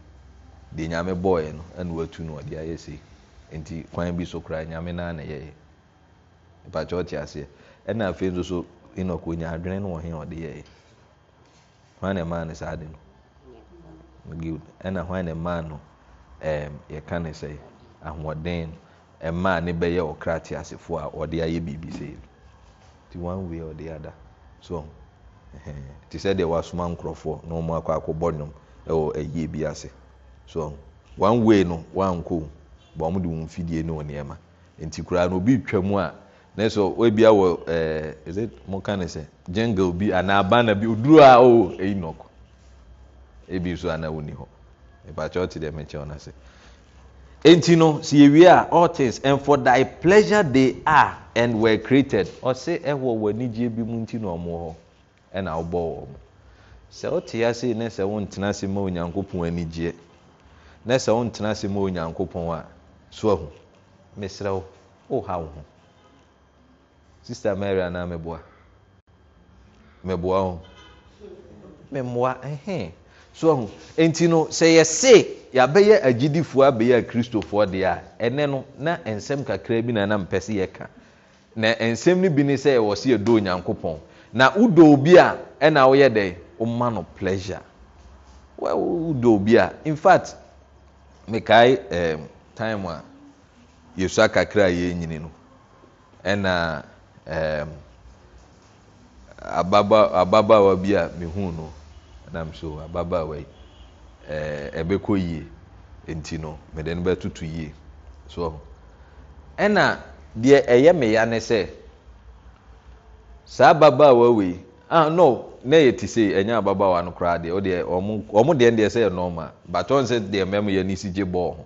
deɛ nyame bɔɔɛ no ɛna watu no ɔde ayɛ sei nti kwan bi so koraa nyame naa na yɛyɛ mepaakyɛ ɔte aseɛ ɛna afei nso so enok onya adwene no wɔ he ɔde yɛe hwan na ɛmaa no saa ade no guild ɛna hwan na ɛmaa no ɛɛm yɛka ne sɛ ahoɔden ɛmaa ne bɛyɛ ɔkrataa asefoɔ a ɔde ayɛ biribi sɛɛ ti one way ɔde ada so te sɛ deɛ wasoma nkurɔfoɔ na wɔn akɔ akɔbɔ nnwom ɛwɔ ayie bi ase so one way no wankɔ bɔn wɔn de wɔn mfidie ne wɔn nneɛma nti koraa no obi twɛ mu a. nso ebia wɔ ɛɛ eh, is it mo ka ne sɛ jungle bi anaa abana bi oduro a o eyi nɔkɔ ebi nso ana woni hɔ ìbàtsɛ ɔte dɛ mɛkyɛ ɔna sɛ enti no si ewie all things and for thy pleasure they are and were created ɔsɛ ɛwɔ wɔn anigye bi mu nti na ɔmo hɔ ɛna ɔbɔ wɔn sɛ ɔte ase ne sɛ wɔn ntena ase ma onyankopɔn anigyeɛ ne sɛ wɔn ntena ase ma onyankopɔn a so ɛho mesrɛ wo ɔha wo ho sister mary anaa meboa meboa ho memmoa ɛhɛn so ɔho nti no sɛ yɛse yɛabɛyɛ agyidifoɔ abɛyɛ a deɛ a ɛnɛ no na nsɛm kakraa bi na nam pɛ yɛka na nsɛm no bi ne sɛ yɛwɔ sɛ yɛdɔ onyankopɔn na wodɔ obi a ɛna woyɛ dɛ woma no pleasure wodɔ obi a fact, mekae um, time a yɛsua kakra a yɛnyini no ɛna ababaawa bi a mehu no nam so ababaawa yi ɛbɛkɔ yie nti no mede no bɛtoto yie so ɛna deɛ ɛyɛ meya ne sɛ saa ababaawa wei no ne ɛyɛ te sei ɛnyɛ ababaawa no koraa deɛ wodeɛ ɔmo deɛ deɛ sɛ ɛnɔɔma but ɔn sɛ deɛ mɛmo yɛ ne gye bɔɔl ho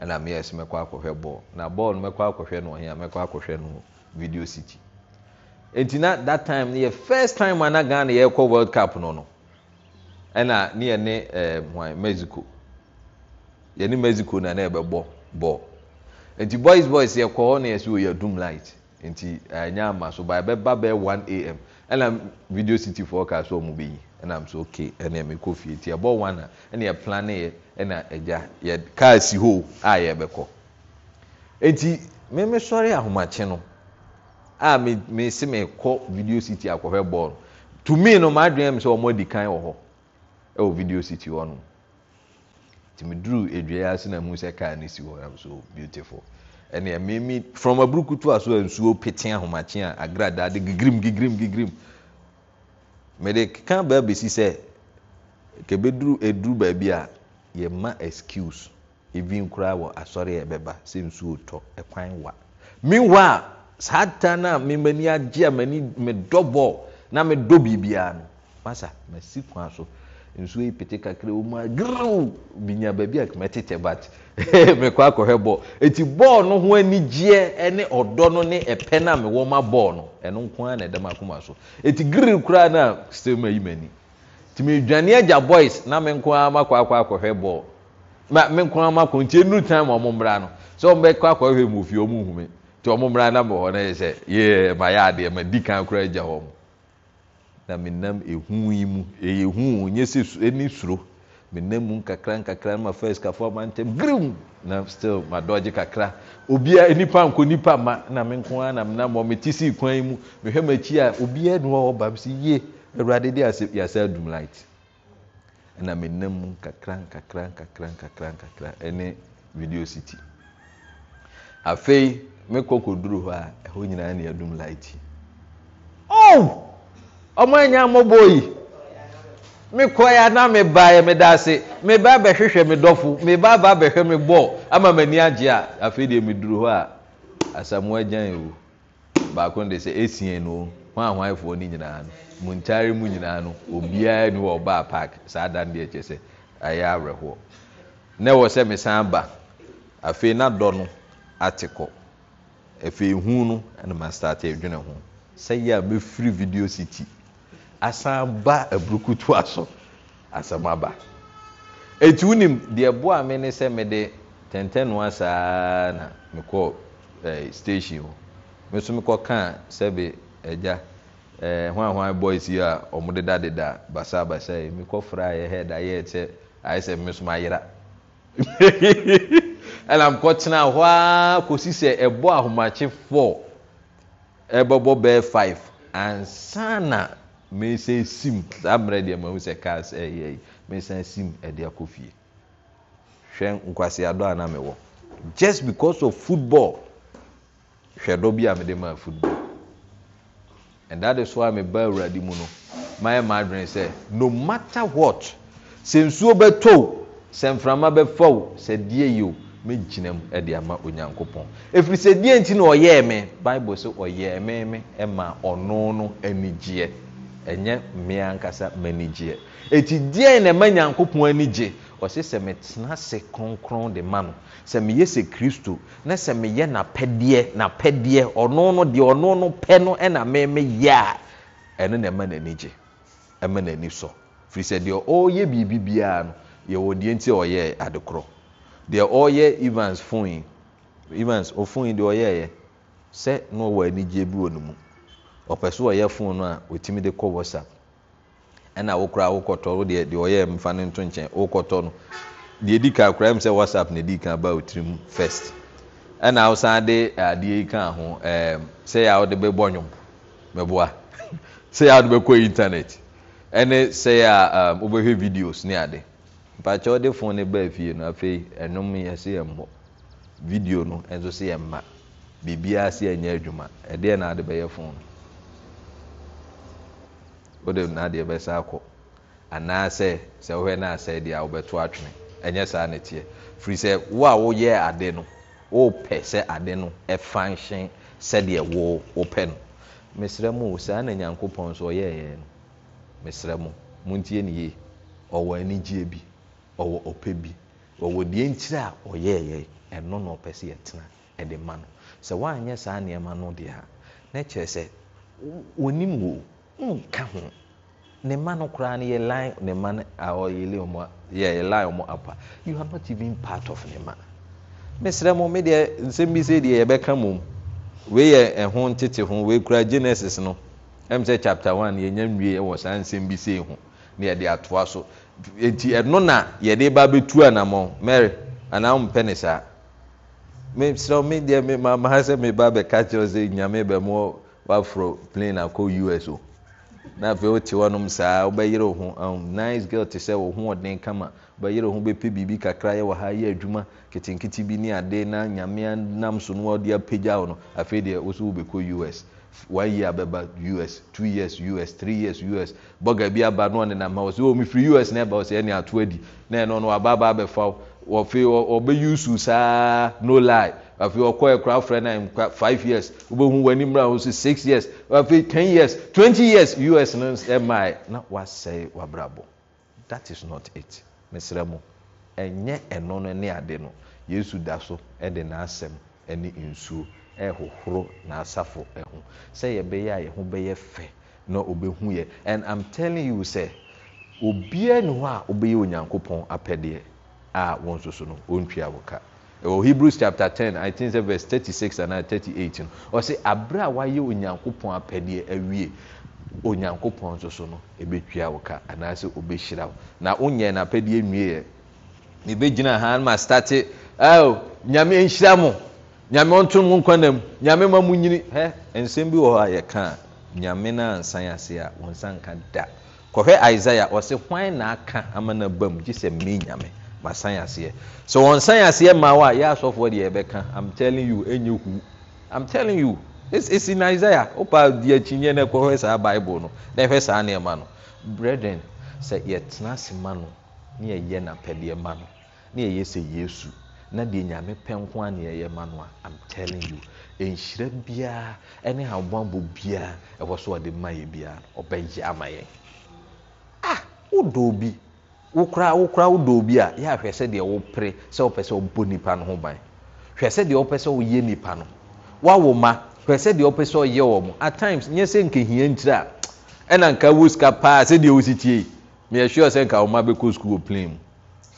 ɛna meyɛ sɛ mɛkɔ akɔhwɛ bɔɔl na bɔɔl no mɛkɔ akɔhwɛ no ɔhea mɛkɔ akɔhwɛ no ho video city nti na that time no yɛ first time ana ghana yɛrekɔ world cup no no ɛna ne yɛ ne ɛɛ hwan mexico yɛ ne mexico na na yɛbɛbɔ ball nti boys boys yɛkɔ hɔ na yɛ sɛ oyɛ doom light nti ɛnyɛ eh, ama so ba yɛbɛba bɛɛ one am ɛna video city foɔ kaa so ɔmo bɛyi ɛna m so okay ɛna ɛmɛ kɔ fie nti ɛbɔ one a ɛna yɛ plan yɛ ɛna ɛgya yɛ kaa si hɔ a yɛbɛkɔ nti mɛmɛ sɔre ahomakye no. Ah, a mese mekɔ video city akɔhwɛ bɔɔl tumi no maadwene m sɛ ɔmɔ di kan wɔ hɔ ɛwɔ video city hɔ no nti meduru adua ase na mu sɛ kaa no si hɔ am so beautiful ɛnna mmemme from aburuku to aso a nsuo pete ahomakye a agradaa de gigirim gigirim gigirim mede kan bɛɛ besi sɛ kɛbɛduru eduru baabi a yɛ ma excuse ebi nkura wɔ asɔre yɛ bɛba sɛ nsuo tɔ ɛkwan wa meanwhile. saa ta no a mem'ani agye a medɔ bɔɔl na medɔ biribiara no masa masi kwa so nsuo yi pete kakra ɔmu agrew binya baabi a mɛtetɛ bat mekɔ akɔhwɛ bɔɔl eti bɔɔl no ho anigyeɛ ɛne ɔdɔ no ne ɛpɛ na a mewɔ ma bɔɔl no ɛno nko a na ɛdam akoma so ɛti grir koraa no a stem ayi m'ani nti medwane agya boys na me nko ara makɔ akɔ akɔhwɛ bɔɔl me nko ara makɔ nti ɛnuru time a ɔmo mmra no sɛ ɔmo bɛkɔ akɔhwɛ mu ofie ɔmo nhume nti ɔmo mmra nam hɔ no yɛ sɛ yɛɛ ma yɛ adeɛ ma di kan koraa gya na ehu yi mu e nye si e suro mu nkakra nkakra ma kafo ntɛm na still ma dɔgye kakra nipa nko nipa ma na me nko ara na me nam me ti si kwan ma akyi a ba si yie awurade de ase light mu nkakra nkakra nkakra nkakra nkakra ɛne video city afei. koko duru hɔ a ɛhɔ nyinaa na ne adum light oh! ɔmo anya mmɔbɔ yi mekɔ yɛ na ba yɛ meda ase meba bɛhwehwɛ me dɔfo meba aba bɛhwɛ me bɔɔl ama m'ani agye a afei deɛ duru hɔ a asamoa gyan ewu baako no de sɛ esia no hwan ahwanfoɔ no nyinaa no mu ntaare mu nyinaa no obiara ni wɔ ɔbaa park saa dan deɛ kyɛ sɛ ayɛ awerɛhoɔ na ɛwɔ sɛ mesan ba afei na dɔ no ate kɔ. afei hu no ɛnama start adwene ho sɛ yɛ a mɛfiri video city asan ba aburukutoa so asɛm aba ɛti e wonim deɛ boa me ne sɛ mede tɛntɛnoa saa na mekɔ e, station hɔ me so mekɔkaa sɛbe agya e hwan hwan boys yi a ɔmodedadeda basabasa yi mekɔfrɛ a yɛhɛda yɛɛ sɛ ayɛ sɛ me so mayera ɛnam kɔtena hɔ ara kɔsi sɛ ɛbɔ ahomakye four ɛbɛbɔ bɛɛ five ansa na mmesan sim saa mmerɛ deɛ ma ho sɛ cars ɛyɛ yi mmesan sim ɛde akɔ fie hwɛ nkwaseadɔ a na mewɔ just because of football hwɛ dɔ bi a mede maa football and that is why meba awurade mu no mayɛ maa adwene sɛ no matter what sɛ nsuo bɛtɔ o sɛ mframa bɛfa o sɛ die yi o mɛgyinam de ama onyankopɔn ɛfiri sɛ deɛ nti no ɔyɛɛ me bible sɛ ɔyɛɛ me me ma ɔno no anigyeɛ ɛnyɛ mmea ankasa m'anigyeɛ ɛti deɛn na ɛma nyankopɔn anigye ɔse sɛ metena se kronkron de ma no sɛ meyɛ sɛ kristo ne sɛ meyɛ napɛdeɛ napɛdeɛ ɔno no deɛ ɔno no pɛ no ɛna memeyɛ a ɛno ne ɛma n'anigye ɛma n'ani sɔ firi sɛ deɛ ɔreyɛ biribi biara no yɛwɔ deɛ nti ɔyɛɛ adekorɔ deɛ ɔyɛ evans foyi evans ofoyi deɛ ɔyɛyɛ sɛ na ɔwɔ anigye bi wɔ ne mu ɔpɛ so ɔyɛ fon a ɔtumi de kɔ whatsapp ɛna na wokɔtɔ wodeɛ deɛ ɔyɛ mfa no nto nkyɛn wokɔtɔ no deɛ di ka kora mu sɛ whatsapp na di ka ba ɔtiri mu first ɛna de adeɛ yi ka ho sɛ yɛ a nwom sɛ yɛ a internet ɛne sɛ yɛ a videos ne mpakyɛ wode fo no baa fie no afei ɛnom yɛse yɛ mmɔ video no ɛnso sɛ yɛ mma biribiaa sɛ yɛnyɛ adwuma ɛdeɛ na ade bɛyɛ fo no wode naadeɛ bɛsa akɔ anaasɛ sɛ wohɛ no asɛe deɛ a wobɛto atwene ɛnyɛ saa ne teɛ firi sɛ wo a woyɛɛ ade no wopɛ sɛ ade no ɛfa sɛdeɛ wo wopɛ no mesrɛ mu saa na nyankopɔn so ɔyɛɛyɛ no mesrɛ mu montie ne yie ɔwɔ anigyie bi ɔwɔ ɔpɛ bi ɔwɔ deɛ nkyire a ɔyɛɛyɛ ɛno na ɔpɛ sɛ yɛtena ɛde ma no sɛ woanyɛ saa nnoɔma no deɛ a na kyerɛ sɛ ɔnim nka ho ne ma no koraa no ne ma no a ɔmo ɔmo apa you are not even part of ne ma mesrɛ mo me deɛ nsɛm bi sɛ deɛ yɛbɛka wei yɛ ɛho tete ho wei kura genesis no one yɛnya nwie wɔ saa nsɛm ɛnti ɛno na yɛde ba bɛtu anammɔn mary anaa wompɛ ne saa mesrɛ medeɛ maha sɛ meba bɛka kyerɛ sɛ nyame bɛmoɔ woaforɔ plane akɔ us o na afei wote nom saa wobɛyere wo ho nice girl te sɛ wo ho ɔden kama wobɛyere wo ho bɛpɛ biribi kakra yɛwɔ ha yɛ adwuma ketenkete bi ne ade na nyame nam so no wɔde apagya wo no afei deɛ wo so wobɛkɔ us one year abɛba us two years us three years us bɔga bi aba no ɔnenam ha ɔsɛ ɔmi firi us na ɛba ɔsɛ ɛne ato adi na ɛno no aba aba abɛfa ɔfe ɔbɛ yusu saa no lie afei ɔkɔ ɛkora frɛ na five years wobɛhu w'anim ra ɔsɛ six years afei ten years twenty years us no ɛmaa na wasɛe wabrabɔ that is not it mesrɛ mo ɛnyɛ ɛno no ne ade no yesu da so ɛde n'asɛm ɛne nsuo. hohoro naasafo ho sɛ yɛbɛyɛ a yɛ bɛyɛ fɛ na ɔbɛhu yɛ and im telling you sɛ obiaa ni hɔ a onyankopɔn apɛdeɛ a wɔn soso no ɛwɔ hebrews chapter i think verse 38 no ɔsɛ a wayɛ onyankopɔn apɛdeɛ awie onyankopɔn no anaasɛ na ha ma nyame nyame ɔtoonkwanam nyamemam nyininsɛm bi ɔɔyɛka a nyame noansanaseɛa ɔsanka da kɔhɛ isaia ɔse hwan naaka amano ba mu gy sɛ me amasanasessanasema ɛfoɔ deɛɛkayɛ sisiakɛnkɔsaabible nonɛhɛsaanmano brr sɛ yɛtena se ma no ne ɛyɛ napɛdeɛ ma no ne yɛyɛ sɛ yesu na deɛ nyame pɛ nko a neɛ ɛyɛ ma no a i'm telling you nhyira biara ɛne aboabɔ biara ɛwɔ so ɔde ma yɛ biara ɔbɛyɛ ama yɛn ah wodɔ bi wokora wokora wodɔ bi a yɛ ahwɛ sɛ deɛ wopere sɛ wopɛ sɛ wobɔ nipa no ho ban hwɛ sɛ deɛ wopɛ sɛ woyɛ nipa no wawo ma hwɛ sɛ deɛ wopɛ sɛ ɔyɛ wɔ mo at times nyɛ sɛ nkehia nkyerɛ a ɛna nka wo sika paa sɛdeɛ wosi tie meyɛ sure sɛ nka wo ma bɛkɔ sukuu wɔ plane mu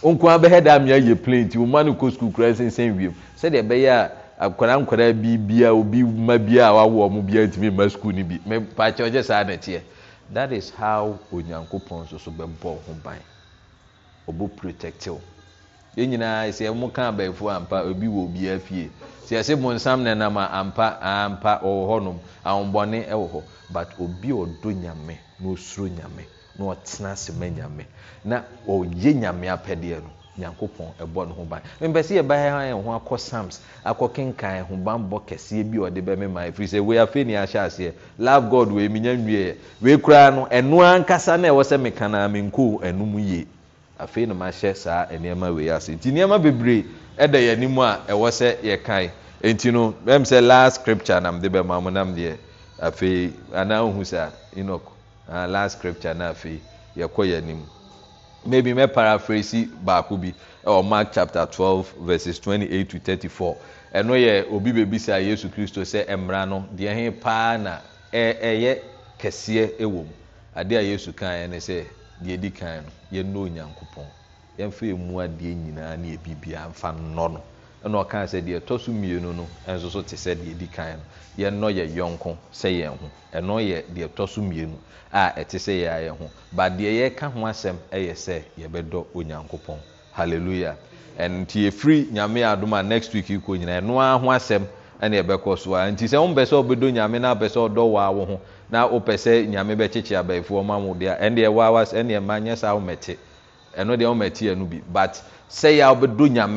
nko a bɛhɛ da mmea yɛ plane nti wɔn ano kɔ sukuu kura sensɛn wiem sɛdeɛ ɛbɛyɛ a akwadaa nkwadaa bi bia obi mma bia a wawo wɔn bia ntumi mma sukuu no bi mɛ paakyɛ ɔgyɛ saa nɛteɛ that is how onyankopɔn nso so bɛbɔ ho ban ɔbɔ protectiw yɛn nyinaa sɛ ɛmo ka abɛɛfo ampa obi wɔ obi afie sɛ ɛsɛ mo nsam na nam ampa ampa ɔwɔ hɔnom ahombɔne ɛwɔ hɔ but obi ɔdɔ nyame na osuro nyame. na ɔtena ase ma nyame na ɔyɛ nyame apɛdeɛ no nyankopɔn ɛbɔ ne ho ban mpɛ sɛ yɛbɛha yɛn ho akɔ psalms akɔ kenkan ho banbɔ kɛseɛ bi ɔde bɛme ma ɛfiri sɛ wei afei ne ahyɛ aseɛ love god wei minya nwieɛ wei koraa no ɛno ankasa na ɛwɔ sɛ meka naa menko ɛnom yie afei na mahyɛ saa nneɛma wei ase nti nneɛma bebree ɛda yɛn anim a ɛwɔ sɛ yɛkae nti no ɛm sɛ last scripture nam de bɛma mo nam deɛ afei anaa ohu saa enoch Ah, last scripture na afei yɛkɔ yɛ anim maybe mɛ paraphrase baako bi ɛwɔ mark chapter twelve verses twenty-eight to thirty-four ɛno yɛ obi bebi sa yesu kristo sɛ mmara no deɛ he paa na ɛyɛ kɛseɛ ɛwɔ mu adeɛ a yesu kan yɛ ne sɛ deɛ di kan no yɛn no onyankopɔn yɛn fɛ emu adeɛ nyinaa ne ebi bi nfa nnɔ no. ɛna ɔkaa sɛ deɛ ɛtɔ so mmienu no nso so te sɛ deɛ di kan no yɛnɔ yɛ yɔnko sɛ yɛn ho ɛno yɛ deɛ ɛtɔ so mmienu a ɛte sɛ yɛ ayɛ ho ba deɛ yɛka ho asɛm ɛyɛ sɛ yɛbɛdɔ onyankopɔn hallelujah ɛnti efiri nyame adum a next week yi kɔ nyinaa ɛnoa ho asɛm ɛna ɛbɛkɔ so a nti sɛ wɔn bɛ sɛ ɔbɛdɔ nyame na abɛ sɛ ɔdɔ waa wo ho na wopɛ sɛ nyame bɛkyekye abɛɛfo ɔma mo deɛ ɛndeɛ waa wa ɛndeɛ mma nyɛ saa wɔmɛte ɛno deɛ wɔmɛte ɛno bi but sɛ yɛ a nyame